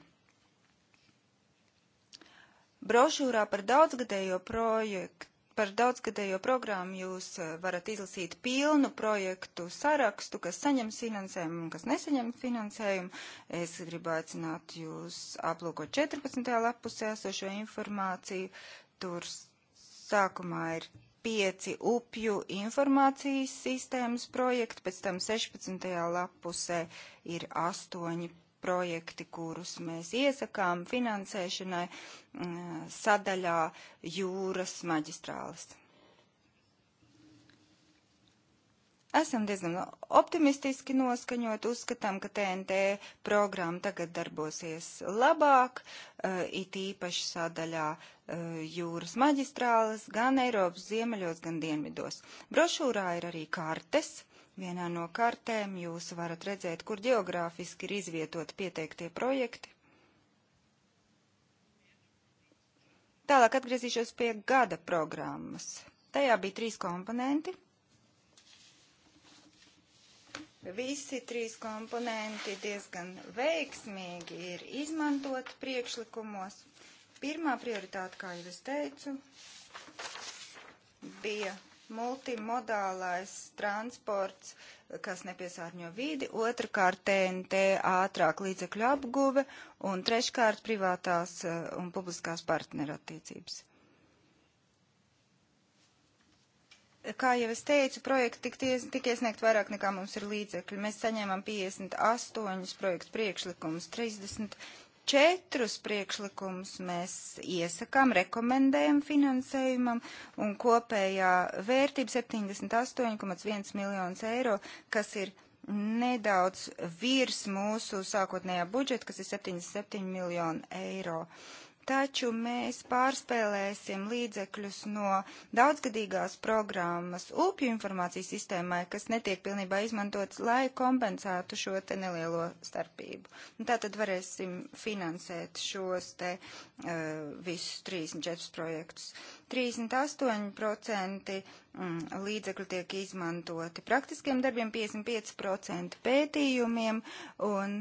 Brošūrā par daudzgadējo projektu, par daudzgadējo programmu jūs eh, varat izlasīt pilnu projektu sarakstu, kas saņems finansējumu un kas nesaņem finansējumu. Es gribu aicināt jūs aplūkot 14. lapusē esošo informāciju. Tur sākumā ir pieci upju informācijas sistēmas projekti, pēc tam 16. lapusē ir astoņi projekti, kurus mēs iesakām finansēšanai mm, sadaļā jūras maģistrālis. esam diezgan optimistiski noskaņot, uzskatām, ka TNT programma tagad darbosies labāk, uh, it īpaši sadaļā uh, jūras maģistrāles gan Eiropas ziemeļos, gan dienvidos. Brošūrā ir arī kartes. Vienā no kartēm jūs varat redzēt, kur geogrāfiski ir izvietot pieteiktie projekti. Tālāk atgriezīšos pie gada programmas. Tajā bija trīs komponenti Visi trīs komponenti diezgan veiksmīgi ir izmantoti priekšlikumos. Pirmā prioritāte, kā jau es teicu, bija multimodālais transports, kas nepiesārņo vidi, otrkārt TNT ātrāk līdzekļu apguve un treškārt privātās uh, un publiskās partnerattiecības. Kā jau es teicu, projekti tika tik iesniegt vairāk nekā mums ir līdzekļi. Mēs saņēmām 58 projektu priekšlikumus, 34 priekšlikumus mēs iesakām, rekomendējam finansējumam un kopējā vērtība 78,1 miljonus eiro, kas ir nedaudz virs mūsu sākotnējā budžeta, kas ir 77 miljonu eiro. Uh, taču mēs pārspēlēsim līdzekļus no daudzgadīgās programmas upju informācijas sistēmai, kas netiek pilnībā izmantots, lai kompensētu šo te nelielo starpību. Un nu, tā tad varēsim finansēt šos te uh, visus 34 projektus. 38% mm, līdzekļu tiek izmantoti praktiskiem darbiem, 55% pētījumiem un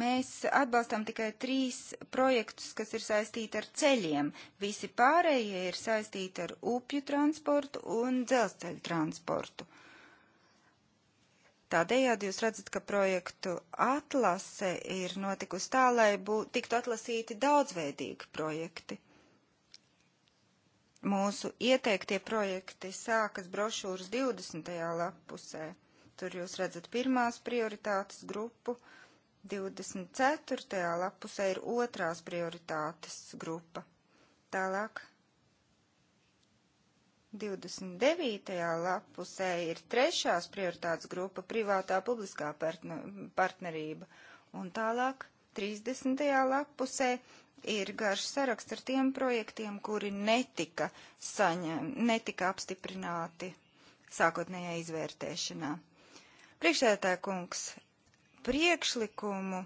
Mēs atbalstam tikai trīs projektus, kas ir saistīti ar ceļiem. Visi pārējie ir saistīti ar upju transportu un dzelzceļu transportu. Tādējādi jūs redzat, ka projektu atlase ir notikusi tā, lai bū, tiktu atlasīti daudzveidīgi projekti. Mūsu ieteiktie projekti sākas brošūras 20. lapusē. Tur jūs redzat pirmās prioritātes grupu. Uh, 24. lapusē ir otrās prioritātes grupa. Tālāk 29. lapusē ir trešās prioritātes grupa privātā publiskā partnerība. Un tālāk 30. lapusē ir garš saraksts ar tiem projektiem, kuri netika, saņem, netika apstiprināti sākotnējā izvērtēšanā. Priekšsēdētāja kungs, priekšlikumu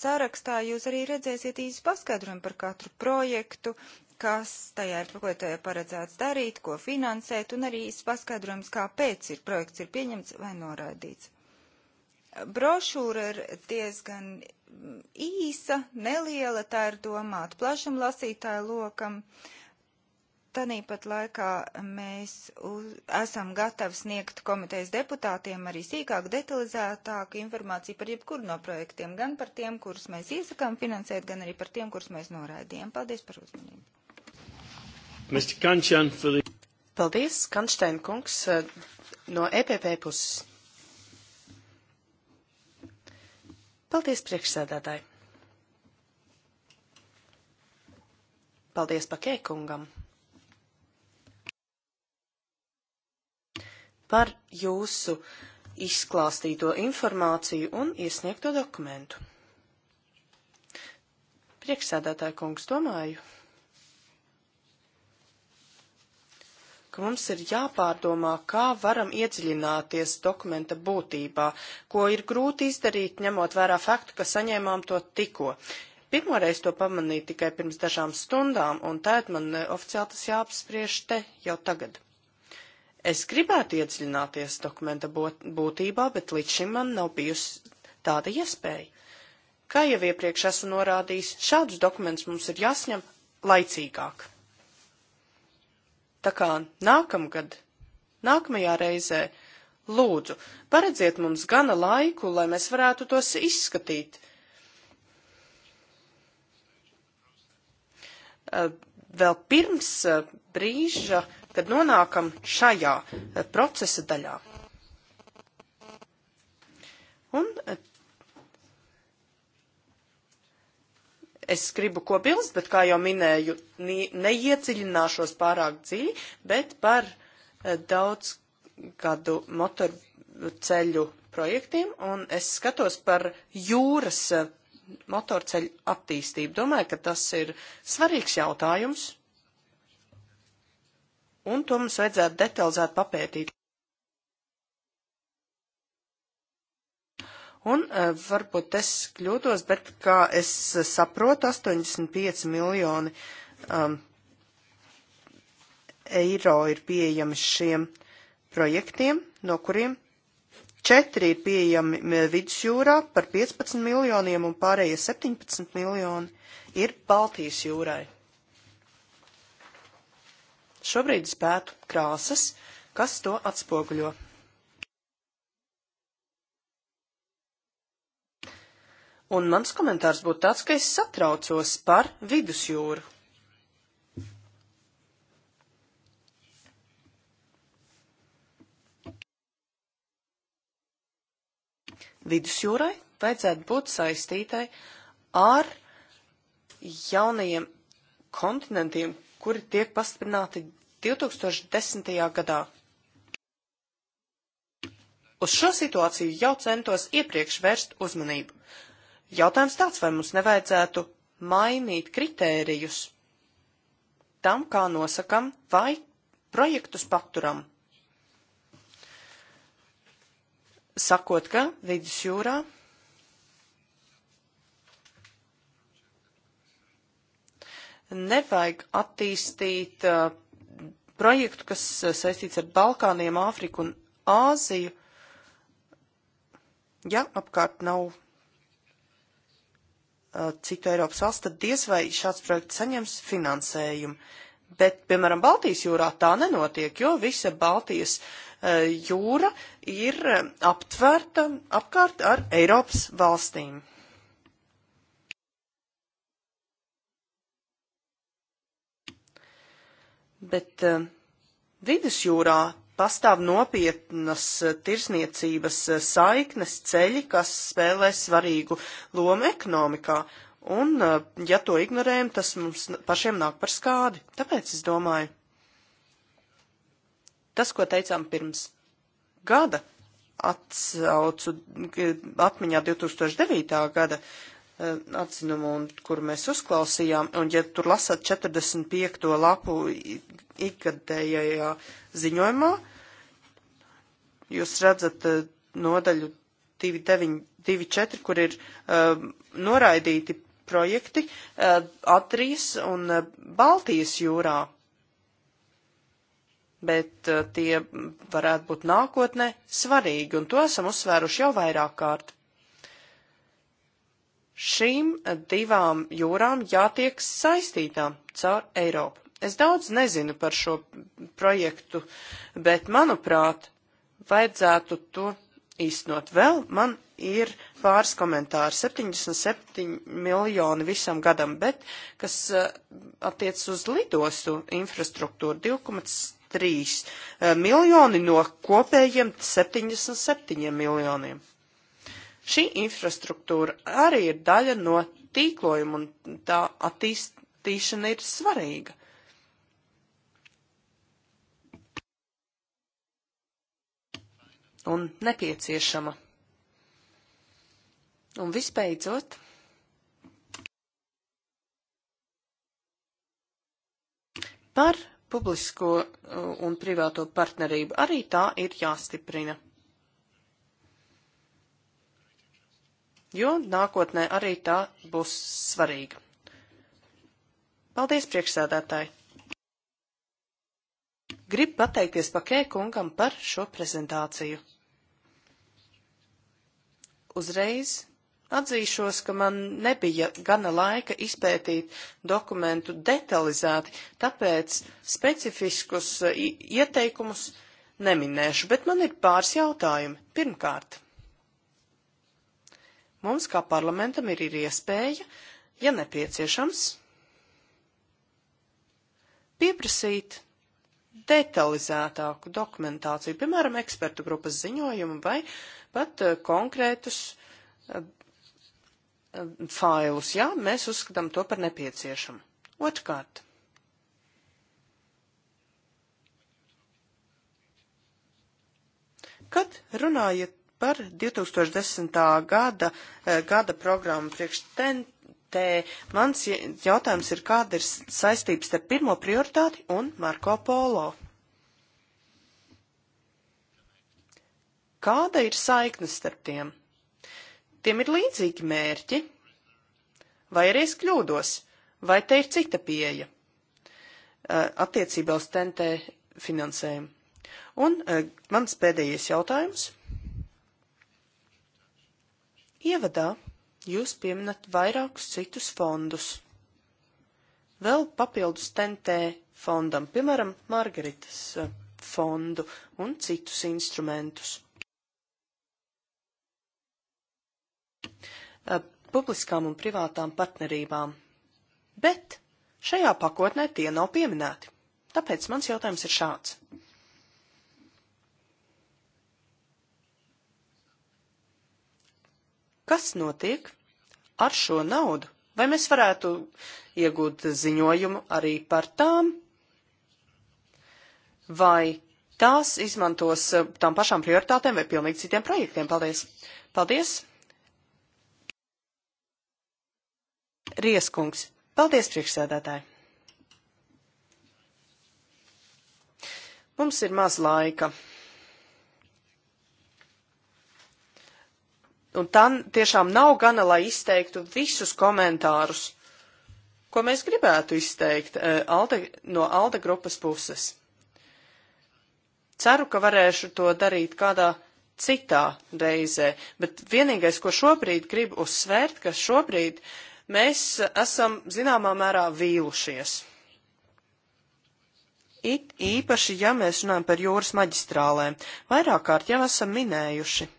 sarakstā jūs arī redzēsiet īsu paskaidrojumu par katru projektu, kas tajā ir, ko tajā paredzēts darīt, ko finansēt, un arī īsu paskaidrojums, kāpēc ir projekts ir pieņemts vai noraidīts. Brošūra ir diezgan īsa, neliela, tā ir domāta plašam lasītāju lokam. Uh, Tanīpat laikā mēs uz, esam gatavi sniegt komitejas deputātiem arī sīkāku, detalizētāku informāciju par jebkuru no projektiem, gan par tiem, kurus mēs iesakām finansēt, gan arī par tiem, kurus mēs noraidījām. Paldies par uzmanību. Paldies, Kanštein kungs, eh, no EPP puses. Paldies, priekšsēdētāji. Paldies pakē kungam. par jūsu izklāstīto informāciju un iesniegto dokumentu. Priekšsēdētāja kungs, domāju, ka mums ir jāpārdomā, kā varam iedziļināties dokumenta būtībā, ko ir grūti izdarīt, ņemot vērā faktu, ka saņēmām to tikko. Pirmoreiz to pamanīju tikai pirms dažām stundām, un tēt man eh, oficiāli tas jāapspriež te jau tagad. Es gribētu iedziļināties dokumenta būtībā, bet līdz šim man nav bijusi tāda iespēja. Kā jau iepriekš esmu norādījis, šādus dokumentus mums ir jāsņem laicīgāk. Tā kā nākamgad, nākamajā reizē, lūdzu, paredziet mums gana laiku, lai mēs varētu tos izskatīt. Vēl pirms brīža kad nonākam šajā eh, procesa daļā. Un eh, es gribu ko bilst, bet kā jau minēju, neiedziļināšos pārāk dziļi, bet par eh, daudz gadu motoru ceļu projektiem, un es skatos par jūras motorceļu attīstību. Domāju, ka tas ir svarīgs jautājums un to mums vajadzētu detalizēt papētīt. Un e, varbūt es kļūdos, bet kā es saprotu, 85 miljoni um, eiro ir pieejami šiem projektiem, no kuriem 4 ir pieejami vidusjūrā par 15 miljoniem un pārējie 17 miljoni ir Baltijas jūrai. Šobrīd es pētu krāsas, kas to atspoguļo. Un mans komentārs būtu tāds, ka es satraucos par vidusjūru. Vidusjūrai vajadzētu būt saistītai ar jaunajiem kontinentiem, kuri tiek pastiprināti 2010. gadā. Uz šo situāciju jau centos iepriekš vērst uzmanību. Jautājums tāds, vai mums nevajadzētu mainīt kritērijus tam, kā nosakam, vai projektus paturam. Sakot, ka vidusjūrā nevajag attīstīt uh, projektu, kas uh, saistīts ar Balkāniem, Āfriku un Āziju, ja apkārt nav uh, citu Eiropas valsts, tad diez vai šāds projekts saņems finansējumu. Bet, piemēram, Baltijas jūrā tā nenotiek, jo visa Baltijas uh, jūra ir uh, aptvērta apkārt ar Eiropas valstīm. bet uh, vidusjūrā pastāv nopietnas eh, tirsniecības eh, saiknes ceļi, kas spēlē svarīgu lomu ekonomikā. Un, ja to ignorējam, tas mums pašiem nāk par skādi. Tāpēc es domāju, tas, ko teicām pirms gada, atsaucu atmiņā 2009. gada Eh, atzinumu, un, kur mēs uzklausījām, un ja tur lasat 45. lapu ikgadējajā ziņojumā, jūs redzat eh, nodaļu 294, kur ir uh, noraidīti projekti uh, Atrijas un uh, Baltijas jūrā. Bet tie varētu būt nākotnē svarīgi, un to esam uzsvēruši jau vairāk kārt šīm divām jūrām jātiek saistītām caur Eiropu. Es daudz nezinu par šo projektu, bet, manuprāt, vajadzētu to īstenot. Vēl man ir pāris komentāri. 77 miljoni visam gadam, bet kas eh, attiec uz lidostu infrastruktūru 2,3 eh, miljoni no kopējiem 77 miljoniem. Šī infrastruktūra arī ir daļa no tīklojuma, un tā attīstīšana ir svarīga. Un nepieciešama. Un visbeidzot. Par publisko uh, un privāto partnerību arī tā ir jāstiprina. jo nākotnē arī tā būs svarīga. Paldies, priekšsēdētāji! Gribu pateikties Pakē kungam par šo prezentāciju. Uzreiz Atzīšos, ka man nebija gana laika izpētīt dokumentu detalizēti, tāpēc specifiskus ieteikumus neminēšu, bet man ir pāris jautājumi. Pirmkārt, Mums kā parlamentam ir, ir iespēja, ja nepieciešams, pieprasīt detalizētāku dokumentāciju, piemēram, ekspertu grupas ziņojumu vai pat uh, konkrētus uh, failus, ja mēs uzskatām to par nepieciešamu. Otrkārt. Kad runājat par 2010. gada, eh, gada programmu priekš TNT. Mans jautājums ir, kāda ir saistības starp pirmo prioritāti un Marko Polo? Kāda ir saiknes starp tiem? Tiem ir līdzīgi mērķi, vai arī es kļūdos, vai te ir cita pieeja eh, attiecībā uz TNT finansējumu. Un eh, mans pēdējais jautājums Ievadā jūs pieminat vairākus citus fondus. Vēl papildus TNT fondam, piemēram, Margaritas eh, fondu un citus instrumentus. Eh, publiskām un privātām partnerībām. Bet šajā pakotnē tie nav pieminēti. Tāpēc mans jautājums ir šāds. Kas notiek ar šo naudu? Vai mēs varētu iegūt ziņojumu arī par tām? Vai tās izmantos eh, tām pašām prioritātēm vai pilnīgi citiem projektiem? Paldies! Paldies! Rieskungs. Paldies, priekšsēdētāji! Mums ir maz laika. Un tam tiešām nav gana, lai izteiktu visus komentārus, ko mēs gribētu izteikt e, Alde, no Alde grupas puses. Ceru, ka varēšu to darīt kādā citā reizē, bet vienīgais, ko šobrīd gribu uzsvērt, ka šobrīd mēs esam zināmā mērā vīlušies. It īpaši, ja mēs runājam par jūras maģistrālēm, vairāk kārt jau esam minējuši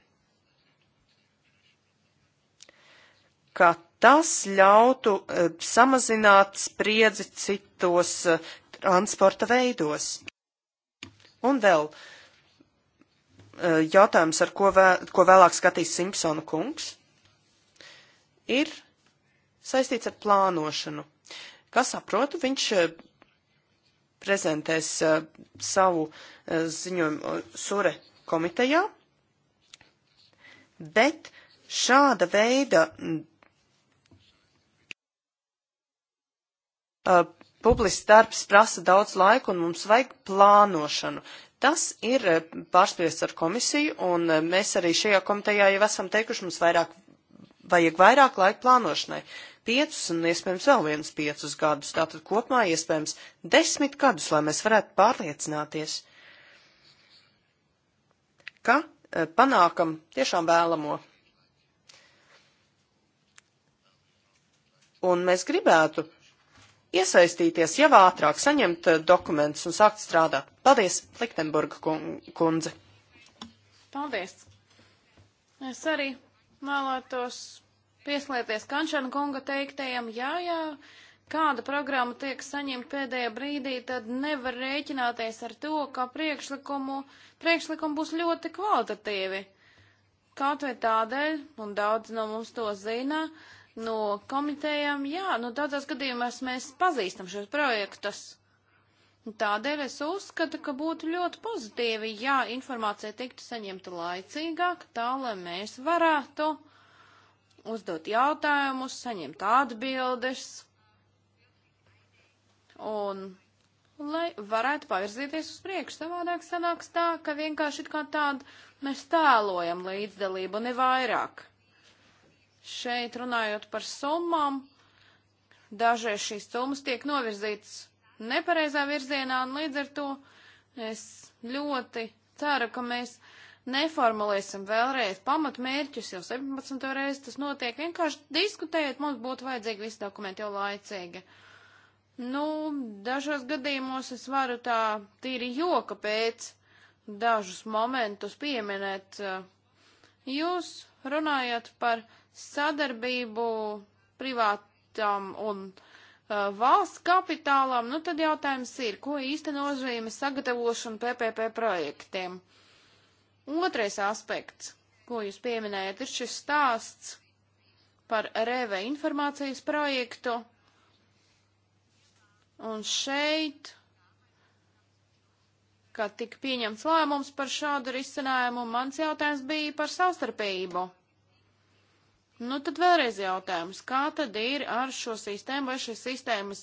ka tas ļautu eh, samazināt spriedzi citos eh, transporta veidos. Un vēl eh, jautājums, ar ko, vēl, ko vēlāk skatīs Simpsona kungs, ir saistīts ar plānošanu. Kā saprotu, viņš prezentēs savu ziņojumu Sure komitejā, bet šāda veida Uh, Publisks darbs prasa daudz laika un mums vajag plānošanu. Tas ir uh, pārspriests ar komisiju, un uh, mēs arī šajā komitejā jau esam teikuši, mums vairāk, vajag vairāk laika plānošanai. Piecus un iespējams vēl viens piecus gadus, tātad kopumā iespējams desmit gadus, lai mēs varētu pārliecināties, ka uh, panākam tiešām vēlamo. Un mēs gribētu iesaistīties jau ātrāk, saņemt eh, dokumentus un sākt strādāt. Paldies, Liktenburga kundze. Paldies. Es arī vēlētos pieslēties Kančana kunga teiktajam, jā, jā, kāda programma tiek saņemta pēdējā brīdī, tad nevar rēķināties ar to, ka priekšlikumu, priekšlikumu būs ļoti kvalitatīvi. Kaut vai tādēļ, un daudz no mums to zina, uh, no komitējām, jā, nu daudzās gadījumās mēs pazīstam šos projektus. Tādēļ es uzskatu, ka būtu ļoti pozitīvi, ja informācija tiktu saņemta laicīgāk, tā lai mēs varētu uzdot jautājumus, saņemt atbildes un lai varētu pavirzīties uz priekšu. Savādāk sanāks tā, ka vienkārši it kā tādu mēs tēlojam līdzdalību, ne vairāk. Šeit runājot par summām, dažreiz šīs summas tiek novirzītas nepareizā virzienā, un līdz ar to es ļoti ceru, ka mēs neformulēsim vēlreiz pamatmērķus, jo 17. reizi tas notiek. Vienkārši diskutējot, mums būtu vajadzīgi visi dokumenti jau laicīgi. Nu, dažos gadījumos es varu tā tīri joka pēc dažus momentus pieminēt. Jūs runājat par sadarbību privātam un uh, valsts kapitālam, nu tad jautājums ir, ko īsti nozīme sagatavošana PPP projektiem. Otrais aspekts, ko jūs pieminējat, ir šis stāsts par REVE informācijas projektu. Un šeit kad tika pieņemts lēmums par šādu risinājumu, mans jautājums bija par savstarpību. Nu, tad vēlreiz jautājums, kā tad ir ar šo sistēmu, vai šīs sistēmas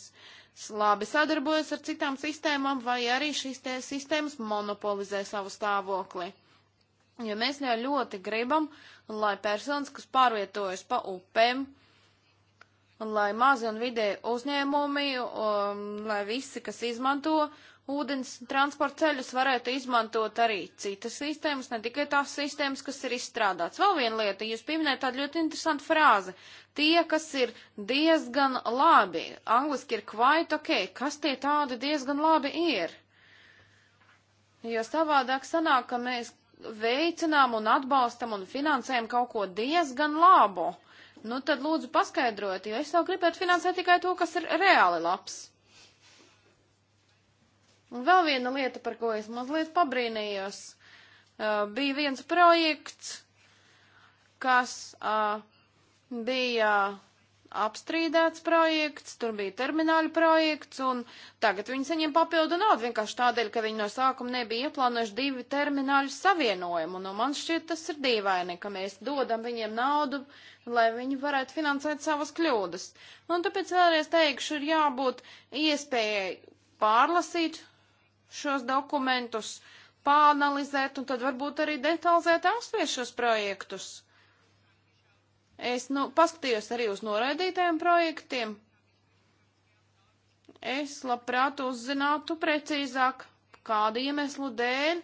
labi sadarbojas ar citām sistēmām, vai arī šīs sistēmas monopolizē savu stāvokli? Ja mēs jau ļoti gribam, lai personas, kas pārvietojas pa upēm, lai mazi un vidēji uzņēmumi, um, lai visi, kas izmanto ūdens transporta ceļus varētu izmantot arī citas sistēmas, ne tikai tās sistēmas, kas ir izstrādāts. Vēl viena lieta, jūs pieminējat tādu ļoti interesantu frāzi. Tie, kas ir diezgan labi, angliski ir quite ok, kas tie tādi diezgan labi ir? Jo savādāk sanāk, ka mēs veicinām un atbalstam un finansējam kaut ko diezgan labu. Nu tad lūdzu paskaidrojiet, jo es jau gribētu finansēt tikai to, kas ir reāli labs. Un vēl viena lieta, par ko es mazliet pabrīnījos, uh, bija viens projekts, kas uh, bija apstrīdēts projekts, tur bija termināļu projekts, un tagad viņi saņem papildu naudu vienkārši tādēļ, ka viņi no sākuma nebija ieplānojuši divi termināļu savienojumu. Nu, man šķiet, tas ir dīvaini, ka mēs dodam viņiem naudu, lai viņi varētu finansēt savas kļūdas. Un tāpēc vēlreiz teikšu, ir jābūt iespējai pārlasīt šos dokumentus, pāanalizēt un tad varbūt arī detalizēt apspriest šos projektus. Es nu, paskatījos arī uz noraidītajiem projektiem. Es labprāt uzzinātu precīzāk, kāda iemeslu dēļ,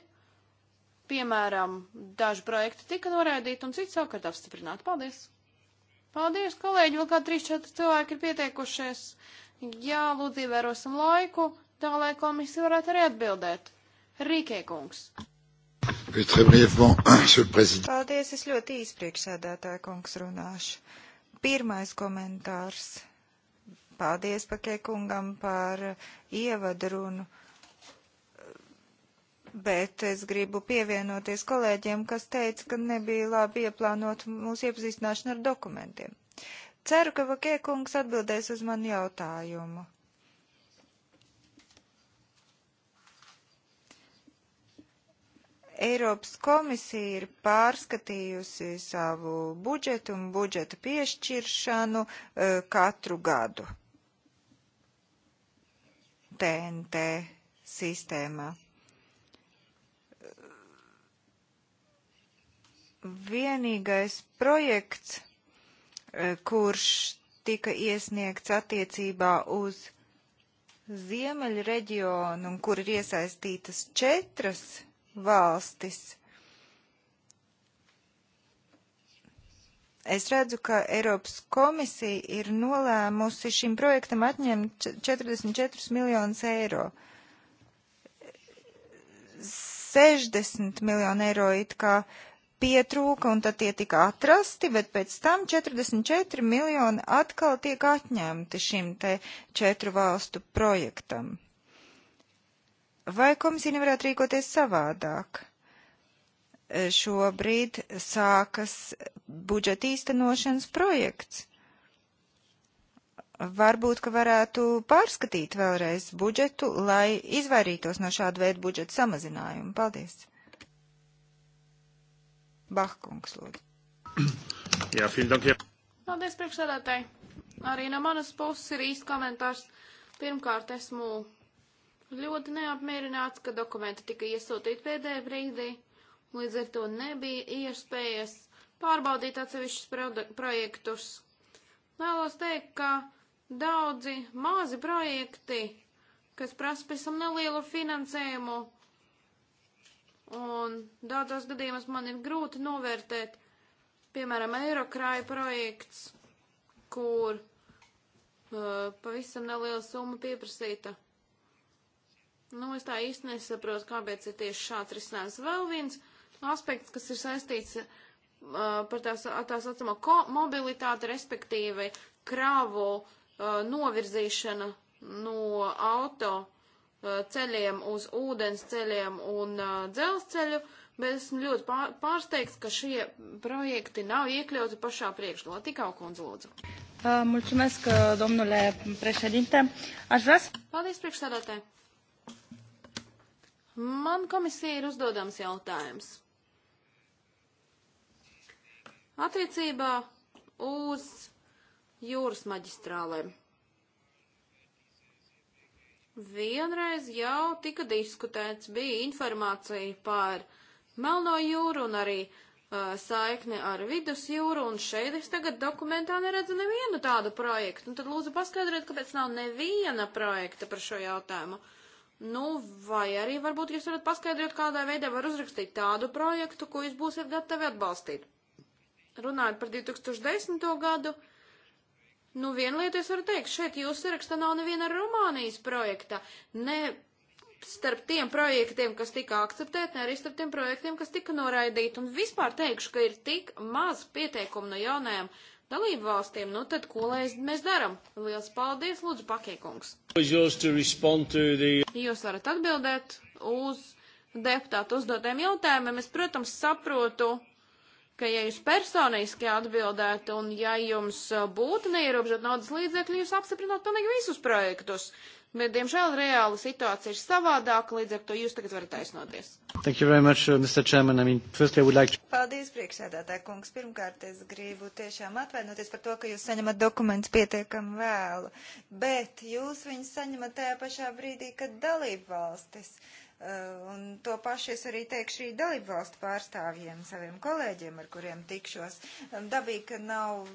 piemēram, daži projekti tika noraidīti un citi savukārt apstiprināti. Paldies! Paldies, kolēģi! Vēl kā 3-4 cilvēki ir pieteikušies. Jā, lūdzu, ievērosim laiku tā lai komisija varētu arī atbildēt. Rīkē kungs. Paldies, es ļoti īsi priekšsēdētāju kungs runāšu. Pirmais komentārs. Paldies Pakē kungam par ievadrunu, bet es gribu pievienoties kolēģiem, kas teica, ka nebija labi ieplānot mūsu iepazīstināšanu ar dokumentiem. Ceru, ka Pakē kungs atbildēs uz manu jautājumu Eiropas komisija ir pārskatījusi savu budžetu un budžeta piešķiršanu e, katru gadu TNT sistēmā. Vienīgais projekts, e, kurš tika iesniegts attiecībā uz ziemeļu reģionu un kur ir iesaistītas četras valstis. Es redzu, ka Eiropas komisija ir nolēmusi šim projektam atņemt 44 miljonus eiro. 60 miljonu eiro it kā pietrūka, un tad tie tika atrasti, bet pēc tam 44 miljoni atkal tiek atņemti šim te četru valstu projektam. Vai komisija nevarētu rīkoties savādāk? E, šobrīd sākas budžeta īstenošanas projekts varbūt, ka varētu pārskatīt vēlreiz budžetu, lai izvairītos no šāda veida budžeta samazinājuma. Paldies. Bahkungs, lūdzu. Jā, dank, jā. Paldies, priekšsēdētāji. Arī no manas puses ir īsts komentārs. Pirmkārt, esmu ļoti neapmierināts, ka dokumenti tika iesūtīti pēdējā brīdī, līdz ar to nebija iespējas pārbaudīt atsevišķus projektus. Vēlos teikt, ka daudzi mazi projekti, kas prasa pēc tam nelielu finansējumu, un daudzos gadījumos man ir grūti novērtēt, piemēram, Eirokraja projekts, kur uh, pavisam neliela summa pieprasīta Nu, es tā īsti nesaprotu, kāpēc ir tieši šāds risinājums. Vēl viens aspekts, kas ir saistīts uh, par tās, tā saucamo mobilitāti, respektīvi krāvu uh, novirzīšana no auto uh, ceļiem uz ūdens ceļiem un uh, dzelzceļu, bet esmu ļoti pār, pārsteigts, ka šie projekti nav iekļauti pašā priekšgalā. Tikau, kundze, lūdzu. Uh, mulțumesc, domnule președinte. Aș vrea să... Paldies, priekšsēdētāji. Man komisija ir uzdodams jautājums. Attiecībā uz jūras maģistrālēm. Vienreiz jau tika diskutēts, bija informācija par Melno jūru un arī uh, saikni ar vidusjūru, un šeit es tagad dokumentā neredzu nevienu tādu projektu. Un nu, tad lūdzu paskaidrot, kāpēc nav neviena projekta par šo jautājumu. Uh, Nu, vai arī varbūt jūs varat paskaidrot, kādā veidā var uzrakstīt tādu projektu, ko jūs būsiet gatavi atbalstīt. Runājot par 2010. gadu, nu, viena lieta es varu teikt, šeit jūsu sarakstā nav neviena Rumānijas projekta, ne starp tiem projektiem, kas tika akceptēti, ne arī starp tiem projektiem, kas tika noraidīti. Un vispār teikšu, ka ir tik maz pieteikumu no jaunajām uh, dalību valstīm, nu tad ko lai mēs daram? Liels paldies, lūdzu, pakiekungs. Jūs varat atbildēt uz deputātu uzdotiem jautājumiem. Es, protams, saprotu, ka ja jūs personiski atbildētu un ja jums būtu neierobežot naudas līdzekļi, jūs apstiprināt pilnīgi visus projektus. Bet, diemžēl, reāla situācija ir savādāka, līdz ar to jūs tagad varat aiznoties. Thank you very much, uh, Mr. Chairman. I mean, firstly, I would like to... Paldies, priekšsēdētāj kungs. Pirmkārt, es gribu tiešām atvainoties par to, ka jūs saņemat dokumentus pietiekami vēlu, bet jūs viņus saņemat tajā pašā brīdī, kad dalība valstis. Uh, un to pašu es arī teikšu arī dalību valstu pārstāvjiem, saviem kolēģiem, ar kuriem tikšos. Um, dabīgi, ka nav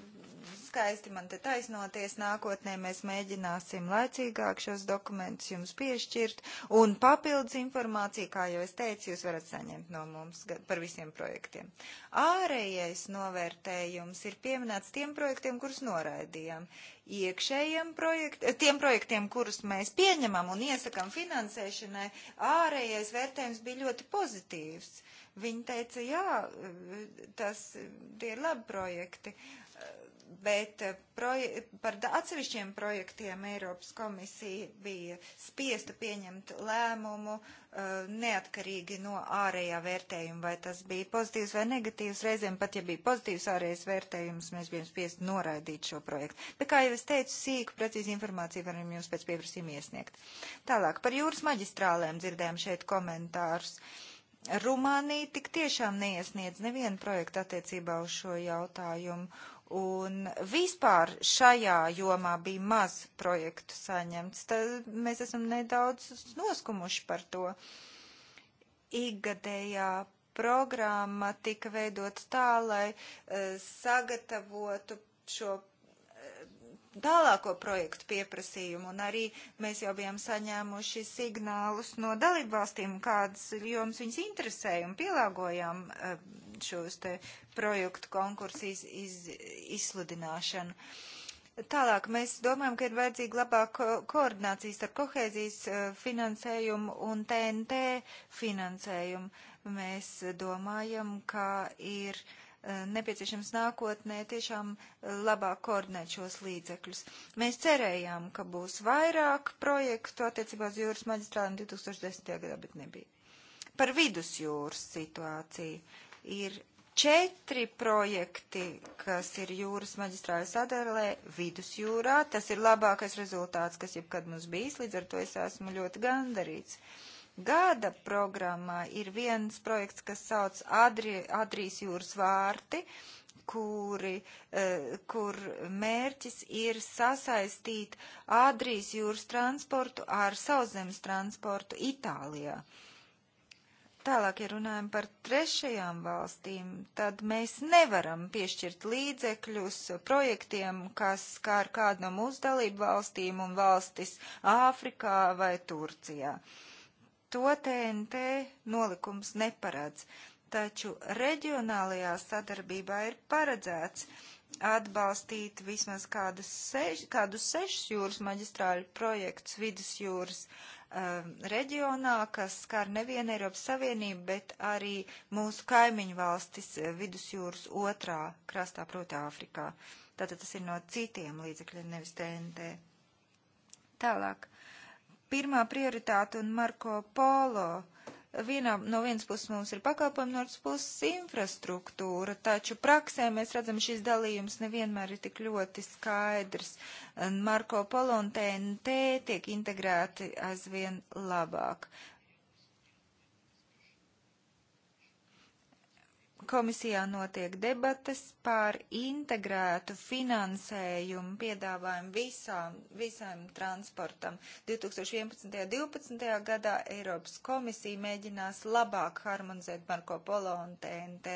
skaisti man te taisnoties. Nākotnē mēs mēģināsim laicīgāk šos dokumentus jums piešķirt un papildus informāciju, kā jau es teicu, jūs varat saņemt no mums par visiem projektiem. Ārējais novērtējums ir pieminēts tiem projektiem, kurus noraidījām. Iekšējiem projektiem, tiem projektiem, kurus mēs pieņemam un iesakam finansēšanai, ārējais vērtējums bija ļoti pozitīvs. Viņi teica, jā, tas tie ir labi projekti bet eh, proje par atsevišķiem projektiem Eiropas komisija bija spiesta pieņemt lēmumu uh, neatkarīgi no ārējā vērtējuma, vai tas bija pozitīvs vai negatīvs. Reizēm pat, ja bija pozitīvs ārējais vērtējums, mēs bijām spiest noraidīt šo projektu. Bet, kā jau es teicu, sīku precīzi informāciju varam jums pēc pieprasījuma iesniegt. Tālāk, par jūras maģistrālēm dzirdējām šeit komentārus. Rumānija tik tiešām neiesniedz nevienu projektu attiecībā uz šo jautājumu, Un vispār šajā jomā bija maz projektu saņemts. Tad mēs esam nedaudz noskumuši par to. Igadējā programma tika veidot tā, lai uh, sagatavotu šo eh, tālāko projektu pieprasījumu, un arī mēs jau bijām saņēmuši signālus no dalībvalstīm, kādas jomas viņas interesēja, un pielāgojām uh, šos te projektu konkursu iz, iz, izsludināšanu. Tālāk mēs domājam, ka ir vajadzīga labāka ko koordinācija starp kohēzijas eh, finansējumu un TNT finansējumu. Mēs domājam, ka ir eh, nepieciešams nākotnē tiešām labāk koordinēt šos līdzekļus. Mēs cerējām, ka būs vairāk projektu attiecībā uz jūras maģistrāliem 2010. gadā, bet nebija. Par vidusjūras situāciju Ir četri projekti, kas ir jūras maģistrāļa sadalē vidusjūrā. Tas ir labākais rezultāts, kas jebkad mums bijis, līdz ar to es esmu ļoti gandarīts. Gada programmā ir viens projekts, kas sauc Adri, Adrijas jūras vārti, kuri, e, kur mērķis ir sasaistīt Adrijas jūras transportu ar sauszemes transportu Itālijā. Uh, Tālāk, ja runājam par trešajām valstīm, tad mēs nevaram piešķirt līdzekļus projektiem, kas skār kādu no mūsu dalību valstīm un valstis Āfrikā vai Turcijā. To TNT nolikums neparedz, taču reģionālajā sadarbībā ir paredzēts atbalstīt vismaz kādas seš, kādus sešus jūras maģistrāļu projektus vidusjūras um, reģionā, kas skar nevienu Eiropas Savienību, bet arī mūsu kaimiņu valstis eh, vidusjūras otrā krastā, proti Āfrikā. Tātad tas ir no citiem līdzekļiem, nevis TNT. Tālāk. Pirmā prioritāte un Marko Polo vienā, no vienas puses mums ir pakalpojumi, no otras puses infrastruktūra, taču praksē mēs redzam šīs dalījums nevienmēr ir tik ļoti skaidrs. Marko Polo un TNT tiek integrēti aizvien labāk. komisijā notiek debates par integrētu finansējumu piedāvājumu visām, visām transportam. 2011. un 2012. gadā Eiropas komisija mēģinās labāk harmonizēt Marko Polo un TNT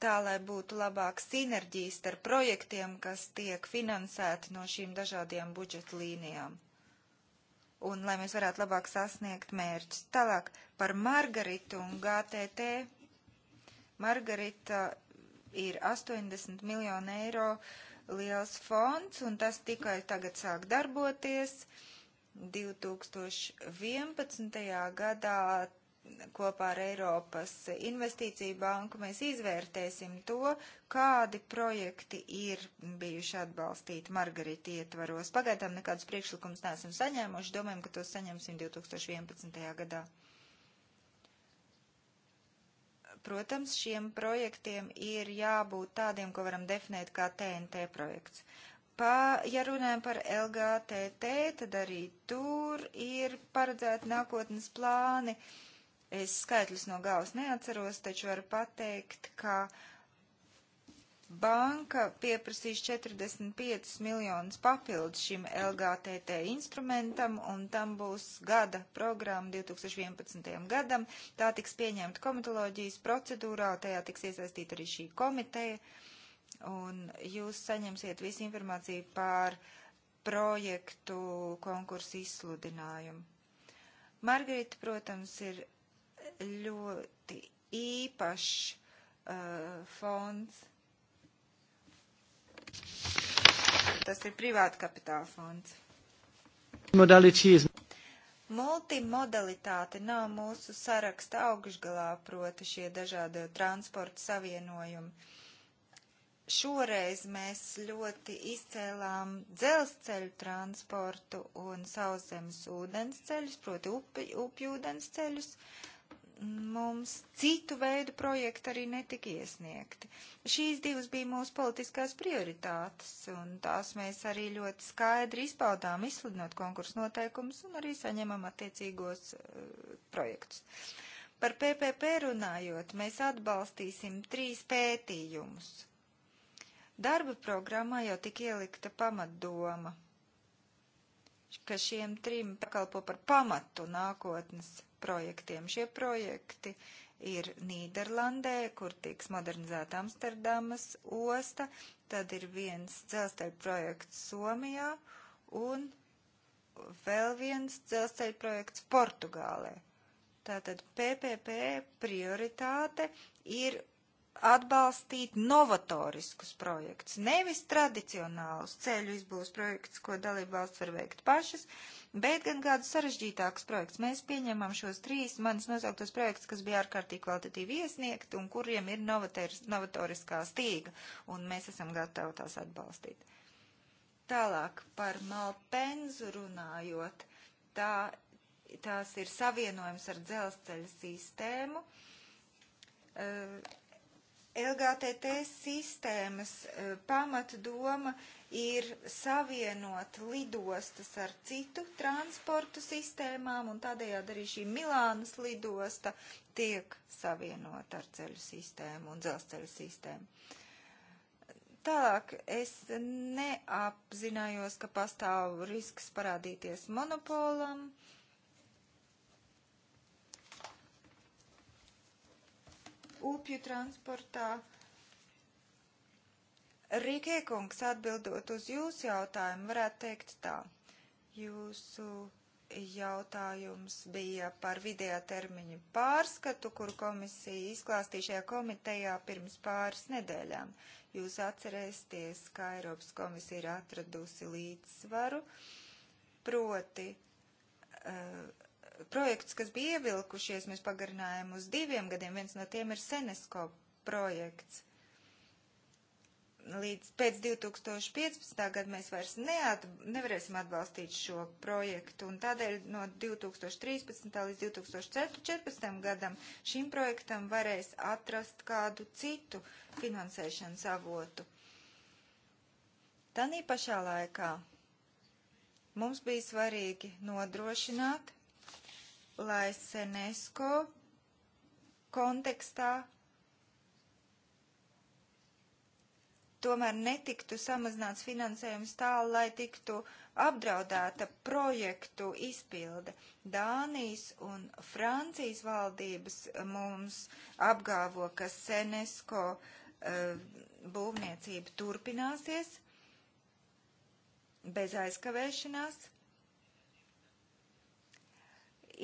tā, lai būtu labāk sinerģijas ar projektiem, kas tiek finansēti no šīm dažādajām budžeta līnijām un lai mēs varētu labāk sasniegt mērķus. Tālāk par Margaritu un GTT Margarita ir 80 miljonu eiro liels fonds, un tas tikai tagad sāk darboties. 2011. gadā kopā ar Eiropas investīciju banku mēs izvērtēsim to, kādi projekti ir bijuši atbalstīti Margarita ietvaros. Pagaidām nekādus priekšlikumus neesam saņēmuši, domājam, ka tos saņemsim 2011. gadā. Protams, šiem projektiem ir jābūt tādiem, ko varam definēt kā TNT projekts. Pa, ja runājam par LGTT, tad arī tur ir paredzēti nākotnes plāni. Es skaitļus no galvas neatceros, taču varu pateikt, ka uh, Banka pieprasīs 45 miljonus papildus šim LGTT instrumentam, un tam būs gada programma 2011. gadam. Tā tiks pieņemta komitoloģijas procedūrā, tajā tiks iesaistīta arī šī komiteja, un jūs saņemsiet visu informāciju par projektu konkursu izsludinājumu. Margarita, protams, ir ļoti īpašs uh, fonds Tas ir privāta kapitāla fonds. Modalities. Multimodalitāte nav mūsu saraksta augšgalā, proti šie dažādi transporta savienojumi. Šoreiz mēs ļoti izcēlām dzelzceļu transportu un sauszemes ūdensceļus, proti upju ūdensceļus. Uh, mums citu veidu projekti arī netika iesniegti. Šīs divas bija mūsu politiskās prioritātes, un tās mēs arī ļoti skaidri izpaudām, izsludinot konkursu noteikumus un arī saņemam attiecīgos uh, projektus. Par PPP runājot, mēs atbalstīsim trīs pētījumus. Darba programmā jau tika ielikta pamatdoma, ka šiem trim pakalpo par pamatu nākotnes projektiem. Šie projekti ir Nīderlandē, kur tiks modernizēta Amsterdamas osta, tad ir viens dzelzceļa projekts Somijā un vēl viens dzelzceļa projekts Portugālē. Tātad PPP prioritāte ir atbalstīt novatoriskus projektus, nevis tradicionālus ceļu izbūves projektus, ko dalībvalsts var veikt pašas, bet gan kāds sarežģītāks projekts. Mēs pieņemam šos trīs manis nosauktos projekts, kas bija ārkārtīgi kvalitatīvi iesniegti un kuriem ir novatoriskā stīga, un mēs esam gatavi tās atbalstīt. Tālāk par Malpenzu runājot, tā, tās ir savienojums ar dzelzceļa sistēmu. Uh, LGTT sistēmas uh, pamatdoma ir savienot lidostas ar citu transportu sistēmām, un tādējādi arī šī Milānas lidosta tiek savienot ar ceļu sistēmu un dzelzceļu sistēmu. Tālāk es neapzinājos, ka pastāv risks parādīties monopolam. Upju transportā Rīkie kungs, atbildot uz jūsu jautājumu, varētu teikt tā. Jūsu jautājums bija par vidējā termiņa pārskatu, kur komisija izklāstīja šajā komitejā pirms pāris nedēļām. Jūs atcerēsieties, ka Eiropas komisija ir atradusi līdzsvaru, proti uh, projekts, kas bija ievilkušies, mēs pagarinājām uz diviem gadiem, viens no tiem ir Senesko projekts līdz pēc 2015. gada mēs vairs neat, nevarēsim atbalstīt šo projektu, un tādēļ no 2013. līdz 2014. gadam šim projektam varēs atrast kādu citu finansēšanas avotu. Tanī pašā laikā mums bija svarīgi nodrošināt, lai Senesko kontekstā tomēr netiktu samazināts finansējums tā, lai tiktu apdraudēta projektu izpilde. Dānijas un Francijas valdības mums apgāvo, ka Senesko uh, būvniecība turpināsies bez aizkavēšanās.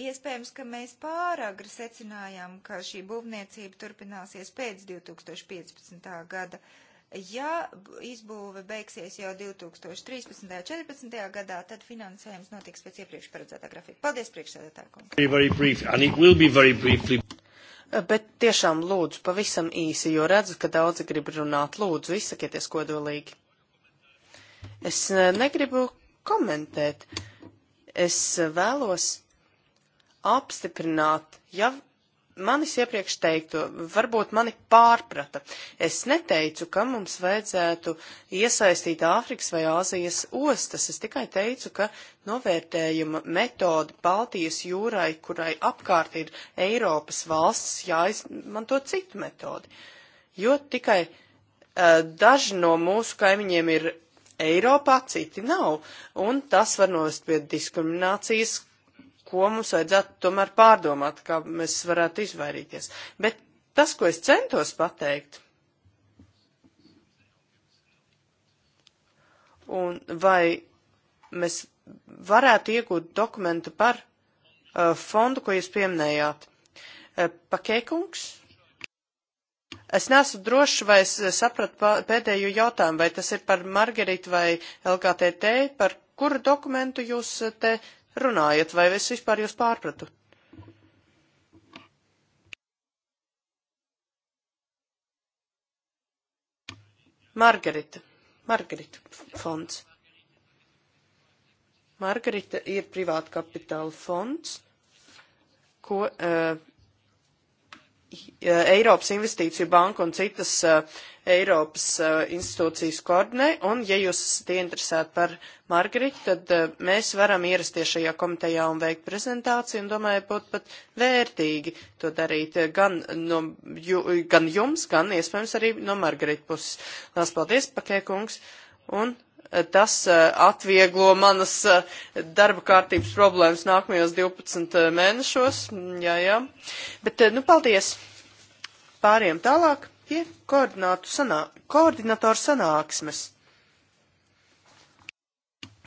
Iespējams, ka mēs pāragri secinājām, ka šī būvniecība turpināsies pēc 2015. gada. Uh, Ja izbūve beigsies jau 2013. un 2014. gadā, tad finansējums notiks pēc iepriekš paredzētā grafika. Paldies, priekšsēdētāji. Eh, bet tiešām lūdzu pavisam īsi, jo redzu, ka daudzi grib runāt. Lūdzu, izsakieties kodolīgi. Es eh, negribu komentēt. Es eh, vēlos apstiprināt jau manis iepriekš teikto, varbūt mani pārprata. Es neteicu, ka mums vajadzētu iesaistīt Āfrikas vai Āzijas ostas. Es tikai teicu, ka novērtējuma metodi Baltijas jūrai, kurai apkārt ir Eiropas valsts, jāizmanto citu metodi. Jo tikai uh, daži no mūsu kaimiņiem ir Eiropā, citi nav, un tas var novest pie diskriminācijas, ko mums vajadzētu tomēr pārdomāt, kā mēs varētu izvairīties. Bet tas, ko es centos pateikt, un vai mēs varētu iegūt dokumentu par uh, fondu, ko jūs pieminējāt. Uh, Pakēkungs? Es neesmu drošs, vai es sapratu pēdējo jautājumu, vai tas ir par Margaritu vai LKTT, par kuru dokumentu jūs uh, te uh, runājat, vai es vispār jūs pārpratu? Margarita. Margarita fonds. Margarita ir privāta kapitāla fonds, ko uh, Uh, Eiropas investīciju banka un citas uh, Eiropas uh, institūcijas koordinē, un ja jūs esat ieinteresēti par Margaritu, tad mēs varam ierasties šajā komitejā un veikt prezentāciju, un domāju, būtu pat vērtīgi to darīt gan, no, ju, gan jums, gan iespējams arī no Margarita puses. Lās paldies, Pakē kungs, un tas eh, atvieglo manas eh, darba kārtības problēmas nākamajos 12 eh, mēnešos. Mm, jā, jā. Bet, nu, paldies. Pāriem tālāk pie sanā koordinatoru sanāksmes.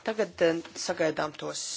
Tagad sagaidām tos.